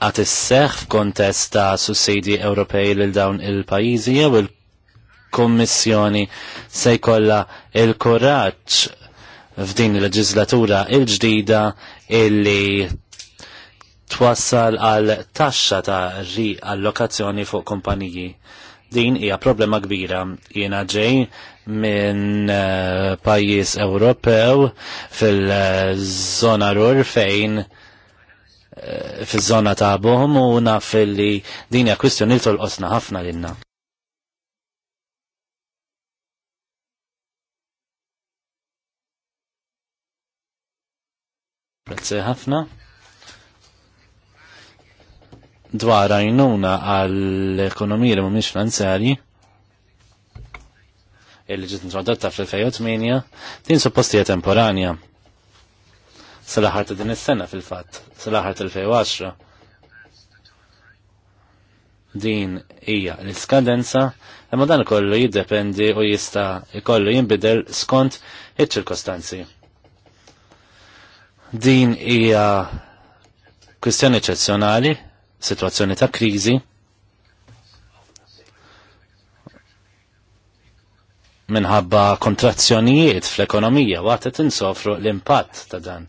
għat isseħ f'kontest ta' sussidi Ewropej lil dawn il-pajjiżi jew il-Kommissjoni se jkollha il-kuraġġ f'din il-leġislatura il-ġdida illi twassal għal taxxa ta' riallokazzjoni fuq kumpaniji. Din hija problema kbira. Jiena ġej minn eh, pajjiż Ewropew fil-żona rur fejn eh, fil-żona bohom u naf li dinja kwistjoni tolqosna ħafna lilna. Grazie ħafna. Dwar għajnuna għall-ekonomija li mhumiex finanzjarji illi ġiet introdotta fl-2008 din suppostija temporanja. Sal-aħħar ta' din is-sena fil-fatt, sal-aħħar tal-2010. Din hija l-iskadenza imma dan kollu jiddependi u jista' ikollu jinbidel skont iċ-ċirkostanzi. Din hija kwistjoni eċezzjonali, situazzjoni ta' kriżi, minħabba kontrazzjonijiet fl-ekonomija waqt insofru l-impatt ta' dan.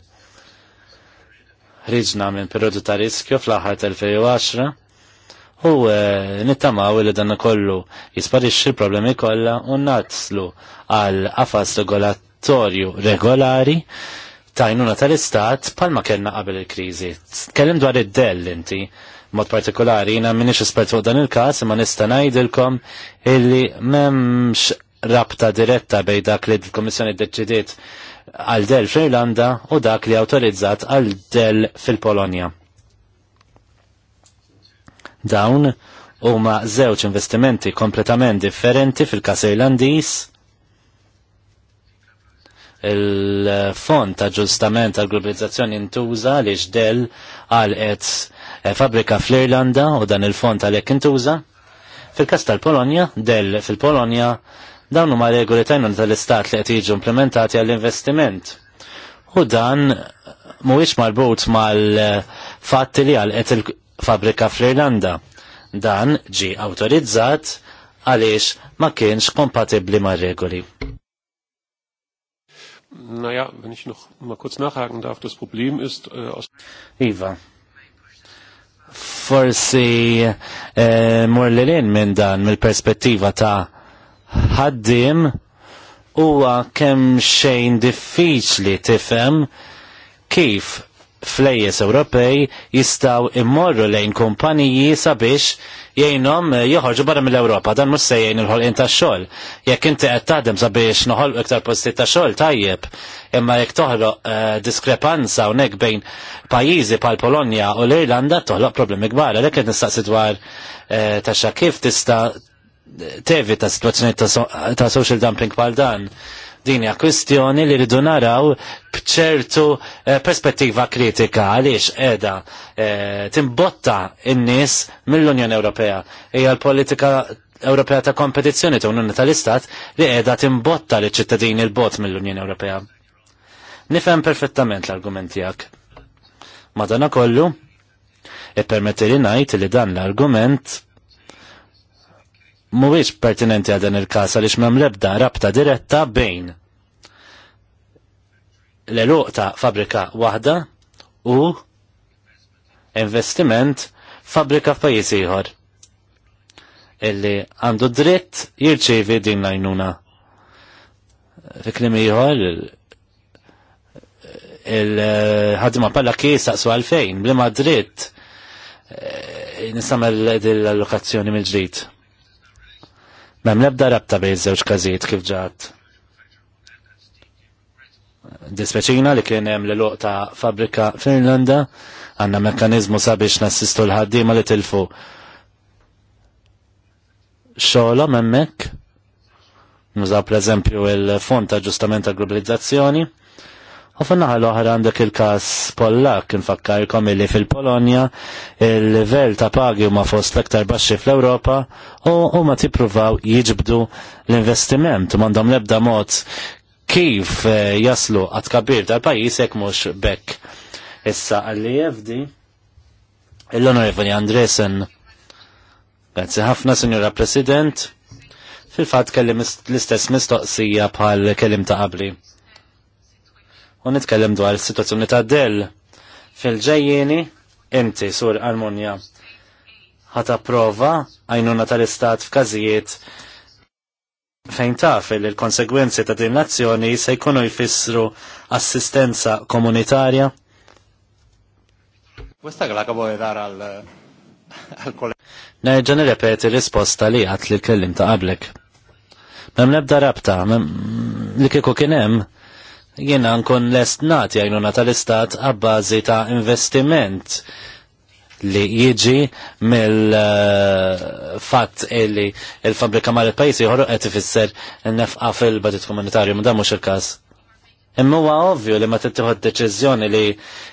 Riġna minn periodu ta' riskju fl-aħħar 2010 u eh, nittamaw li dan kollu jisparixxi l-problemi kollha u natslu għal qafas regolatorju regolari tajnuna tal-istat palma kellna qabel il-kriżi. Tkellem dwar id-dell inti mod partikolari, jina minix ispert fuq dan il-kas, ma nista ngħidilkom illi m'hemmx rabta diretta bej dak li l-Komissjoni deċidiet għal del fl-Irlanda u dak li autorizzat għal del fil-Polonja. Dawn huma żewġ investimenti kompletament differenti fil każ Irlandiż. Il-fond ta' ġustament għal globalizzazzjoni intuża li xdel għal et eh, fabrika fl-Irlanda u dan il-fond għalhekk intuża. Fil-kas tal-Polonja, del fil-Polonja Dawn huma regoli tajnuna tal-istat li qed jiġu implementati għall-investiment. U dan mhuwiex marbut mal-fatt li qed il-fabrika fl-Irlanda. Dan ġi awtorizzat għaliex ma kienx kompatibbli mar-regoli. Naja, wenn ich noch mal kurz nachhaken darf, das Problem ist äh, aus. Iva. Forsi äh, mur l-lin minn dan mill-perspettiva ta' ħaddim huwa kemm xejn diffiċli tifhem kif flejjes Ewropej jistaw immorru lejn kumpaniji sabiex jgħinom eh, joħorġu barra mill-Ewropa, dan mhux se jgħin il-ħolqien tax-xogħol. Jekk inti qed taħdem sabiex noħolqu iktar postijiet ta' xogħol tajjeb, imma jekk toħloq eh, diskrepanza hawnhekk bejn pajjiżi bħal Polonja u l-Irlanda toħloq problemi kbar, dak qed nistaqsi dwar eh, xa kif tista' Tevi ta' situazzjoni ta' social dumping bħal dan. Din hija kwistjoni li rridu naraw bċertu eh, perspettiva kritika għaliex qiegħda eh, timbotta n nies mill-Unjoni Ewropea. Hija l-politika Ewropea ta' kompetizzjoni ta' Unjoni tal-Istat li qiegħda timbotta li ċittadini l-bot mill-Unjoni Ewropea. Nifhem perfettament l-argument tiegħek. Madana kollu, e li ngħid li dan l-argument mhuwiex pertinenti għal dan il-każ għaliex m'hemm l-ebda rabta diretta bejn l-eluq ta' fabrika waħda u investiment fabrika f'pajjiż ieħor illi għandu dritt jirċevi din lajnuna. Fi klim ieħor il-ħadma palla kisa su għalfejn, blima dritt eh, nisamel l-allokazzjoni mill ġrit Mem nebda rabta bej żewġ każijiet kif ġat. Dispeċina li kien hemm l ta' fabrika Finlanda għandna mekkaniżmu sabiex nassistu l-ħaddiema li tilfu xogħolhom hemmhekk. Nużaw pereżempju il-fond ta' ġustament ta' globalizzazzjoni U fil l-oħra għandek il-kas Pollak, nfakkarkom li fil-Polonja il-level ta' pagi huma fost l-aktar baxxi fl-Ewropa u huma tippruvaw jiġbdu l-investiment u m'għandhom l-ebda mod kif eh, jaslu għat kabir tal-pajis jekk mhux bekk. Issa għalli jevdi l-Onorevoli Andresen. Grazzi ħafna, Sinjora President. Fil-fatt kellim l-istess mistoqsija bħal kellim ta' qabli u nitkellem dwar is-sitwazzjoni ta' Dell. fil ġejjini inti sur Armonja ħata prova għajnuna tal-istat f'każijiet fejn taf li l-konsegwenzi ta' din l-azzjoni se jkunu jfissru assistenza komunitarja? Questa che la capo di dare al, al collega. Nerġa nirrepeti risposta li għat li kellim ta' qablek. Mem nebda rabta, mem li kieku kienem, hemm jiena nkun lest nati għajnuna tal-istat għabbażi ta' investiment li jiġi mill-fatt eh, illi il-fabrika mal il pajsi jħorru qed ifisser nefqa fil badit komunitarju, ma mhux il-każ. Imma huwa ovvju li ma tittieħed deċiżjoni li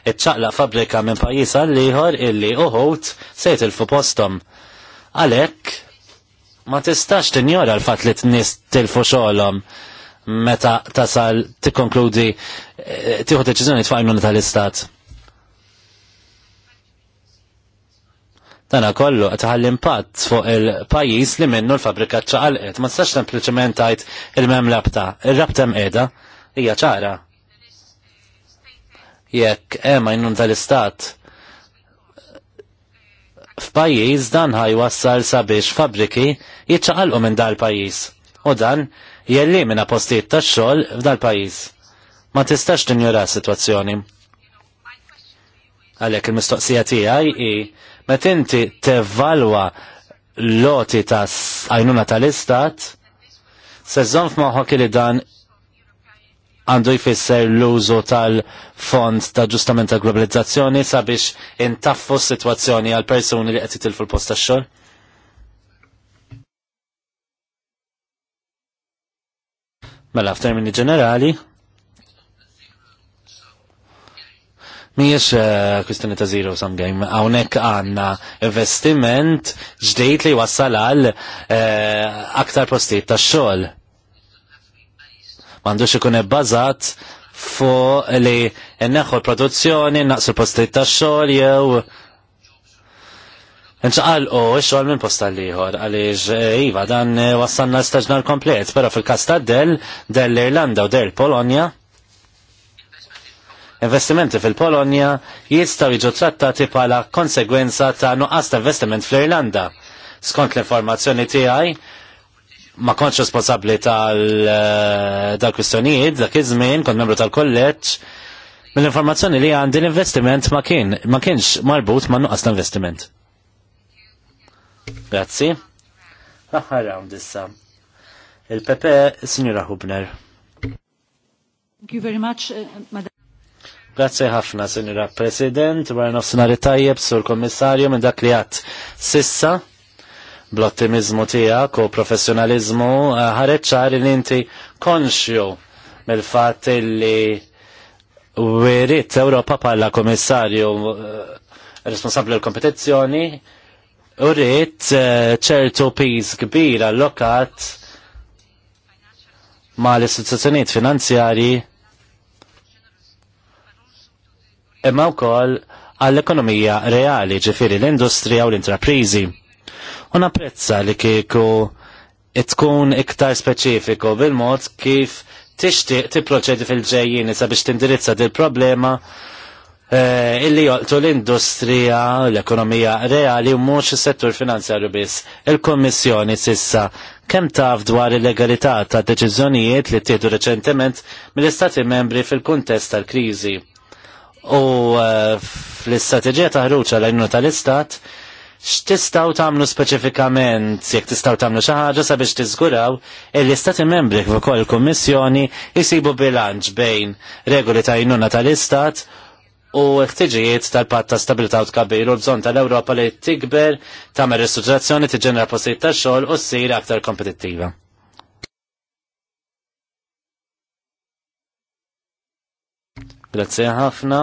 ċċaqlaq fabrika minn pajjiż li ieħor illi uħut se jitilfu postom. Għalhekk ma tistax tinjora l-fatt li tnies tilfu xogħolhom meta tasal tikkonkludi eh, tieħu deċiżjoni tfajnuna tal-istat. Dana kollu qed impatt fuq il-pajjiż li minnu l-fabrika ċaqalqet. Ma tistax sempliċement tgħid il-mem labta. Ir-rabta mqiegħda hija ċara. Jekk hemm għajnun tal-istat f'pajjiż dan ħajwassal sabiex fabriki jiċċaqalqu minn dal-pajjiż. U dan minna postijiet ta' xogħol f'dal pajjiż. Ma tistax tinjura s-sitwazzjoni. Għalhekk il-mistoqsija tiegħi hi meta inti tevalwa loti ta' għajnuna tal-istat, sezzon f'moħħok li dan għandu jfisser l-użu tal-fond ta' ġustament ta' globalizzazzjoni sabiex intaffu s-situazzjoni għal persuni li qed titilfu l xol? tax-xogħol? Mela f'termini ġenerali, Miex eh, kwistjoni ta' zero sum game, hawnhekk għandna investiment ġdejt li wassal għal eh, aktar postijiet ta' xogħol. M'għandux ikun ebbażat fuq li neħħu l-produzzjoni, naqsu l-postijiet tax xogħol jew Nċaqal u xol minn posta liħor, għalix e, iva dan e, wassanna l-staġnar komplet, pero fil kasta Del, Del l-Irlanda u Del Polonja, investimenti fil-Polonja jistaw jiġu trattati pala konsegwenza ta' nuqqas ta' investiment fl-Irlanda. Skont l-informazzjoni tiegħi, ma kontx responsabbli e, tal-kwistjonijiet dak iż-żmien, kont membru tal-kolleġġ, mill-informazzjoni li għandi l-investiment ma kien ma kienx marbut ma' nuqqas ta' investiment. Grazzi. L-aħħar round issa. Il-Pepe, Signora Hubner. Thank you very much, uh, Madam. Grazzi ħafna, Signora President, wara nofsinari tajjeb sur kommissarju minn dak li għat sissa bl-ottimizmu tijak u professionalizmu uh, ħareċċar li inti konxju mill-fat li wirit Ewropa pala kommissarju uh, responsabli l-kompetizzjoni Uriet eh, ċertu piż kbir allokat ma l-istituzzjonijiet finanzjarji imma wkoll għall-ekonomija reali ġifiri l-industrija u l-intraprizi. U napprezza li kieku tkun iktar speċifiku bil-mod kif tixtieq tipproċedi fil-ġejjini sabiex tindirizza dil problema Eh, illi joqtu l-industrija, l-ekonomija reali u mux settur finanzjarju biss. Il-Kommissjoni sissa kemm taf dwar il-legalità ta' deċiżjonijiet li ttieħdu reċentement mill-Istati membri fil-kuntest tal-kriżi. U eh, fl-istrateġija ta' ħruġ għal tal-Istat x'tistgħu tagħmlu speċifikament jekk tistgħu tagħmlu xi ħaġa sabiex tiżguraw il-Istati membri kif ukoll il-Kummissjoni jsibu bilanċ bejn regoli ta' jnuna tal-Istat u ħtiġijiet tal-patt ta' stabilità u tkabbir u bżonn tal-Ewropa li tikber tagħmel ristrutturazzjoni tiġġenera postijiet ta' xogħol u ssir aktar kompetittiva. Grazie ħafna.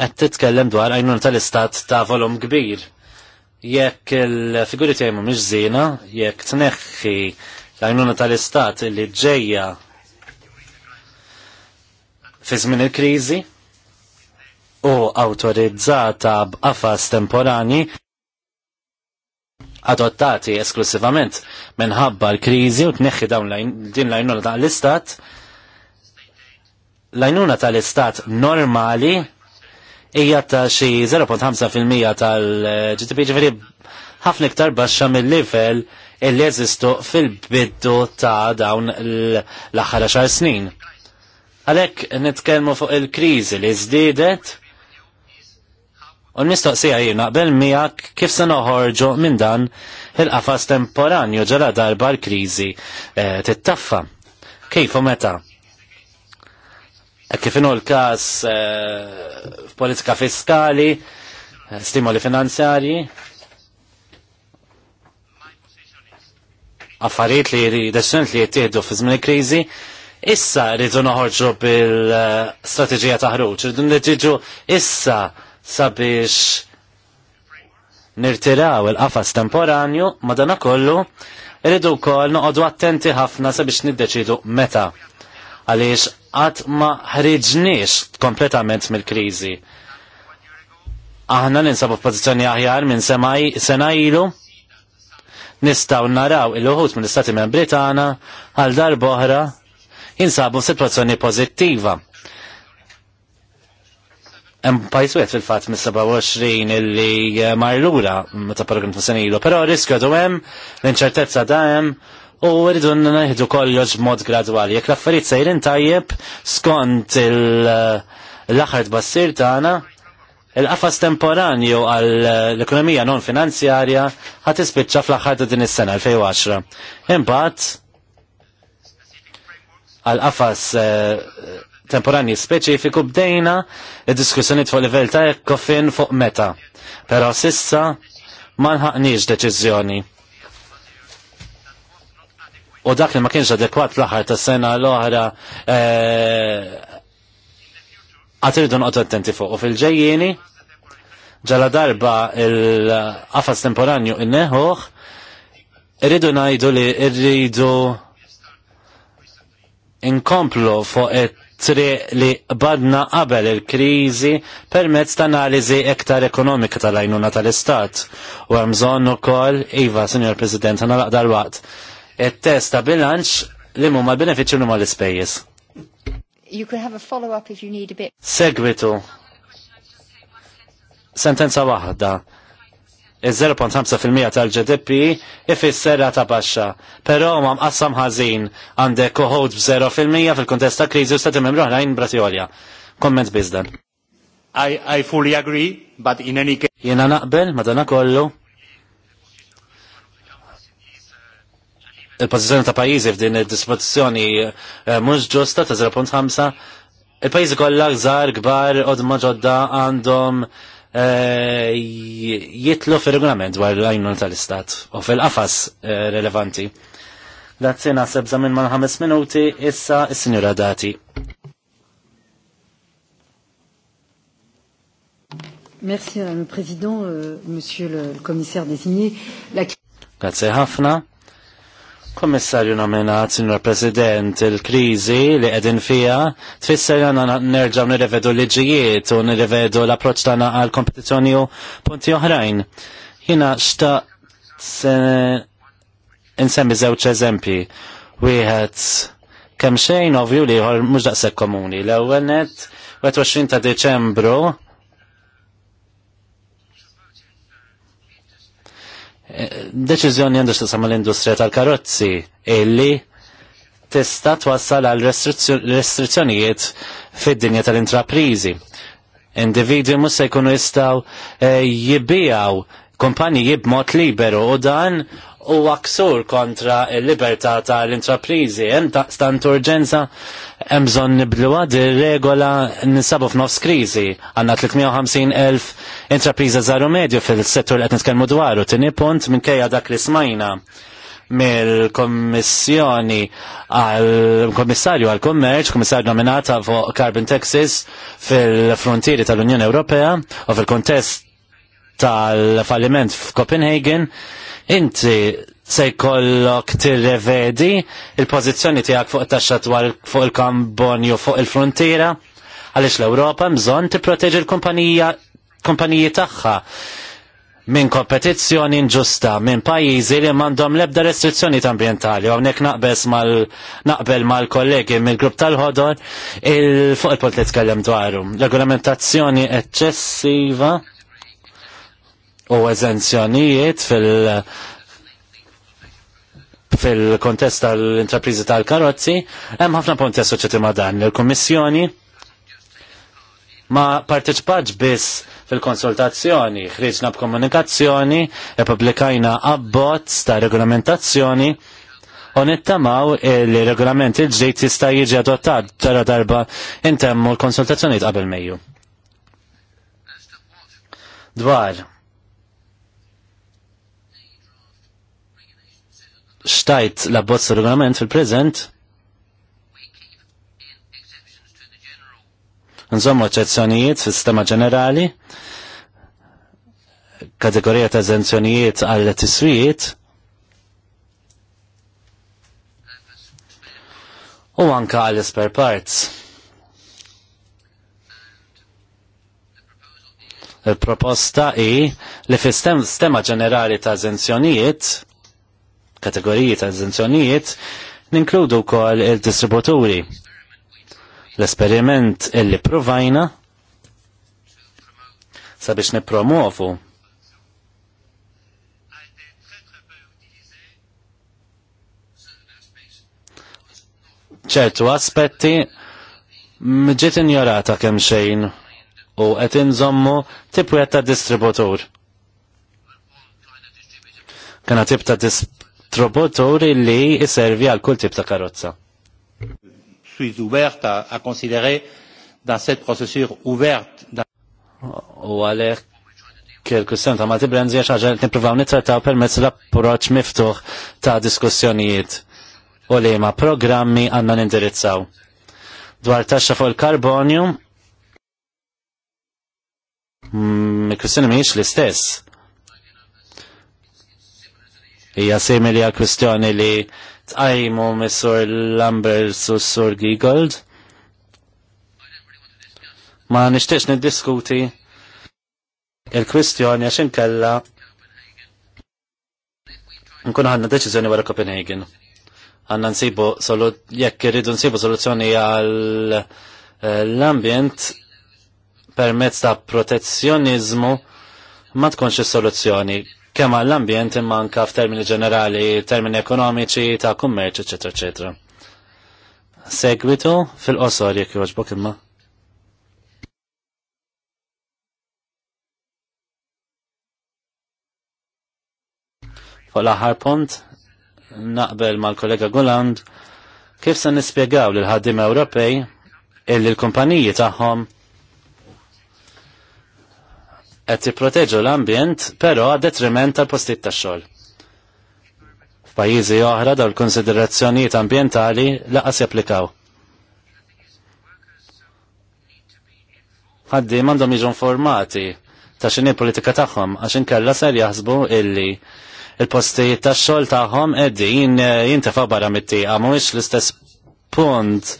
Qed titkellem dwar għajnuna tal-istat ta' volum kbir. Jekk il-figuri tiegħi mhumiex żiena, jekk tneħħi l-għajnuna tal-istat li ġejja fi żmien il-kriżi u awtorizzata b'qafas temporani adottati esklusivament minħabba l-kriżi u tneħħi dawn din lajnuna ta' l-istat lajnuna tal-istat normali hija ta' xi 0.5% tal-GDP ġifieri ħafna iktar baxxa mill-livell il jeżistu fil-biddu ta' dawn l-aħħar xar snin. Għalek nitkelmu fuq il-krizi li zdidet u nistoqsija jina qbel miegħek kif se noħorġu minn dan il-qafas temporanju ġara darba l-krizi eh, tittaffa. Kif u meta? E kif inhu l-każ eh, f'politika fiskali, eh, stimoli finanzjarji, affarijiet li deċċent li jittieħdu fi żmien kriżi, krizi issa rridu noħorġu bil-strategija ta' ħruġ, rridu nitiġu issa sabiex nirtiraw il-qafas temporanju, madana kollu, rridu kol noqodu attenti ħafna sabiex niddeċidu meta. Għaliex għat ma ħriġniex kompletament mill-krizi. Aħna ninsabu f'pożizzjoni aħjar minn sena ilu, nistaw naraw il-uħut mill istati Membri tagħna għal darboħra jinsabu situazzjoni pozittiva. Hemm pajis fil-fatt mis-27 illi eh, marlura meta ta' ilu, però riskju għadu hemm l-inċertezza da hemm u rridu nieħdu kollox b'mod gradwali. Jekk l-affarijiet sejrin tajjeb skont eh, l-aħħar tbassir tagħna, il-qafas temporanju għall-ekonomija eh, non finanzjarja ħat ispiċċa fl-aħħar ta' din is-sena 2010. Imbagħad għal-qafas eh, temporani speċifiku bdejna id-diskussjoni fuq livell ta' ekkofin fuq meta. Pero sissa ma nħaqniex deċiżjoni. U dak li ma kienx adekwat l-aħħar ta' sena l-oħra eh, għatirdu e, noqgħod attenti fuq. U fil-ġejjieni ġala darba il-qafas temporanju inneħuħ irridu najdu li irridu inkomplu fuq it-triq li badna qabel il-kriżi permezz ta' analiżi iktar ekonomika tal-għajnuna tal-Istat. U hemm bżonn ukoll, iva, Sinjor President, ħana laqda l-waqt. It-test ta' bilanċ li huma l-benefiċċju huma l-ispejjeż. You could have a follow-up if you need a bit. Segwitu. Sentenza waħda 0.5% tal-GDP ifisserra ta' baxxa. Però ma mqassam ħażin għandek koħod b'0% fil-kuntest ta' kriżi u stati membru ħrajn Bratjolja. Komment biżda. I, I fully agree, but in any case... Jena naqbel, madana kollu. Il-pozizjoni ta' pajizi f'din il-dispozizjoni eh, mhux ġusta ta' 0.5. Il-pajizi kollha gżar, gbar, odma ġodda għandhom Eh, jitlu fil-regolament dwar l-għajnuna tal-istat u fil-qafas eh, relevanti. Grazzi naħseb zamin ma' ħames minuti issa il sinjura dati. Merci Madame le Président, euh, Monsieur le, le Commissaire désigné. La... Grazie Hafna. Kommissarju nominat, Sinjor President, il-krizi li qegħdin fija tfisser għandna nerġgħu nirrevedu l-liġijiet u nirrevedu l-approċċ tana għal kompetizzjoni u punti oħrajn. Jiena xtaqt insemmi żewġ eżempji. Wieħed kemm xejn ovju li mhux daqshekk komuni. L-ewwel net 20 ta' Deċembru deċiżjoni għandu x'tisam l-industrija tal-karozzi illi tista' twassal għal restrizzjonijiet fid-dinja tal-intraprizi. Individwi mhux se jkunu jistgħu eh, jibbijaw kumpaniji b'mod liberu u dan u aksur kontra il-libertà tal-intraprizi. Hemm stant urġenza hemm bżonn nibluha regola ninsabu f'nofs kriżi. Għandna 350,000 intrapriża żaru medju fil-settur qed nitkellmu dwaru. Tieni punt minkejja dak li smajna mill-Kommissjoni għal-Kommissarju għal-Kommerċ, Kommissarju nominata fuq Carbon Texas fil-frontieri tal-Unjoni Ewropea u fil-kontest tal-falliment f'Copenhagen inti se jkollok tirrevedi il-pożizzjoni tiegħek fuq taxxa dwar fuq il-kambonju fuq il-frontiera għaliex l-Ewropa bżonn tipproteġi l-kumpanija kumpaniji tagħha minn kompetizzjoni inġusta minn pajjiżi li m'għandhom l-ebda restrizzjoni ambjentali u hawnhekk naqbes mal naqbel mal-kollegi mill-grupp tal-ħodor il fuq il-politika l dwaru. Regolamentazzjoni eċċessiva u eżenzjonijiet fil- fil-kontest tal-intrapriżi tal-karozzi, hemm ħafna punti assoċjati ma' dan. Il-Kummissjoni ma parteċpaġ biss fil-konsultazzjoni, ħriġna b'komunikazzjoni, publikajna abbozz ta' regolamentazzjoni, u nittamaw il-regolament il-ġdijt jista' jiġi adottat ġara darba intemmu l-konsultazzjoni qabel Mejju. Dwar xtajt la bozza regolament fil-prezent, nżommu eccezzjonijiet fil-sistema ġenerali, kategorija ta' eżenzjonijiet għall tiswijiet, u anka għall spare parts. Il-proposta i li fil-sistema ġenerali ta' eżenzjonijiet, kategoriji ta' eżenzjonijiet ninkludu wkoll il-distributuri. L-esperiment illi provajna sabiex nipromovu ċertu aspetti mġiet injorata kemm xejn u qed inżommu tipwet ta' distributur. Kena tip ta' dis distributur li jservi għal kull tip ta' karozza. Suis ouvert à, considérer dans cette procédure ouverte. U għalek kelku ta' mati brenzi għax ħagġa niprofaw nitrattaw permezz l-approċ miftuħ ta' diskussjonijiet u li ma programmi għanna nindirizzaw. Dwar taxxa fuq il-karbonju, il-kwistjoni mhijiex l-istess hija simili għal kwistjoni li tqajmu mis-sur Lambers u s-sur Giegold. Ma nixtiex niddiskuti il-kwistjoni għax inkella nkun għandna deċiżjoni wara Copenhagen. Għandna nsibu jekk irridu nsibu soluzzjoni għal eh, l-ambjent permezz ta' protezzjonizmu ma tkunx is-soluzzjoni kemm għall-ambjent imma anke f'termini ġenerali, termini ekonomiċi ta' kummerċ, eċetera, eċetera. Segwitu fil-qosor jekk jogħġbok imma. Fuq l-aħħar punt, naqbel mal-kollega Goland, kif se nispjegaw lil ħaddim Ewropej illi l-kumpaniji tagħhom qed tipproteġu l-ambjent, però detriment tal-postijiet tax-xogħol. F'pajjiżi oħra dawn konsiderazzjonijiet ambjentali laqas japplikaw. Ħaddi m'għandhom jiġu informati ta' x'inhi politika tagħhom għax inkella ser jaħsbu illi il-postijiet tax-xogħol tagħhom qegħdin eh, jintefa' barra mit-tieqa mhuwiex l-istess punt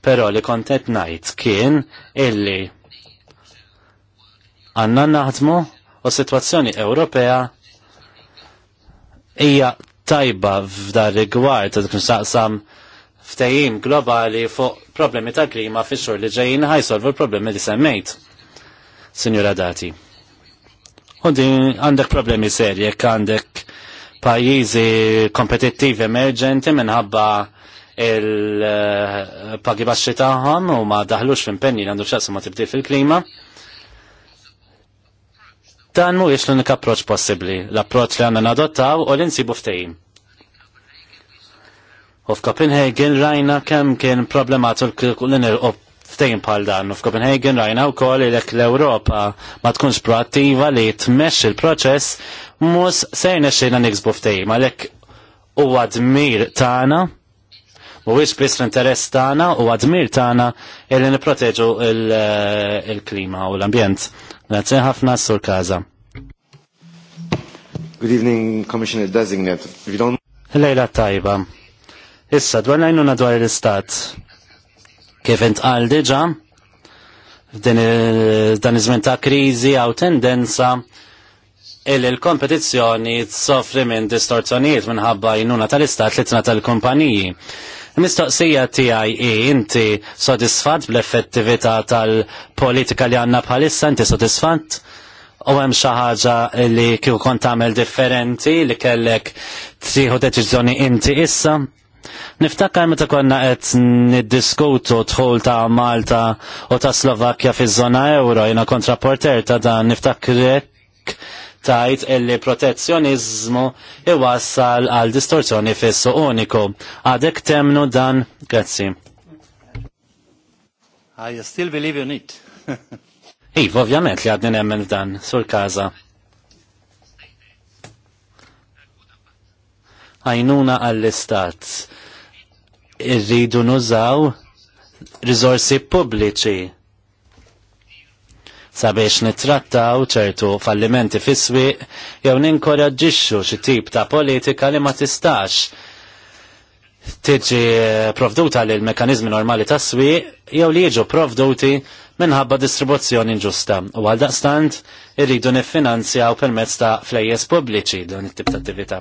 però li kontet ngħid kien illi għanna naħdmu u situazzjoni Ewropea hija tajba f'dar rigward dak nistaqsam ftehim globali fuq problemi ta' klima fi xhur li ġejjin ħajsolvu l-problemi li semmejt. Sinjura Dati. U din għandek problemi serji għandek pajjiżi kompetittivi emerġenti minħabba il-pagi baxxi tagħhom u ma daħlux f'impenni li għandu xaqsu ma tibdil fil-klima. Dan mhuwiex l-unika approċċ possibbli, l-approċċ li għandna nadottaw u li nsibu ftehim. U f'Copenhagen rajna kemm kien problematiku li u ftejim bħal dan. U f'Copenhagen rajna wkoll ilek l-Ewropa ma tkunx proattiva li tmexxi il-proċess mus sejna xejna niksbu Għalek għalhekk huwa dmir tagħna mhuwiex biss l-interess tagħna u għadmir tagħna illi nipproteġu eh, il-klima u l-ambjent. Grazie ħafna sur kaza. Good evening, Commissioner Designate. If you don't... Lejla tajba. Issa, dwar najnuna dwar l-istat. Kif intqal diġa, dan iż-żmien ta' kriżi għaw tendenza il l-kompetizzjoni sofri minn distorzjonijiet minħabba jnuna tal-istat li tna tal-kumpaniji. Mistoqsija tiegħi i inti sodisfant bl-effettività tal-politika li għandna bħalissa, inti sodisfant? u hemm xi ħaġa li kieku kont tagħmel differenti li kellek tieħu deċiżjoni inti issa? Niftakar meta konna qed niddiskutu dħul ta' Malta u ta' Slovakkja fiż-żona euro jiena kontra Porter ta' dan niftakrek tajt illi protezzjonizmu iwassal għal distorzjoni fissu uniku. Għadek temnu dan, grazzi. I ah, still believe in it. Iv, ovvjament li għadni nemmen dan, sur kaza. Għajnuna għall-istat. Irridu nużaw rizorsi pubbliċi sabiex nittrattaw ċertu fallimenti fis-swieq jew ninkoraġġixxu xi tip ta' politika li ma tistax tiġi provduta lil mekanizmi normali ta' swieq jew li jiġu provduti minħabba distribuzzjoni inġusta u għal daqstant irridu niffinanzjaw permezz ta' flejjes pubbliċi dan it-tip ta' attività.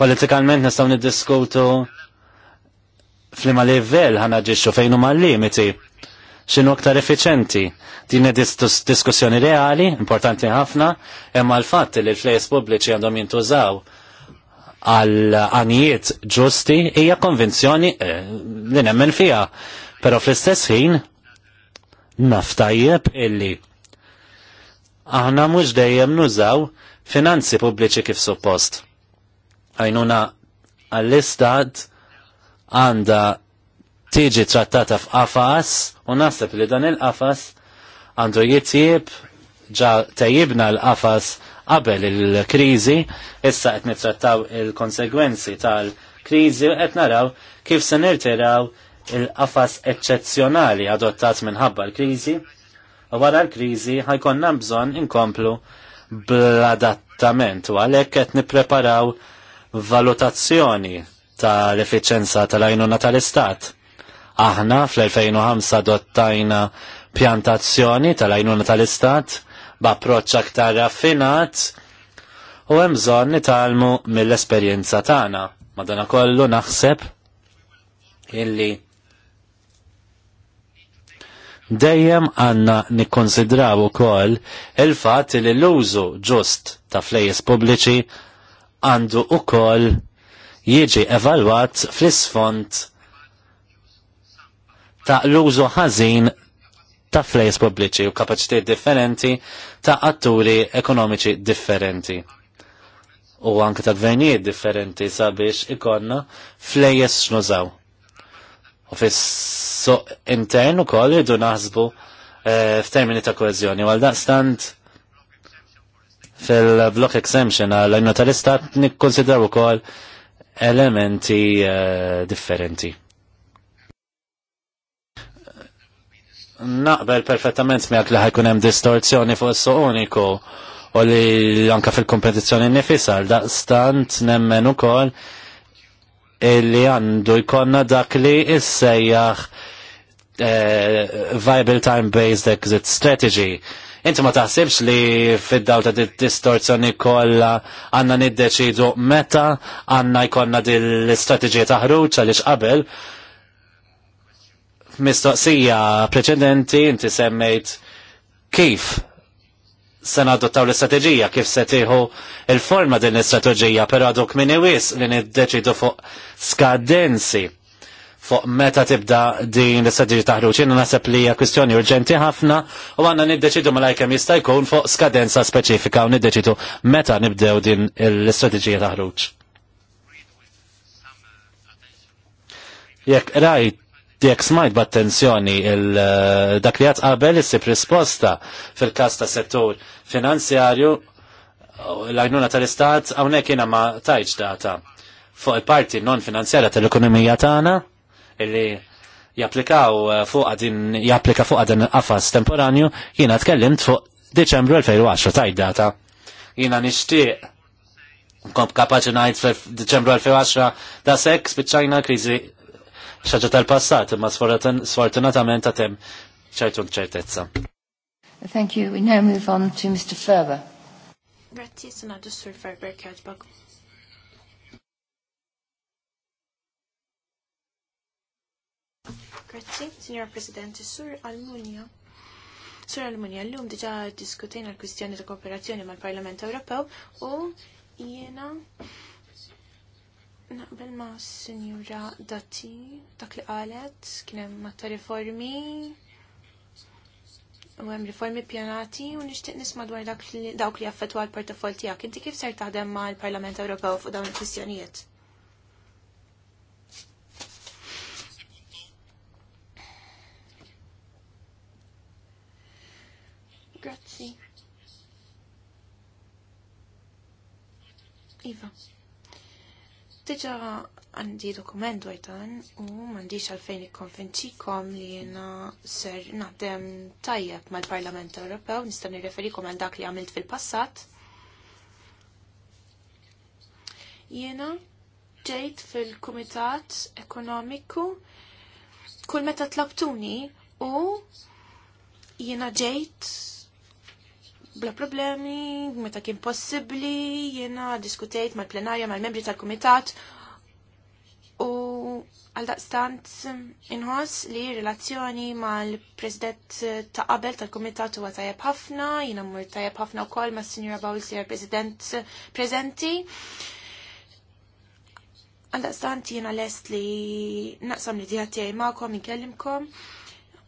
Politikalment nistgħu niddiskutu flima livell ħana fejn huma l limiti x'inhu aktar effiċenti. Din diskussjoni reali, importanti ħafna, imma l-fatt li l-flejs pubbliċi għandhom jintużaw għal għanijiet ġusti hija konvenzjoni eh, li nemmen fija. Pero fl-istess ħin naftajjeb illi aħna mhux dejjem nużaw finanzi pubbliċi kif suppost. Għajnuna għall istad għanda tiġi trattata f'qafas U naħseb li dan il-qafas għandu jitjib ġa tajibna l-qafas qabel il-krizi, issa qed nittrattaw il-konsegwenzi tal-krizi u qed naraw kif se nirtiraw il-qafas eċċezzjonali adottat minħabba l-krizi u wara l-krizi ħajkonna bżonn inkomplu bl-adattament u għalhekk qed nippreparaw valutazzjoni tal-efficienza tal-għajnuna tal-istat Aħna fl-2005 dottajna pjantazzjoni tal-għajnuna tal-istat b'approċċ aktar raffinat u hemm bżonn nitalmu mill-esperjenza tagħna. Madanakollu naħseb illi dejjem għanna nikkonsidraw ukoll il-fatt li l-użu ġust ta' flejjes pubbliċi għandu ukoll jiġi evalwat fl-isfond ta' l-użu ħażin ta' flejs pubbliċi u kapaċitiet differenti ta' atturi ekonomiċi differenti. U anke ta' gvernijiet differenti sabiex ikonna flejes xnużaw. U fis-so intern ukoll irdu naħsbu eh, f'termini ta' koeżjoni. Għal daqstant fil-block exemption għal tal-istat nikkonsidraw ukoll elementi eh, differenti. naqbel perfettament miak li ħajkun hemm distorzjoni fuq is-suq uniku u li anka fil-kompetizzjoni nifisa daqstant nemmen ukoll illi għandu jkonna dak li issejjaħ eh, viable time-based exit strategy. Inti ma taħsibx li fid-daw ta' distorzjoni kollha għandna niddeċidu meta għandna jkollna dil-istrateġija ta' ħruġ għaliex qabel mistoqsija preċedenti inti semmejt kif se nadottaw l-istrateġija, kif se tieħu il-forma din l-istrateġija, pero għaduk minni wis li niddeċidu fuq skadenzi fuq meta tibda din l-istrateġija taħruġ. Jiena naħseb li hija kwistjoni urġenti ħafna u għanna niddeċidu malaj kem jista' jkun fuq skadenza speċifika u niddeċidu meta nibdew din l-istrateġija taħruġ. Jekk rajt Jek smajt b'attenzjoni eh, dak li qabel issib risposta fil-kas ta' settur finanzjarju l-għajnuna tal-istat hawnhekk jiena ma tajċ data fuq il-parti non finanzjarja tal-ekonomija tagħna illi japplikaw eh, fuq din japplika fuq din qafas temporanju jiena tkellimt fuq Deċembru 2010 tajt data. Jiena nixtieq kom kapaċi ngħid fil-Deċembru 2010 da sekk spiċċajna kriżi xaġa tal-passat, ma sfortunatament għatem ċertu ċertezza. Thank you. We now move on to Mr. Ferber. Grazie, Senator Sir Ferber, Kjadbog. Grazie, Signor Presidente, Sur Almunia. Sur Almunia, l-lum diġa diskutejna l-kwistjoni ta' kooperazzjoni mal-Parlament Ewropew u jiena Naqbel ma' Sinjura Dati, dak li qalet, kien hemm matta riformi, u hemm riformi pjanati u nixtieq nisma' dwar dawk li affettwa għal portafol tiegħek. Inti kif ser taħdem mal-Parlament Ewropew fuq dawn il-kwistjonijiet? Grazzi. Iva. Diġa għandi dokument dwar dan u m'għandix għalfejn ikkonvinċikom li jiena ser naħdem tajjeb mal-Parlament Ewropew, nista' nirreferikom għal dak li għamilt fil-passat. Jiena ġejt fil-Kumitat Ekonomiku kull meta tlabtuni u jiena ġejt bla problemi, meta kien possibbli, jiena diskutejt mal-plenarja mal-membri tal-kumitat u għal daqstant inħoss li relazzjoni mal-president ta' qabel tal-kumitat huwa tajjeb ħafna, jiena mmur tajjeb ħafna ma' mas-Sinjura Bowles li president Prezenti. Għal daqstant jiena lest li naqsam li diħat tiegħi kom, inkellimkom.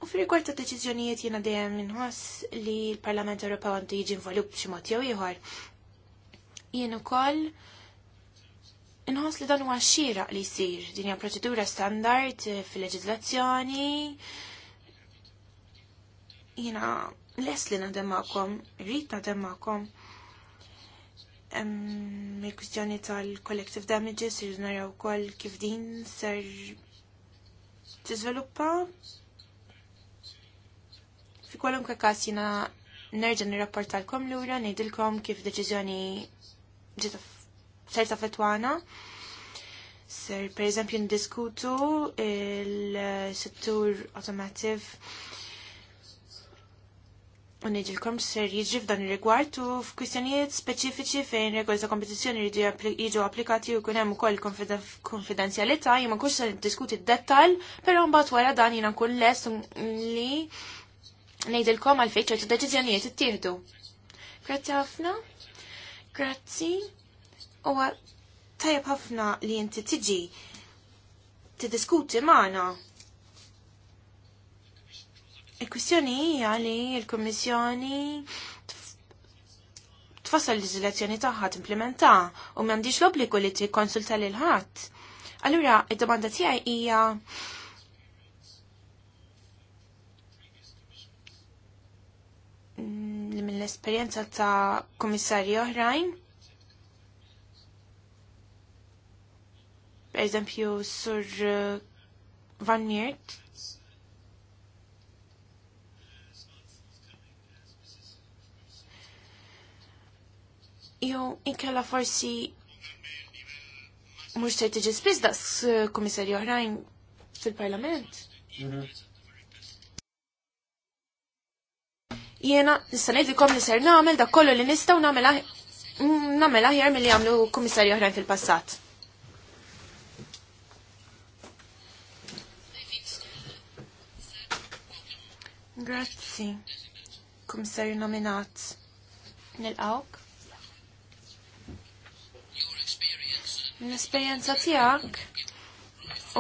U fil-rigward ta' deċiżjonijiet jiena dejjem inħoss li l-Parlament Ewropew għandu jiġi involup b'xi mod jew ieħor. Jien ukoll inħoss li dan huwa xieraq li jsir din hija proċedura standard fil-leġiżlazzjoni. Jiena les li nadem magħkom, rrid nadem magħkom il-kwistjoni tal-collective damages irridu naraw ukoll kif din ser tiżviluppa kwalunkwe kas jina nerġa nirrapportalkom lura, ngħidilkom kif deċiżjoni ġita ser fetwana. Ser per eżempju ndiskutu il-settur automativ u neġilkom ser jiġri f'dan ir-rigward u f'kwistjonijiet speċifiċi fejn regoli ta' kompetizjoni jiġu applikati u kunem hemm ukoll konfidenzjalità jiena kux nkunx se diskuti d-dettall, però mbagħad wara dan jiena nkun lest li ngħidilkom għalfejn ċertu deċiżjonijiet ittieħdu. Grazzi ħafna. Grazzi. U, tajjeb ħafna li inti tiġi t-diskuti magħna. Il-kwistjoni hija li l-Kummissjoni tfassal l izolazzjoni tagħha timplementa u m'għandix l-obbligu li tikkonsulta lil ħadd. Allura, id-domanda tiegħi hija l-esperienza ta' komissarji oħrajn. Per eżempju, sur uh, Van Miert. Jo, inkella forsi mux tajtiġi spizda s daqs uh, komissarji oħrajn fil-Parlament. Mm -hmm. Jena nista' ngħidilkom li ser nagħmel dak kollu li nistgħu nagħmel ah- aħjar milli jagħmlu kummissarji oħrajn fil-passat. Grazzi, kummissarju nominat. Nilqawk. L-esperienza tiegħek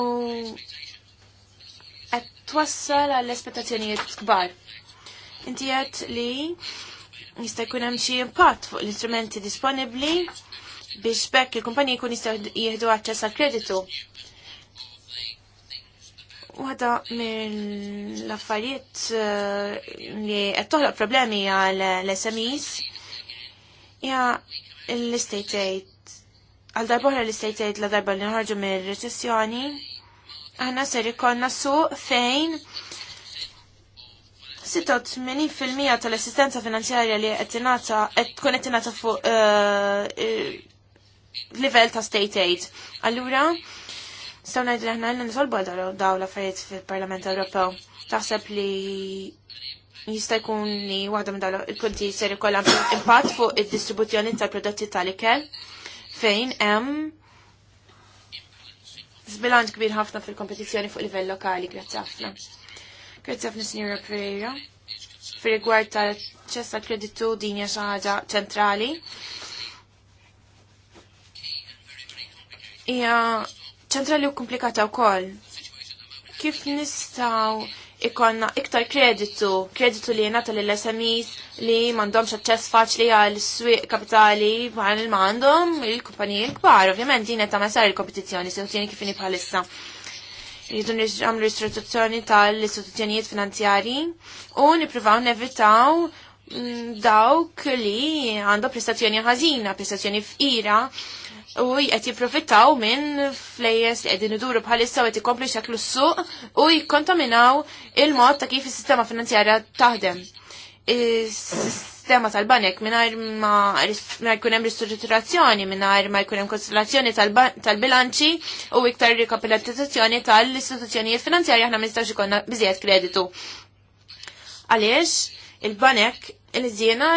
u qed twassal għall-espettazzjonijiet kbar. Inti għed li jista' jkun hemm xi impatt fuq l-istrumenti disponibbli biex bekk il-kumpanija jkun jista' jieħdu aċċess għal kreditu. Waħda mill-affarijiet eh, li qed toħloq problemi għal l-SMEs hija l-estate aid. Għal darba l-estate aid la darba li nħarġu mir-reċessjoni, aħna ser ikollna suq fejn 86% tal-assistenza finanzjarja li qed tkun qed tingħata fuq eh, eh, livell ta' state aid. Allura, staw ngħidu li aħna għandna nisolbu għal daw l-affarijiet fil-Parlament Ewropew. Taħseb li jista' jkun li waħda minn il-punti ser ikollha impatt fuq id-distribuzzjoni tal-prodotti tal-ikel fejn hemm zbilanċ kbir ħafna fil-kompetizzjoni fuq livell lokali, grazzi ħafna. Grazie ħafna Sinjura Pereira. Fir-rigward tal-ċess credito kreditu Niasada Centrali. xi ħaġa ċentrali. Hija ċentrali u wkoll. Kif nistgħu ikonna iktar kreditu, kreditu li jenata l smes li mandom xaċċess faċli għal swieq kapitali bħal il-mandom il-kumpaniji kbar ovvjament jiena ta' mesar il-kompetizjoni, se tieni kif bħalissa jidu għamlu istituzzjoni tal-istituzzjonijiet finanzjari u niprivaw nevitaw mm, dawk li għandu prestazzjoni ħażina, prestazzjoni f'ira u qed jiprofittaw minn flejjes li qegħdin iduru bħalissa u qed jikomplu xaklu s-suq u jikkontaminaw il-mod ta' kif is-sistema finanzjarja taħdem sistema tal-banek minar ma jkunem ristrutturazzjoni, minar ma jkunem konstellazzjoni tal-bilanċi u iktar rikapitalizzazzjoni tal-istituzzjonijiet finanzjarja aħna mistax ikonna biżjed kreditu. Għaliex, il-banek il-żiena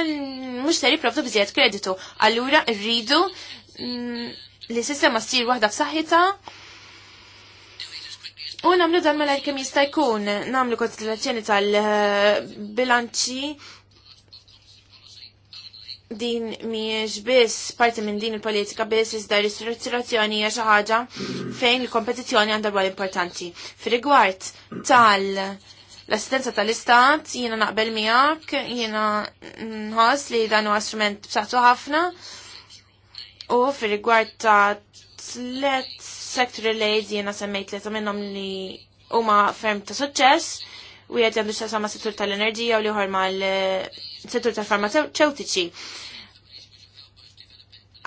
mux seri profdu biżjed kreditu. Allura, rridu mm, li sistema s-sir wahda f-saħħita U namlu dan mela kemm jista' jkun namlu konstellazzjoni tal-bilanċi eh, din miex biss parti minn din il-politika biss iżda ristrutturazzjoni hija xi ħaġa fejn il-kompetizzjoni għandha rwol importanti. Fir-rigward tal l-assistenza tal-istat jiena naqbel miegħek, jiena nħoss li dan huwa strument b'saħħtu ħafna u fir-rigward ta' tliet sector relays jiena semmejt tlieta minnhom li huma ferm ta' suċċess u jgħet għandu xtasa settur tal-enerġija u liħor ma' settur ta' farmaceutiċi.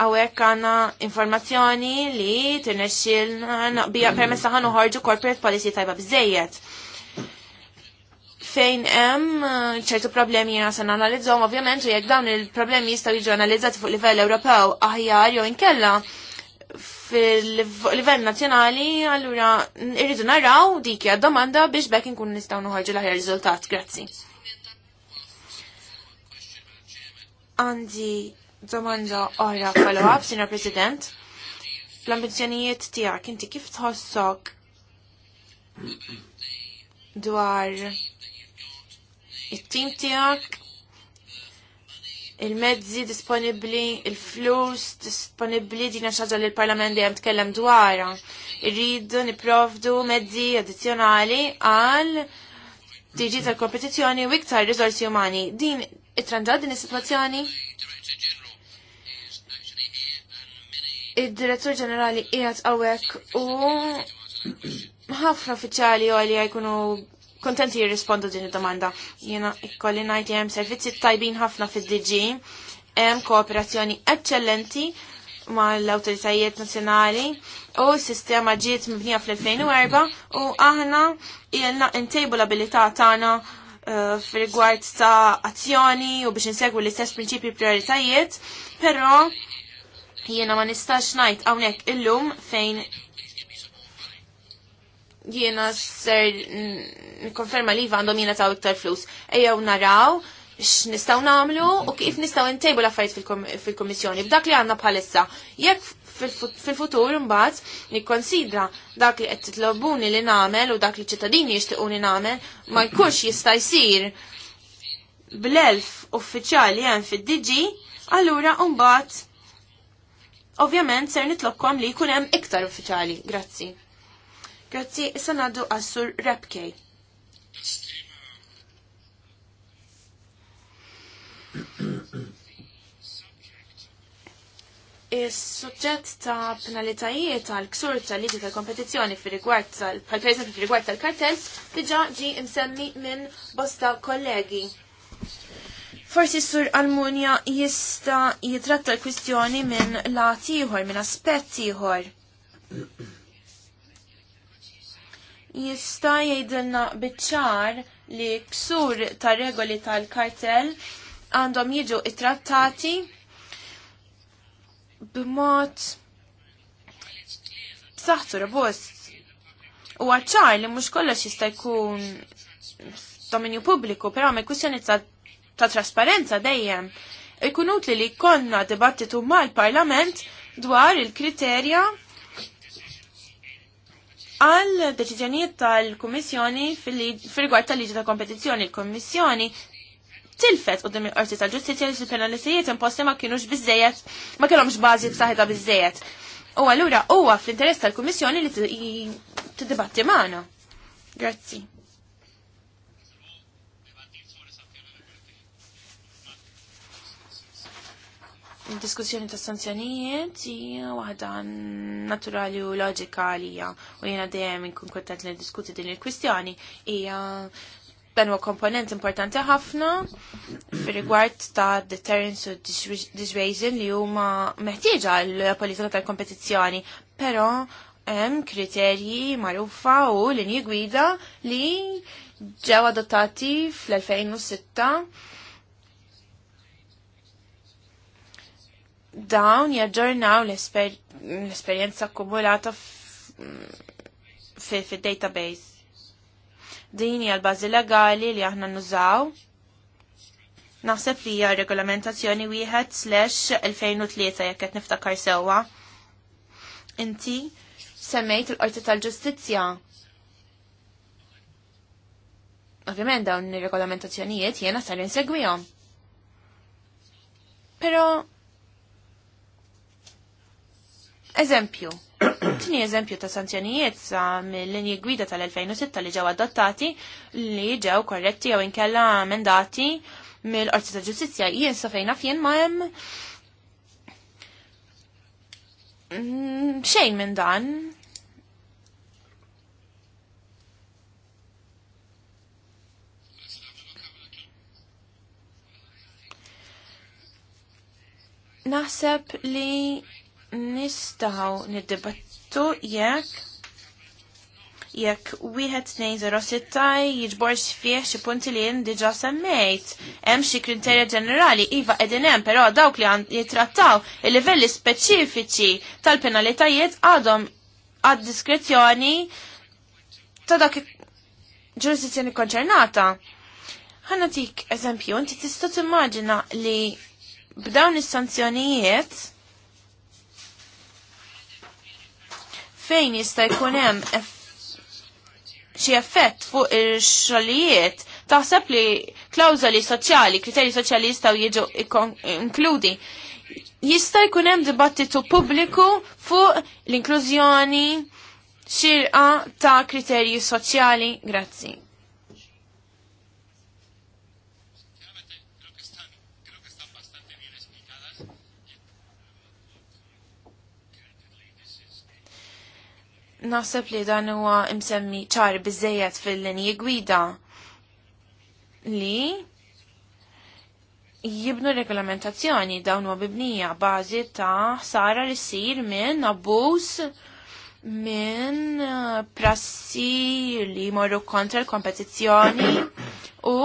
Awek għanna informazzjoni li t-nexxilna bija permessa ħan uħarġu corporate policy tajba bżejjed fejn hemm uh, ċertu problemi jiena se analizzom, ovvjament u jekk dawn il-problemi jistgħu jiġu analizzati fuq livell Ewropew aħjar jew inkella fil-livell nazzjonali, allura irridu naraw dik hija domanda biex bekk inkun nistgħu noħorġu l-aħjar riżultat. Grazzi. Għandi domanda oħra follow-up, sinna President. L-ambizjonijiet tiegħek inti kif tħossok dwar it-tim tiegħek, il-mezzi disponibli, il-flus disponibli din xaġa li l-Parlament dejjem tkellem dwar. Irridu niprofdu mezzi addizzjonali għal diġi tal-kompetizzjoni u iktar rizorsi umani. Din it-tranġad din is-sitwazzjoni? Id-direttur ġenerali qiegħed hawnhekk u ħafna uffiċjali għalija jkunu kontenti jirrispondu din id-domanda. Jiena ikkolli ngħid hemm servizzi tajbin ħafna fid-DG, hemm kooperazzjoni eċċellenti mal-autoritajiet nazjonali u s-sistema ġiet mibnija fl-2004 u aħna jilna intejbu l-abilità tagħna Eh, fil-rigward ta' azzjoni u biex insegwu l-istess prinċipji prioritajiet, però jiena ma nistax ngħid hawnhekk illum fejn jiena ser nikkonferma li iva għandhom jiena ta' iktar flus. Ejjew naraw x'nistgħu nagħmlu u kif nistgħu ntejbu l fil-Kummissjoni. B'dak li għandna bħalissa, jekk fil-futur mbagħad nikkonsidra dak li qed titlobuni li nagħmel u dak li ċittadini jixtiequni nagħmel ma jkunx jista' jsir bl-elf uffiċjali hemm fid-DG, allura mbagħad ovvjament ser nitlobkom li jkun hemm iktar uffiċjali. Grazzi. Grazzi, issa ngħaddu għas-sur Repkej. Is-suġġett ta' penalitajiet tal-ksur tal-liġi tal-kompetizzjoni fir-rigward tal per eżempju rigward tal-kartell diġa' ġi imsemmi minn bosta kollegi. Forsi sur Almunja jista' jitratta l-kwistjoni minn lat ieħor, minn aspett ieħor. Jista' jgħidilna biċ-ċar li ksur tar-regoli tal-kartell għandhom jiġu ittrattati b'mod saħtu rebost. U għacċar li mux kollox jista' jkun dominju pubbliku, però me kwistjoni ta', trasparenza dejjem. Ikun utli li konna dibattitu mal-parlament dwar il-kriterja għal deċiżjonijiet tal-Kummissjoni fil-rigward tal-liġi ta' kompetizzjoni. Il-Kummissjoni tilfet u dimmi qorti tal-ġustizja li s-penalizijiet imposti ma kienux bizzejet, ma kellhomx bażi b'saħħitha bizzejet. U u għaf l interess tal komissjoni li t-dibatti maħna. Grazzi. il-diskussjoni ta' sanzjonijiet hija waħda naturali u loġika għalija u jiena dejjem inkun kontent li diskuti din il-kwistjoni hija Dan huwa komponent importanti ħafna rigward ta' deterrence u disraising li huma meħtieġa l-politika tal-kompetizzjoni, però hemm kriterji magħrufa u linji gwida li ġew adottati fl-2006 dawn jaġġornaw l-esperjenza kumulata fil-database. Mm, Din hija l-bażi legali li aħna nużaw. Naħseb li hija regolamentazzjoni wieħed slash 2003 jekk qed niftakar sewwa. Inti semmejt il-Qorti tal-Ġustizzja. Ovvjament dawn ir-regolamentazzjonijiet jiena sar insegwihom. Però eżempju, Tini eżempju ta' sanzjonijiet sa' mill-linji gwida tal-2006 li ġew adottati li ġew korretti jew inkella emendati mill-Qorti ta' Ġustizzja jien sa fejna ma' hemm mm, xejn minn dan. Naħseb li nistaw niddibattu jekk jekk wieħed tnejn zero sittaj jiġbor fih xi punti li jien diġà semmejt. Hemm xi kriterja ġenerali iva qegħdin hemm, però dawk li jitrattaw il-livelli speċifiċi tal-penalitajiet għadhom għad diskrezzjoni ta' dak ġurisdizzjoni konċernata. Ħanna tik eżempju, inti tista' timmaġina li b'dawn is-sanzjonijiet fejn jista' jkun hemm xi effett fuq ix xogħlijiet taħseb li klawżoli soċjali, kriterji soċjali jistgħu jiġu inkludi. Jista' jkun hemm dibattitu pubbliku fuq l-inklużjoni xirqa ta' kriterji soċjali. Grazzi. Naħseb li dan huwa imsemmi ċar biżejjed fil-linji gwida li jibnu regolamentazzjoni dawn huwa bibnija bażi ta' ħsara li ssir minn abbuż minn eh, prassi li morru kontra l-kompetizzjoni u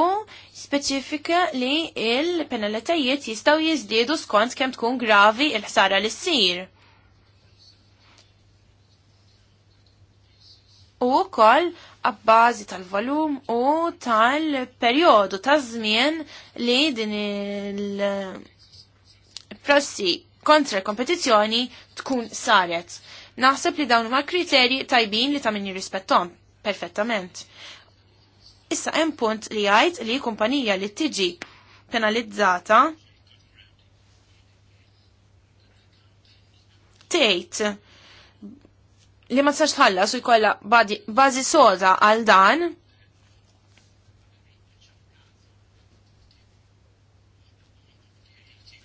speċifika li il-penalitajiet jistaw jiżdiedu skont kemm tkun gravi il-ħsara li ssir u wkoll għabbażi tal-volum u tal-perjodu ta' żmien li din il-prossi kontra l-kompetizzjoni tkun saret. Naħseb li dawn huma kriterji tajbin li ta' min jirrispettom perfettament. Issa hemm punt li jgħid li kumpanija li tiġi penalizzata tgħid li ma tistax tħallas u jkollha bażi soda għal dan.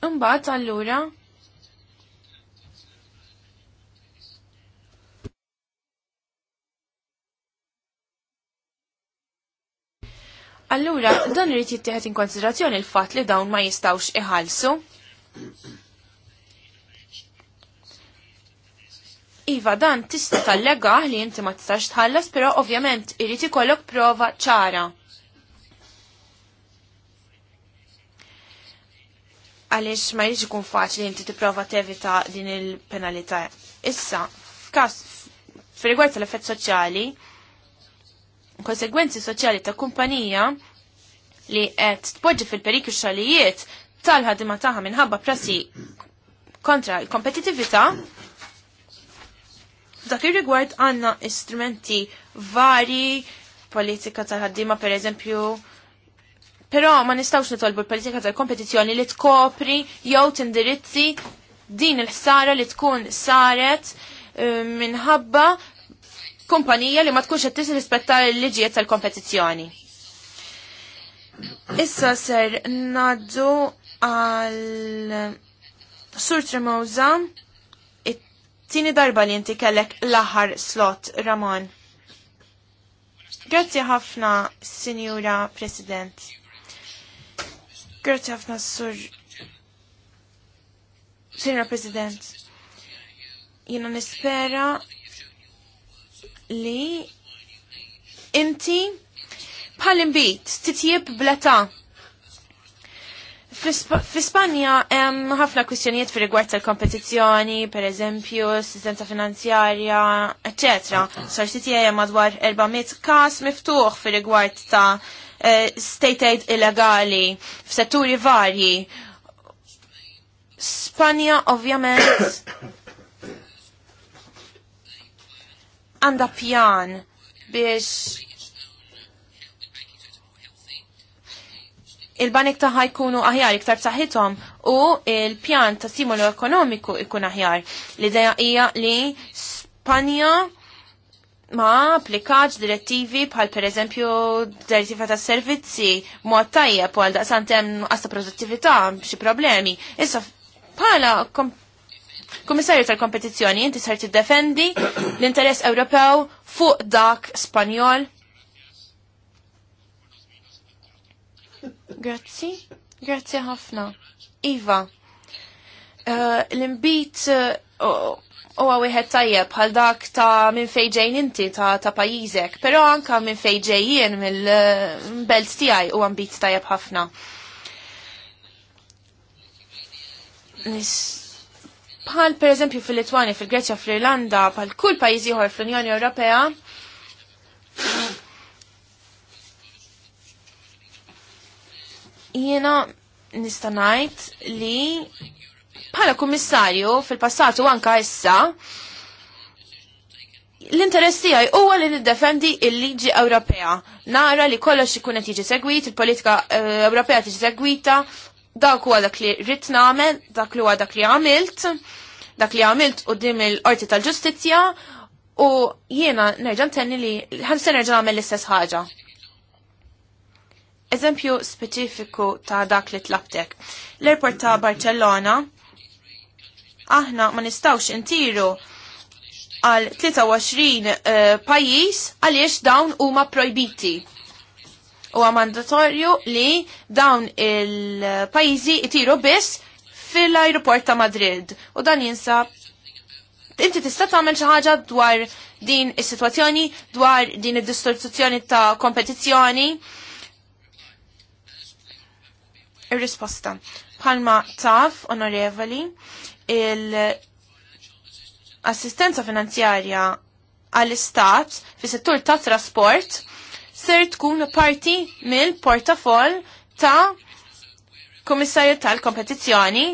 Imbagħad allura Allura, dan irid jittieħed in konsiderazzjoni l-fatt li dawn ma jistawx iħallsu. Iva dan tista' tal-lega li inti ma tistax tħallas, però ovvjament irid ikollok prova ċara. Għaliex ma jiġi ikun faċli inti tipprova tevita din il-penalità. Issa, f'każ f'rigward tal-effett soċjali, konsegwenzi soċjali ta' kumpanija li qed tpoġġi fil-periklu xalijiet tal-ħadima tagħha minħabba prassi kontra l-kompetitività F'dak ir-rigward għandna istrumenti vari, politika tal-ħaddiema per eżempju, però ma nistawx nitolbu l-politika tal-kompetizzjoni li tkopri jew tindirizzi din il-ħsara li tkun saret eh, minħabba kumpanija li ma tkunx qed tisrispetta l-liġijiet tal-kompetizzjoni. Issa ser naddu għal Sur Tremoza. Tini darba li inti kellek l-aħħar slot, Ramon. Grazzi ħafna, Signora President. Grazzi ħafna, Sur. Signora President. Jina nispera li inti bħal imbit titjib bleta Fi Spanja hemm ħafna kwistjonijiet fir rigward tal-kompetizzjoni, per eżempju, assistenza finanzjarja, eċetera. Sorsi hija madwar 400 każ miftuħ fir rigward ta' eh, state aid illegali f'setturi varji. Spanja ovvjament għandha pjan biex il banik taħħa jkunu aħjar iktar saħħithom u il-pjan ta' stimolu ekonomiku jkun aħjar. L-idea hija li Spanja ma applikax direttivi bħal per eżempju direttiva ta' servizzi mod tajjeb u għal daqsan tem għasta produttività xi problemi. Issa bħala Komissarju tal-kompetizzjoni, inti ser tiddefendi l-interess Ewropew fuq dak Spanjol Grazzi, grazzi ħafna. Iva, eh, l-imbit eh, u għawihet tajjeb għal dak ta' minn fejġejn inti ta', ta pajizek, pero anka minn fejġejn mill-belt eh, tijaj u għambit tajjeb ħafna. Bħal per eżempju fil-Litwani, fil-Greċja, fil-Irlanda, bħal kull pajizi ħor fl-Unjoni Ewropea, Jiena nista' ngħid li bħala kummissarju fil-passatu anka issa l-interess tiegħi huwa li niddefendi l-liġi Ewropea. Nara li kollox ikun qed jiġi segwit, il-politika eh, Ewropea tiġi segwita, dak huwa dak li rrid nagħmel, dak li huwa dak li għamilt, dak li għamilt dim il-Qorti tal-Ġustizzja u jiena nerġa' ntenni li ħan se nerġa' nagħmel l-istess ħaġa. Eżempju speċifiku ta' dak li tlabtek. L-airport ta' Barcellona, aħna ma nistawx intiru għal 23 uh, pajis għaliex dawn huma projbiti. U mandatorju li dawn il-pajizi itiru biss fil-aeroport ta' Madrid. U dan jinsa. inti tista' tagħmel xi ħaġa dwar din is-sitwazzjoni, dwar din id-distorzjoni ta' kompetizzjoni Ir-risposta. Palma taf, onorevoli, l assistenza finanzjarja għall-istat fi settur ta' trasport ser tkun parti mill-portafol ta' komissarju tal-kompetizzjoni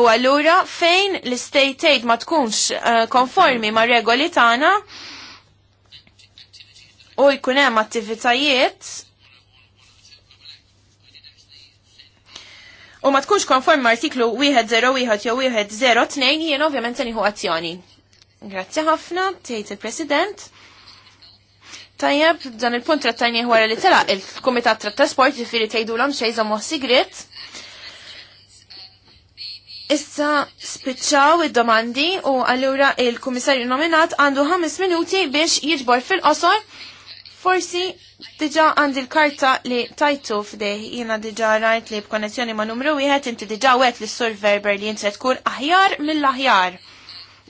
u allura fejn l-state aid ma tkunx eh, konformi ma regoli tagħna u jkun hemm attivitajiet u ma tkunx konform artiklu 101 jew 102 jien ovvjament se nieħu azzjoni. Grazzi ħafna, tgħid il-President. Tajjeb, dan il-punt trattajni wara li tela il-Kumitat tat-Trasport jifieri tgħidulhom xejn żammu sigret. Issa spiċċaw id-domandi u allura il-Kummissarju nominat għandu 5 minuti biex jiġbor fil-qosor forsi Dġa għandi l-karta li tajtu f'deħ jina dġa rajt li b'konnezzjoni ma' numru wieħed inti dġa wet li sur verber li jinti tkun aħjar mill-aħjar.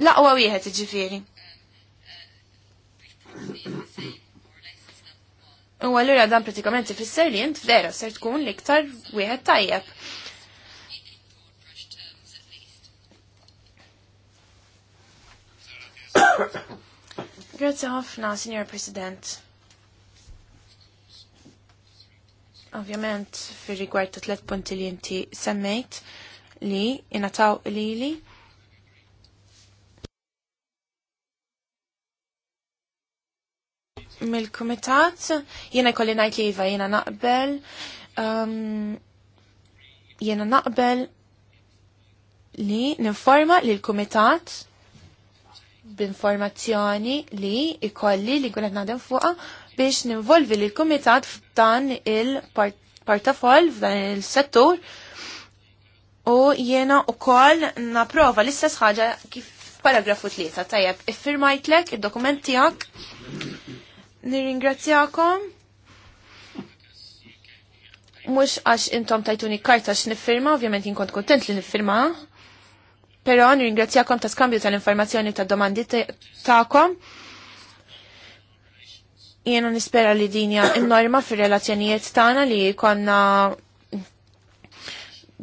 Laqwa wieħed ġifiri. U għallura dan pratikament ifisser li jint f'dera ser tkun liktar wieħed tajjeb. Grazie ħafna, Signor President. Ovvjament, fir rigward ta' tlet punti li inti semmejt li inataw li li. Mil-komitat, jena kolli najt li jiva jena naqbel, um, jena naqbel li ninforma li l-komitat b'informazzjoni li ikolli li kunet nadem fuqa biex ninvolvi l kumitat f'dan il partafol f'dan il-settur, u jiena u kol naprova l-istess ħaġa kif paragrafu 3. Tajab, iffirmajtlek il-dokument tijak, nirringrazzjakom, mux għax intom tajtuni karta x'nifirma, ovvjament jinkont kontent li nifirma, pero nirringrazzjakom ta' skambju tal-informazzjoni ta' domandi ta'kom. Ta Jena nispera li dinja il-norma fir relazzjonijiet tagħna li konna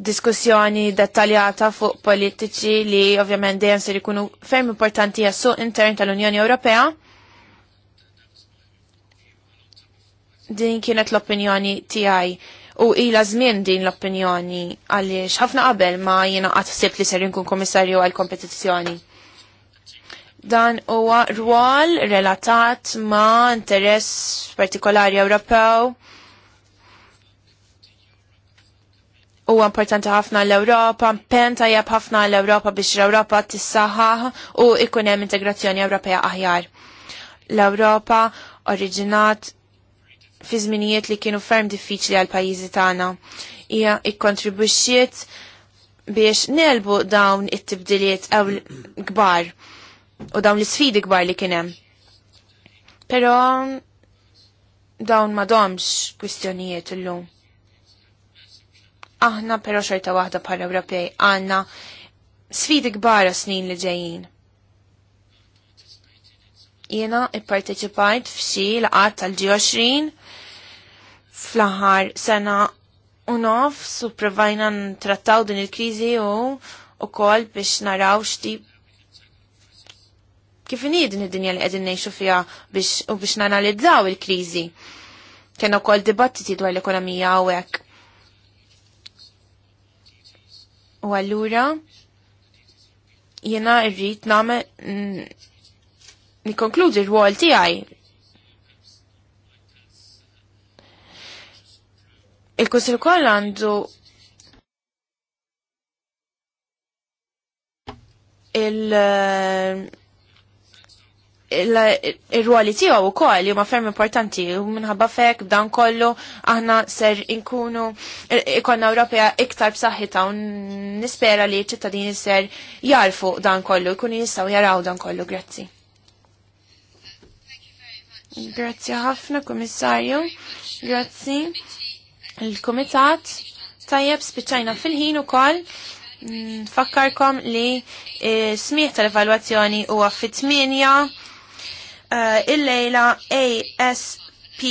diskussjoni dettaljata fuq politiċi li ovvjament dejjem ser ikunu ferm importanti għas intern tal-Unjoni Ewropea. Din kienet l-opinjoni tiegħi u ila żmien din l-opinjoni għaliex ħafna qabel ma jiena qatt li ser jkun komissarju għall kompetizzjoni dan huwa rwol relatat ma' interess partikolari Ewropew. Huwa importanti ħafna l-Ewropa, penta jab ħafna l-Ewropa biex l-Ewropa tissaħħaħ u ikunem hemm integrazzjoni Ewropea aħjar. L-Ewropa oriġinat fi żminijiet li kienu ferm diffiċli għal pajjiżi tagħna. Hija ikkontribwixxiet biex nelbu dawn it-tibdiliet ew gbar u dawn l-sfidi kbar li kienem. Pero dawn ma domx kwistjonijiet l-lum. Aħna pero xorta waħda bħala Ewropej għanna sfidi gbar snin li ġejjin. Jena ipparteċipajt f'xi laqat tal 20 fl ħar sena u nofs u provajna trattaw din il-kriżi u u biex naraw x'tip kif din id-dinja li qegħdin ngħixu fiha u biex nanalizzaw il-kriżi. Kien ukoll dibattiti dwar l-ekonomija hawnhekk. U allura jiena rrid nagħmel nikonkludi r-rwol tiegħi il-kusir kol għandu il- il-ruoli tiegħu wkoll li huma ferm importanti u minħabba fek b'dan kollu aħna ser inkunu ikonna Ewropea iktar b'saħħitha u nispera li ċ-ċittadini ser jarfu dan kollu, jkunu jistgħu jaraw dan kollu, grazzi. Grazzi ħafna, Kummissarju. Grazzi. Il-Kumitat tajjeb spiċċajna fil-ħin ukoll. Mm, Fakkarkom li eh, smiħ tal-evalwazzjoni huwa fit-8 uh, il-lejla ASP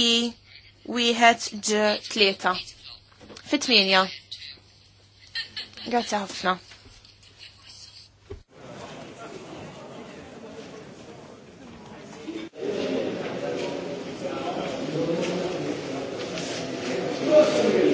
1G3 fit-8. Grazie ħafna. Thank you.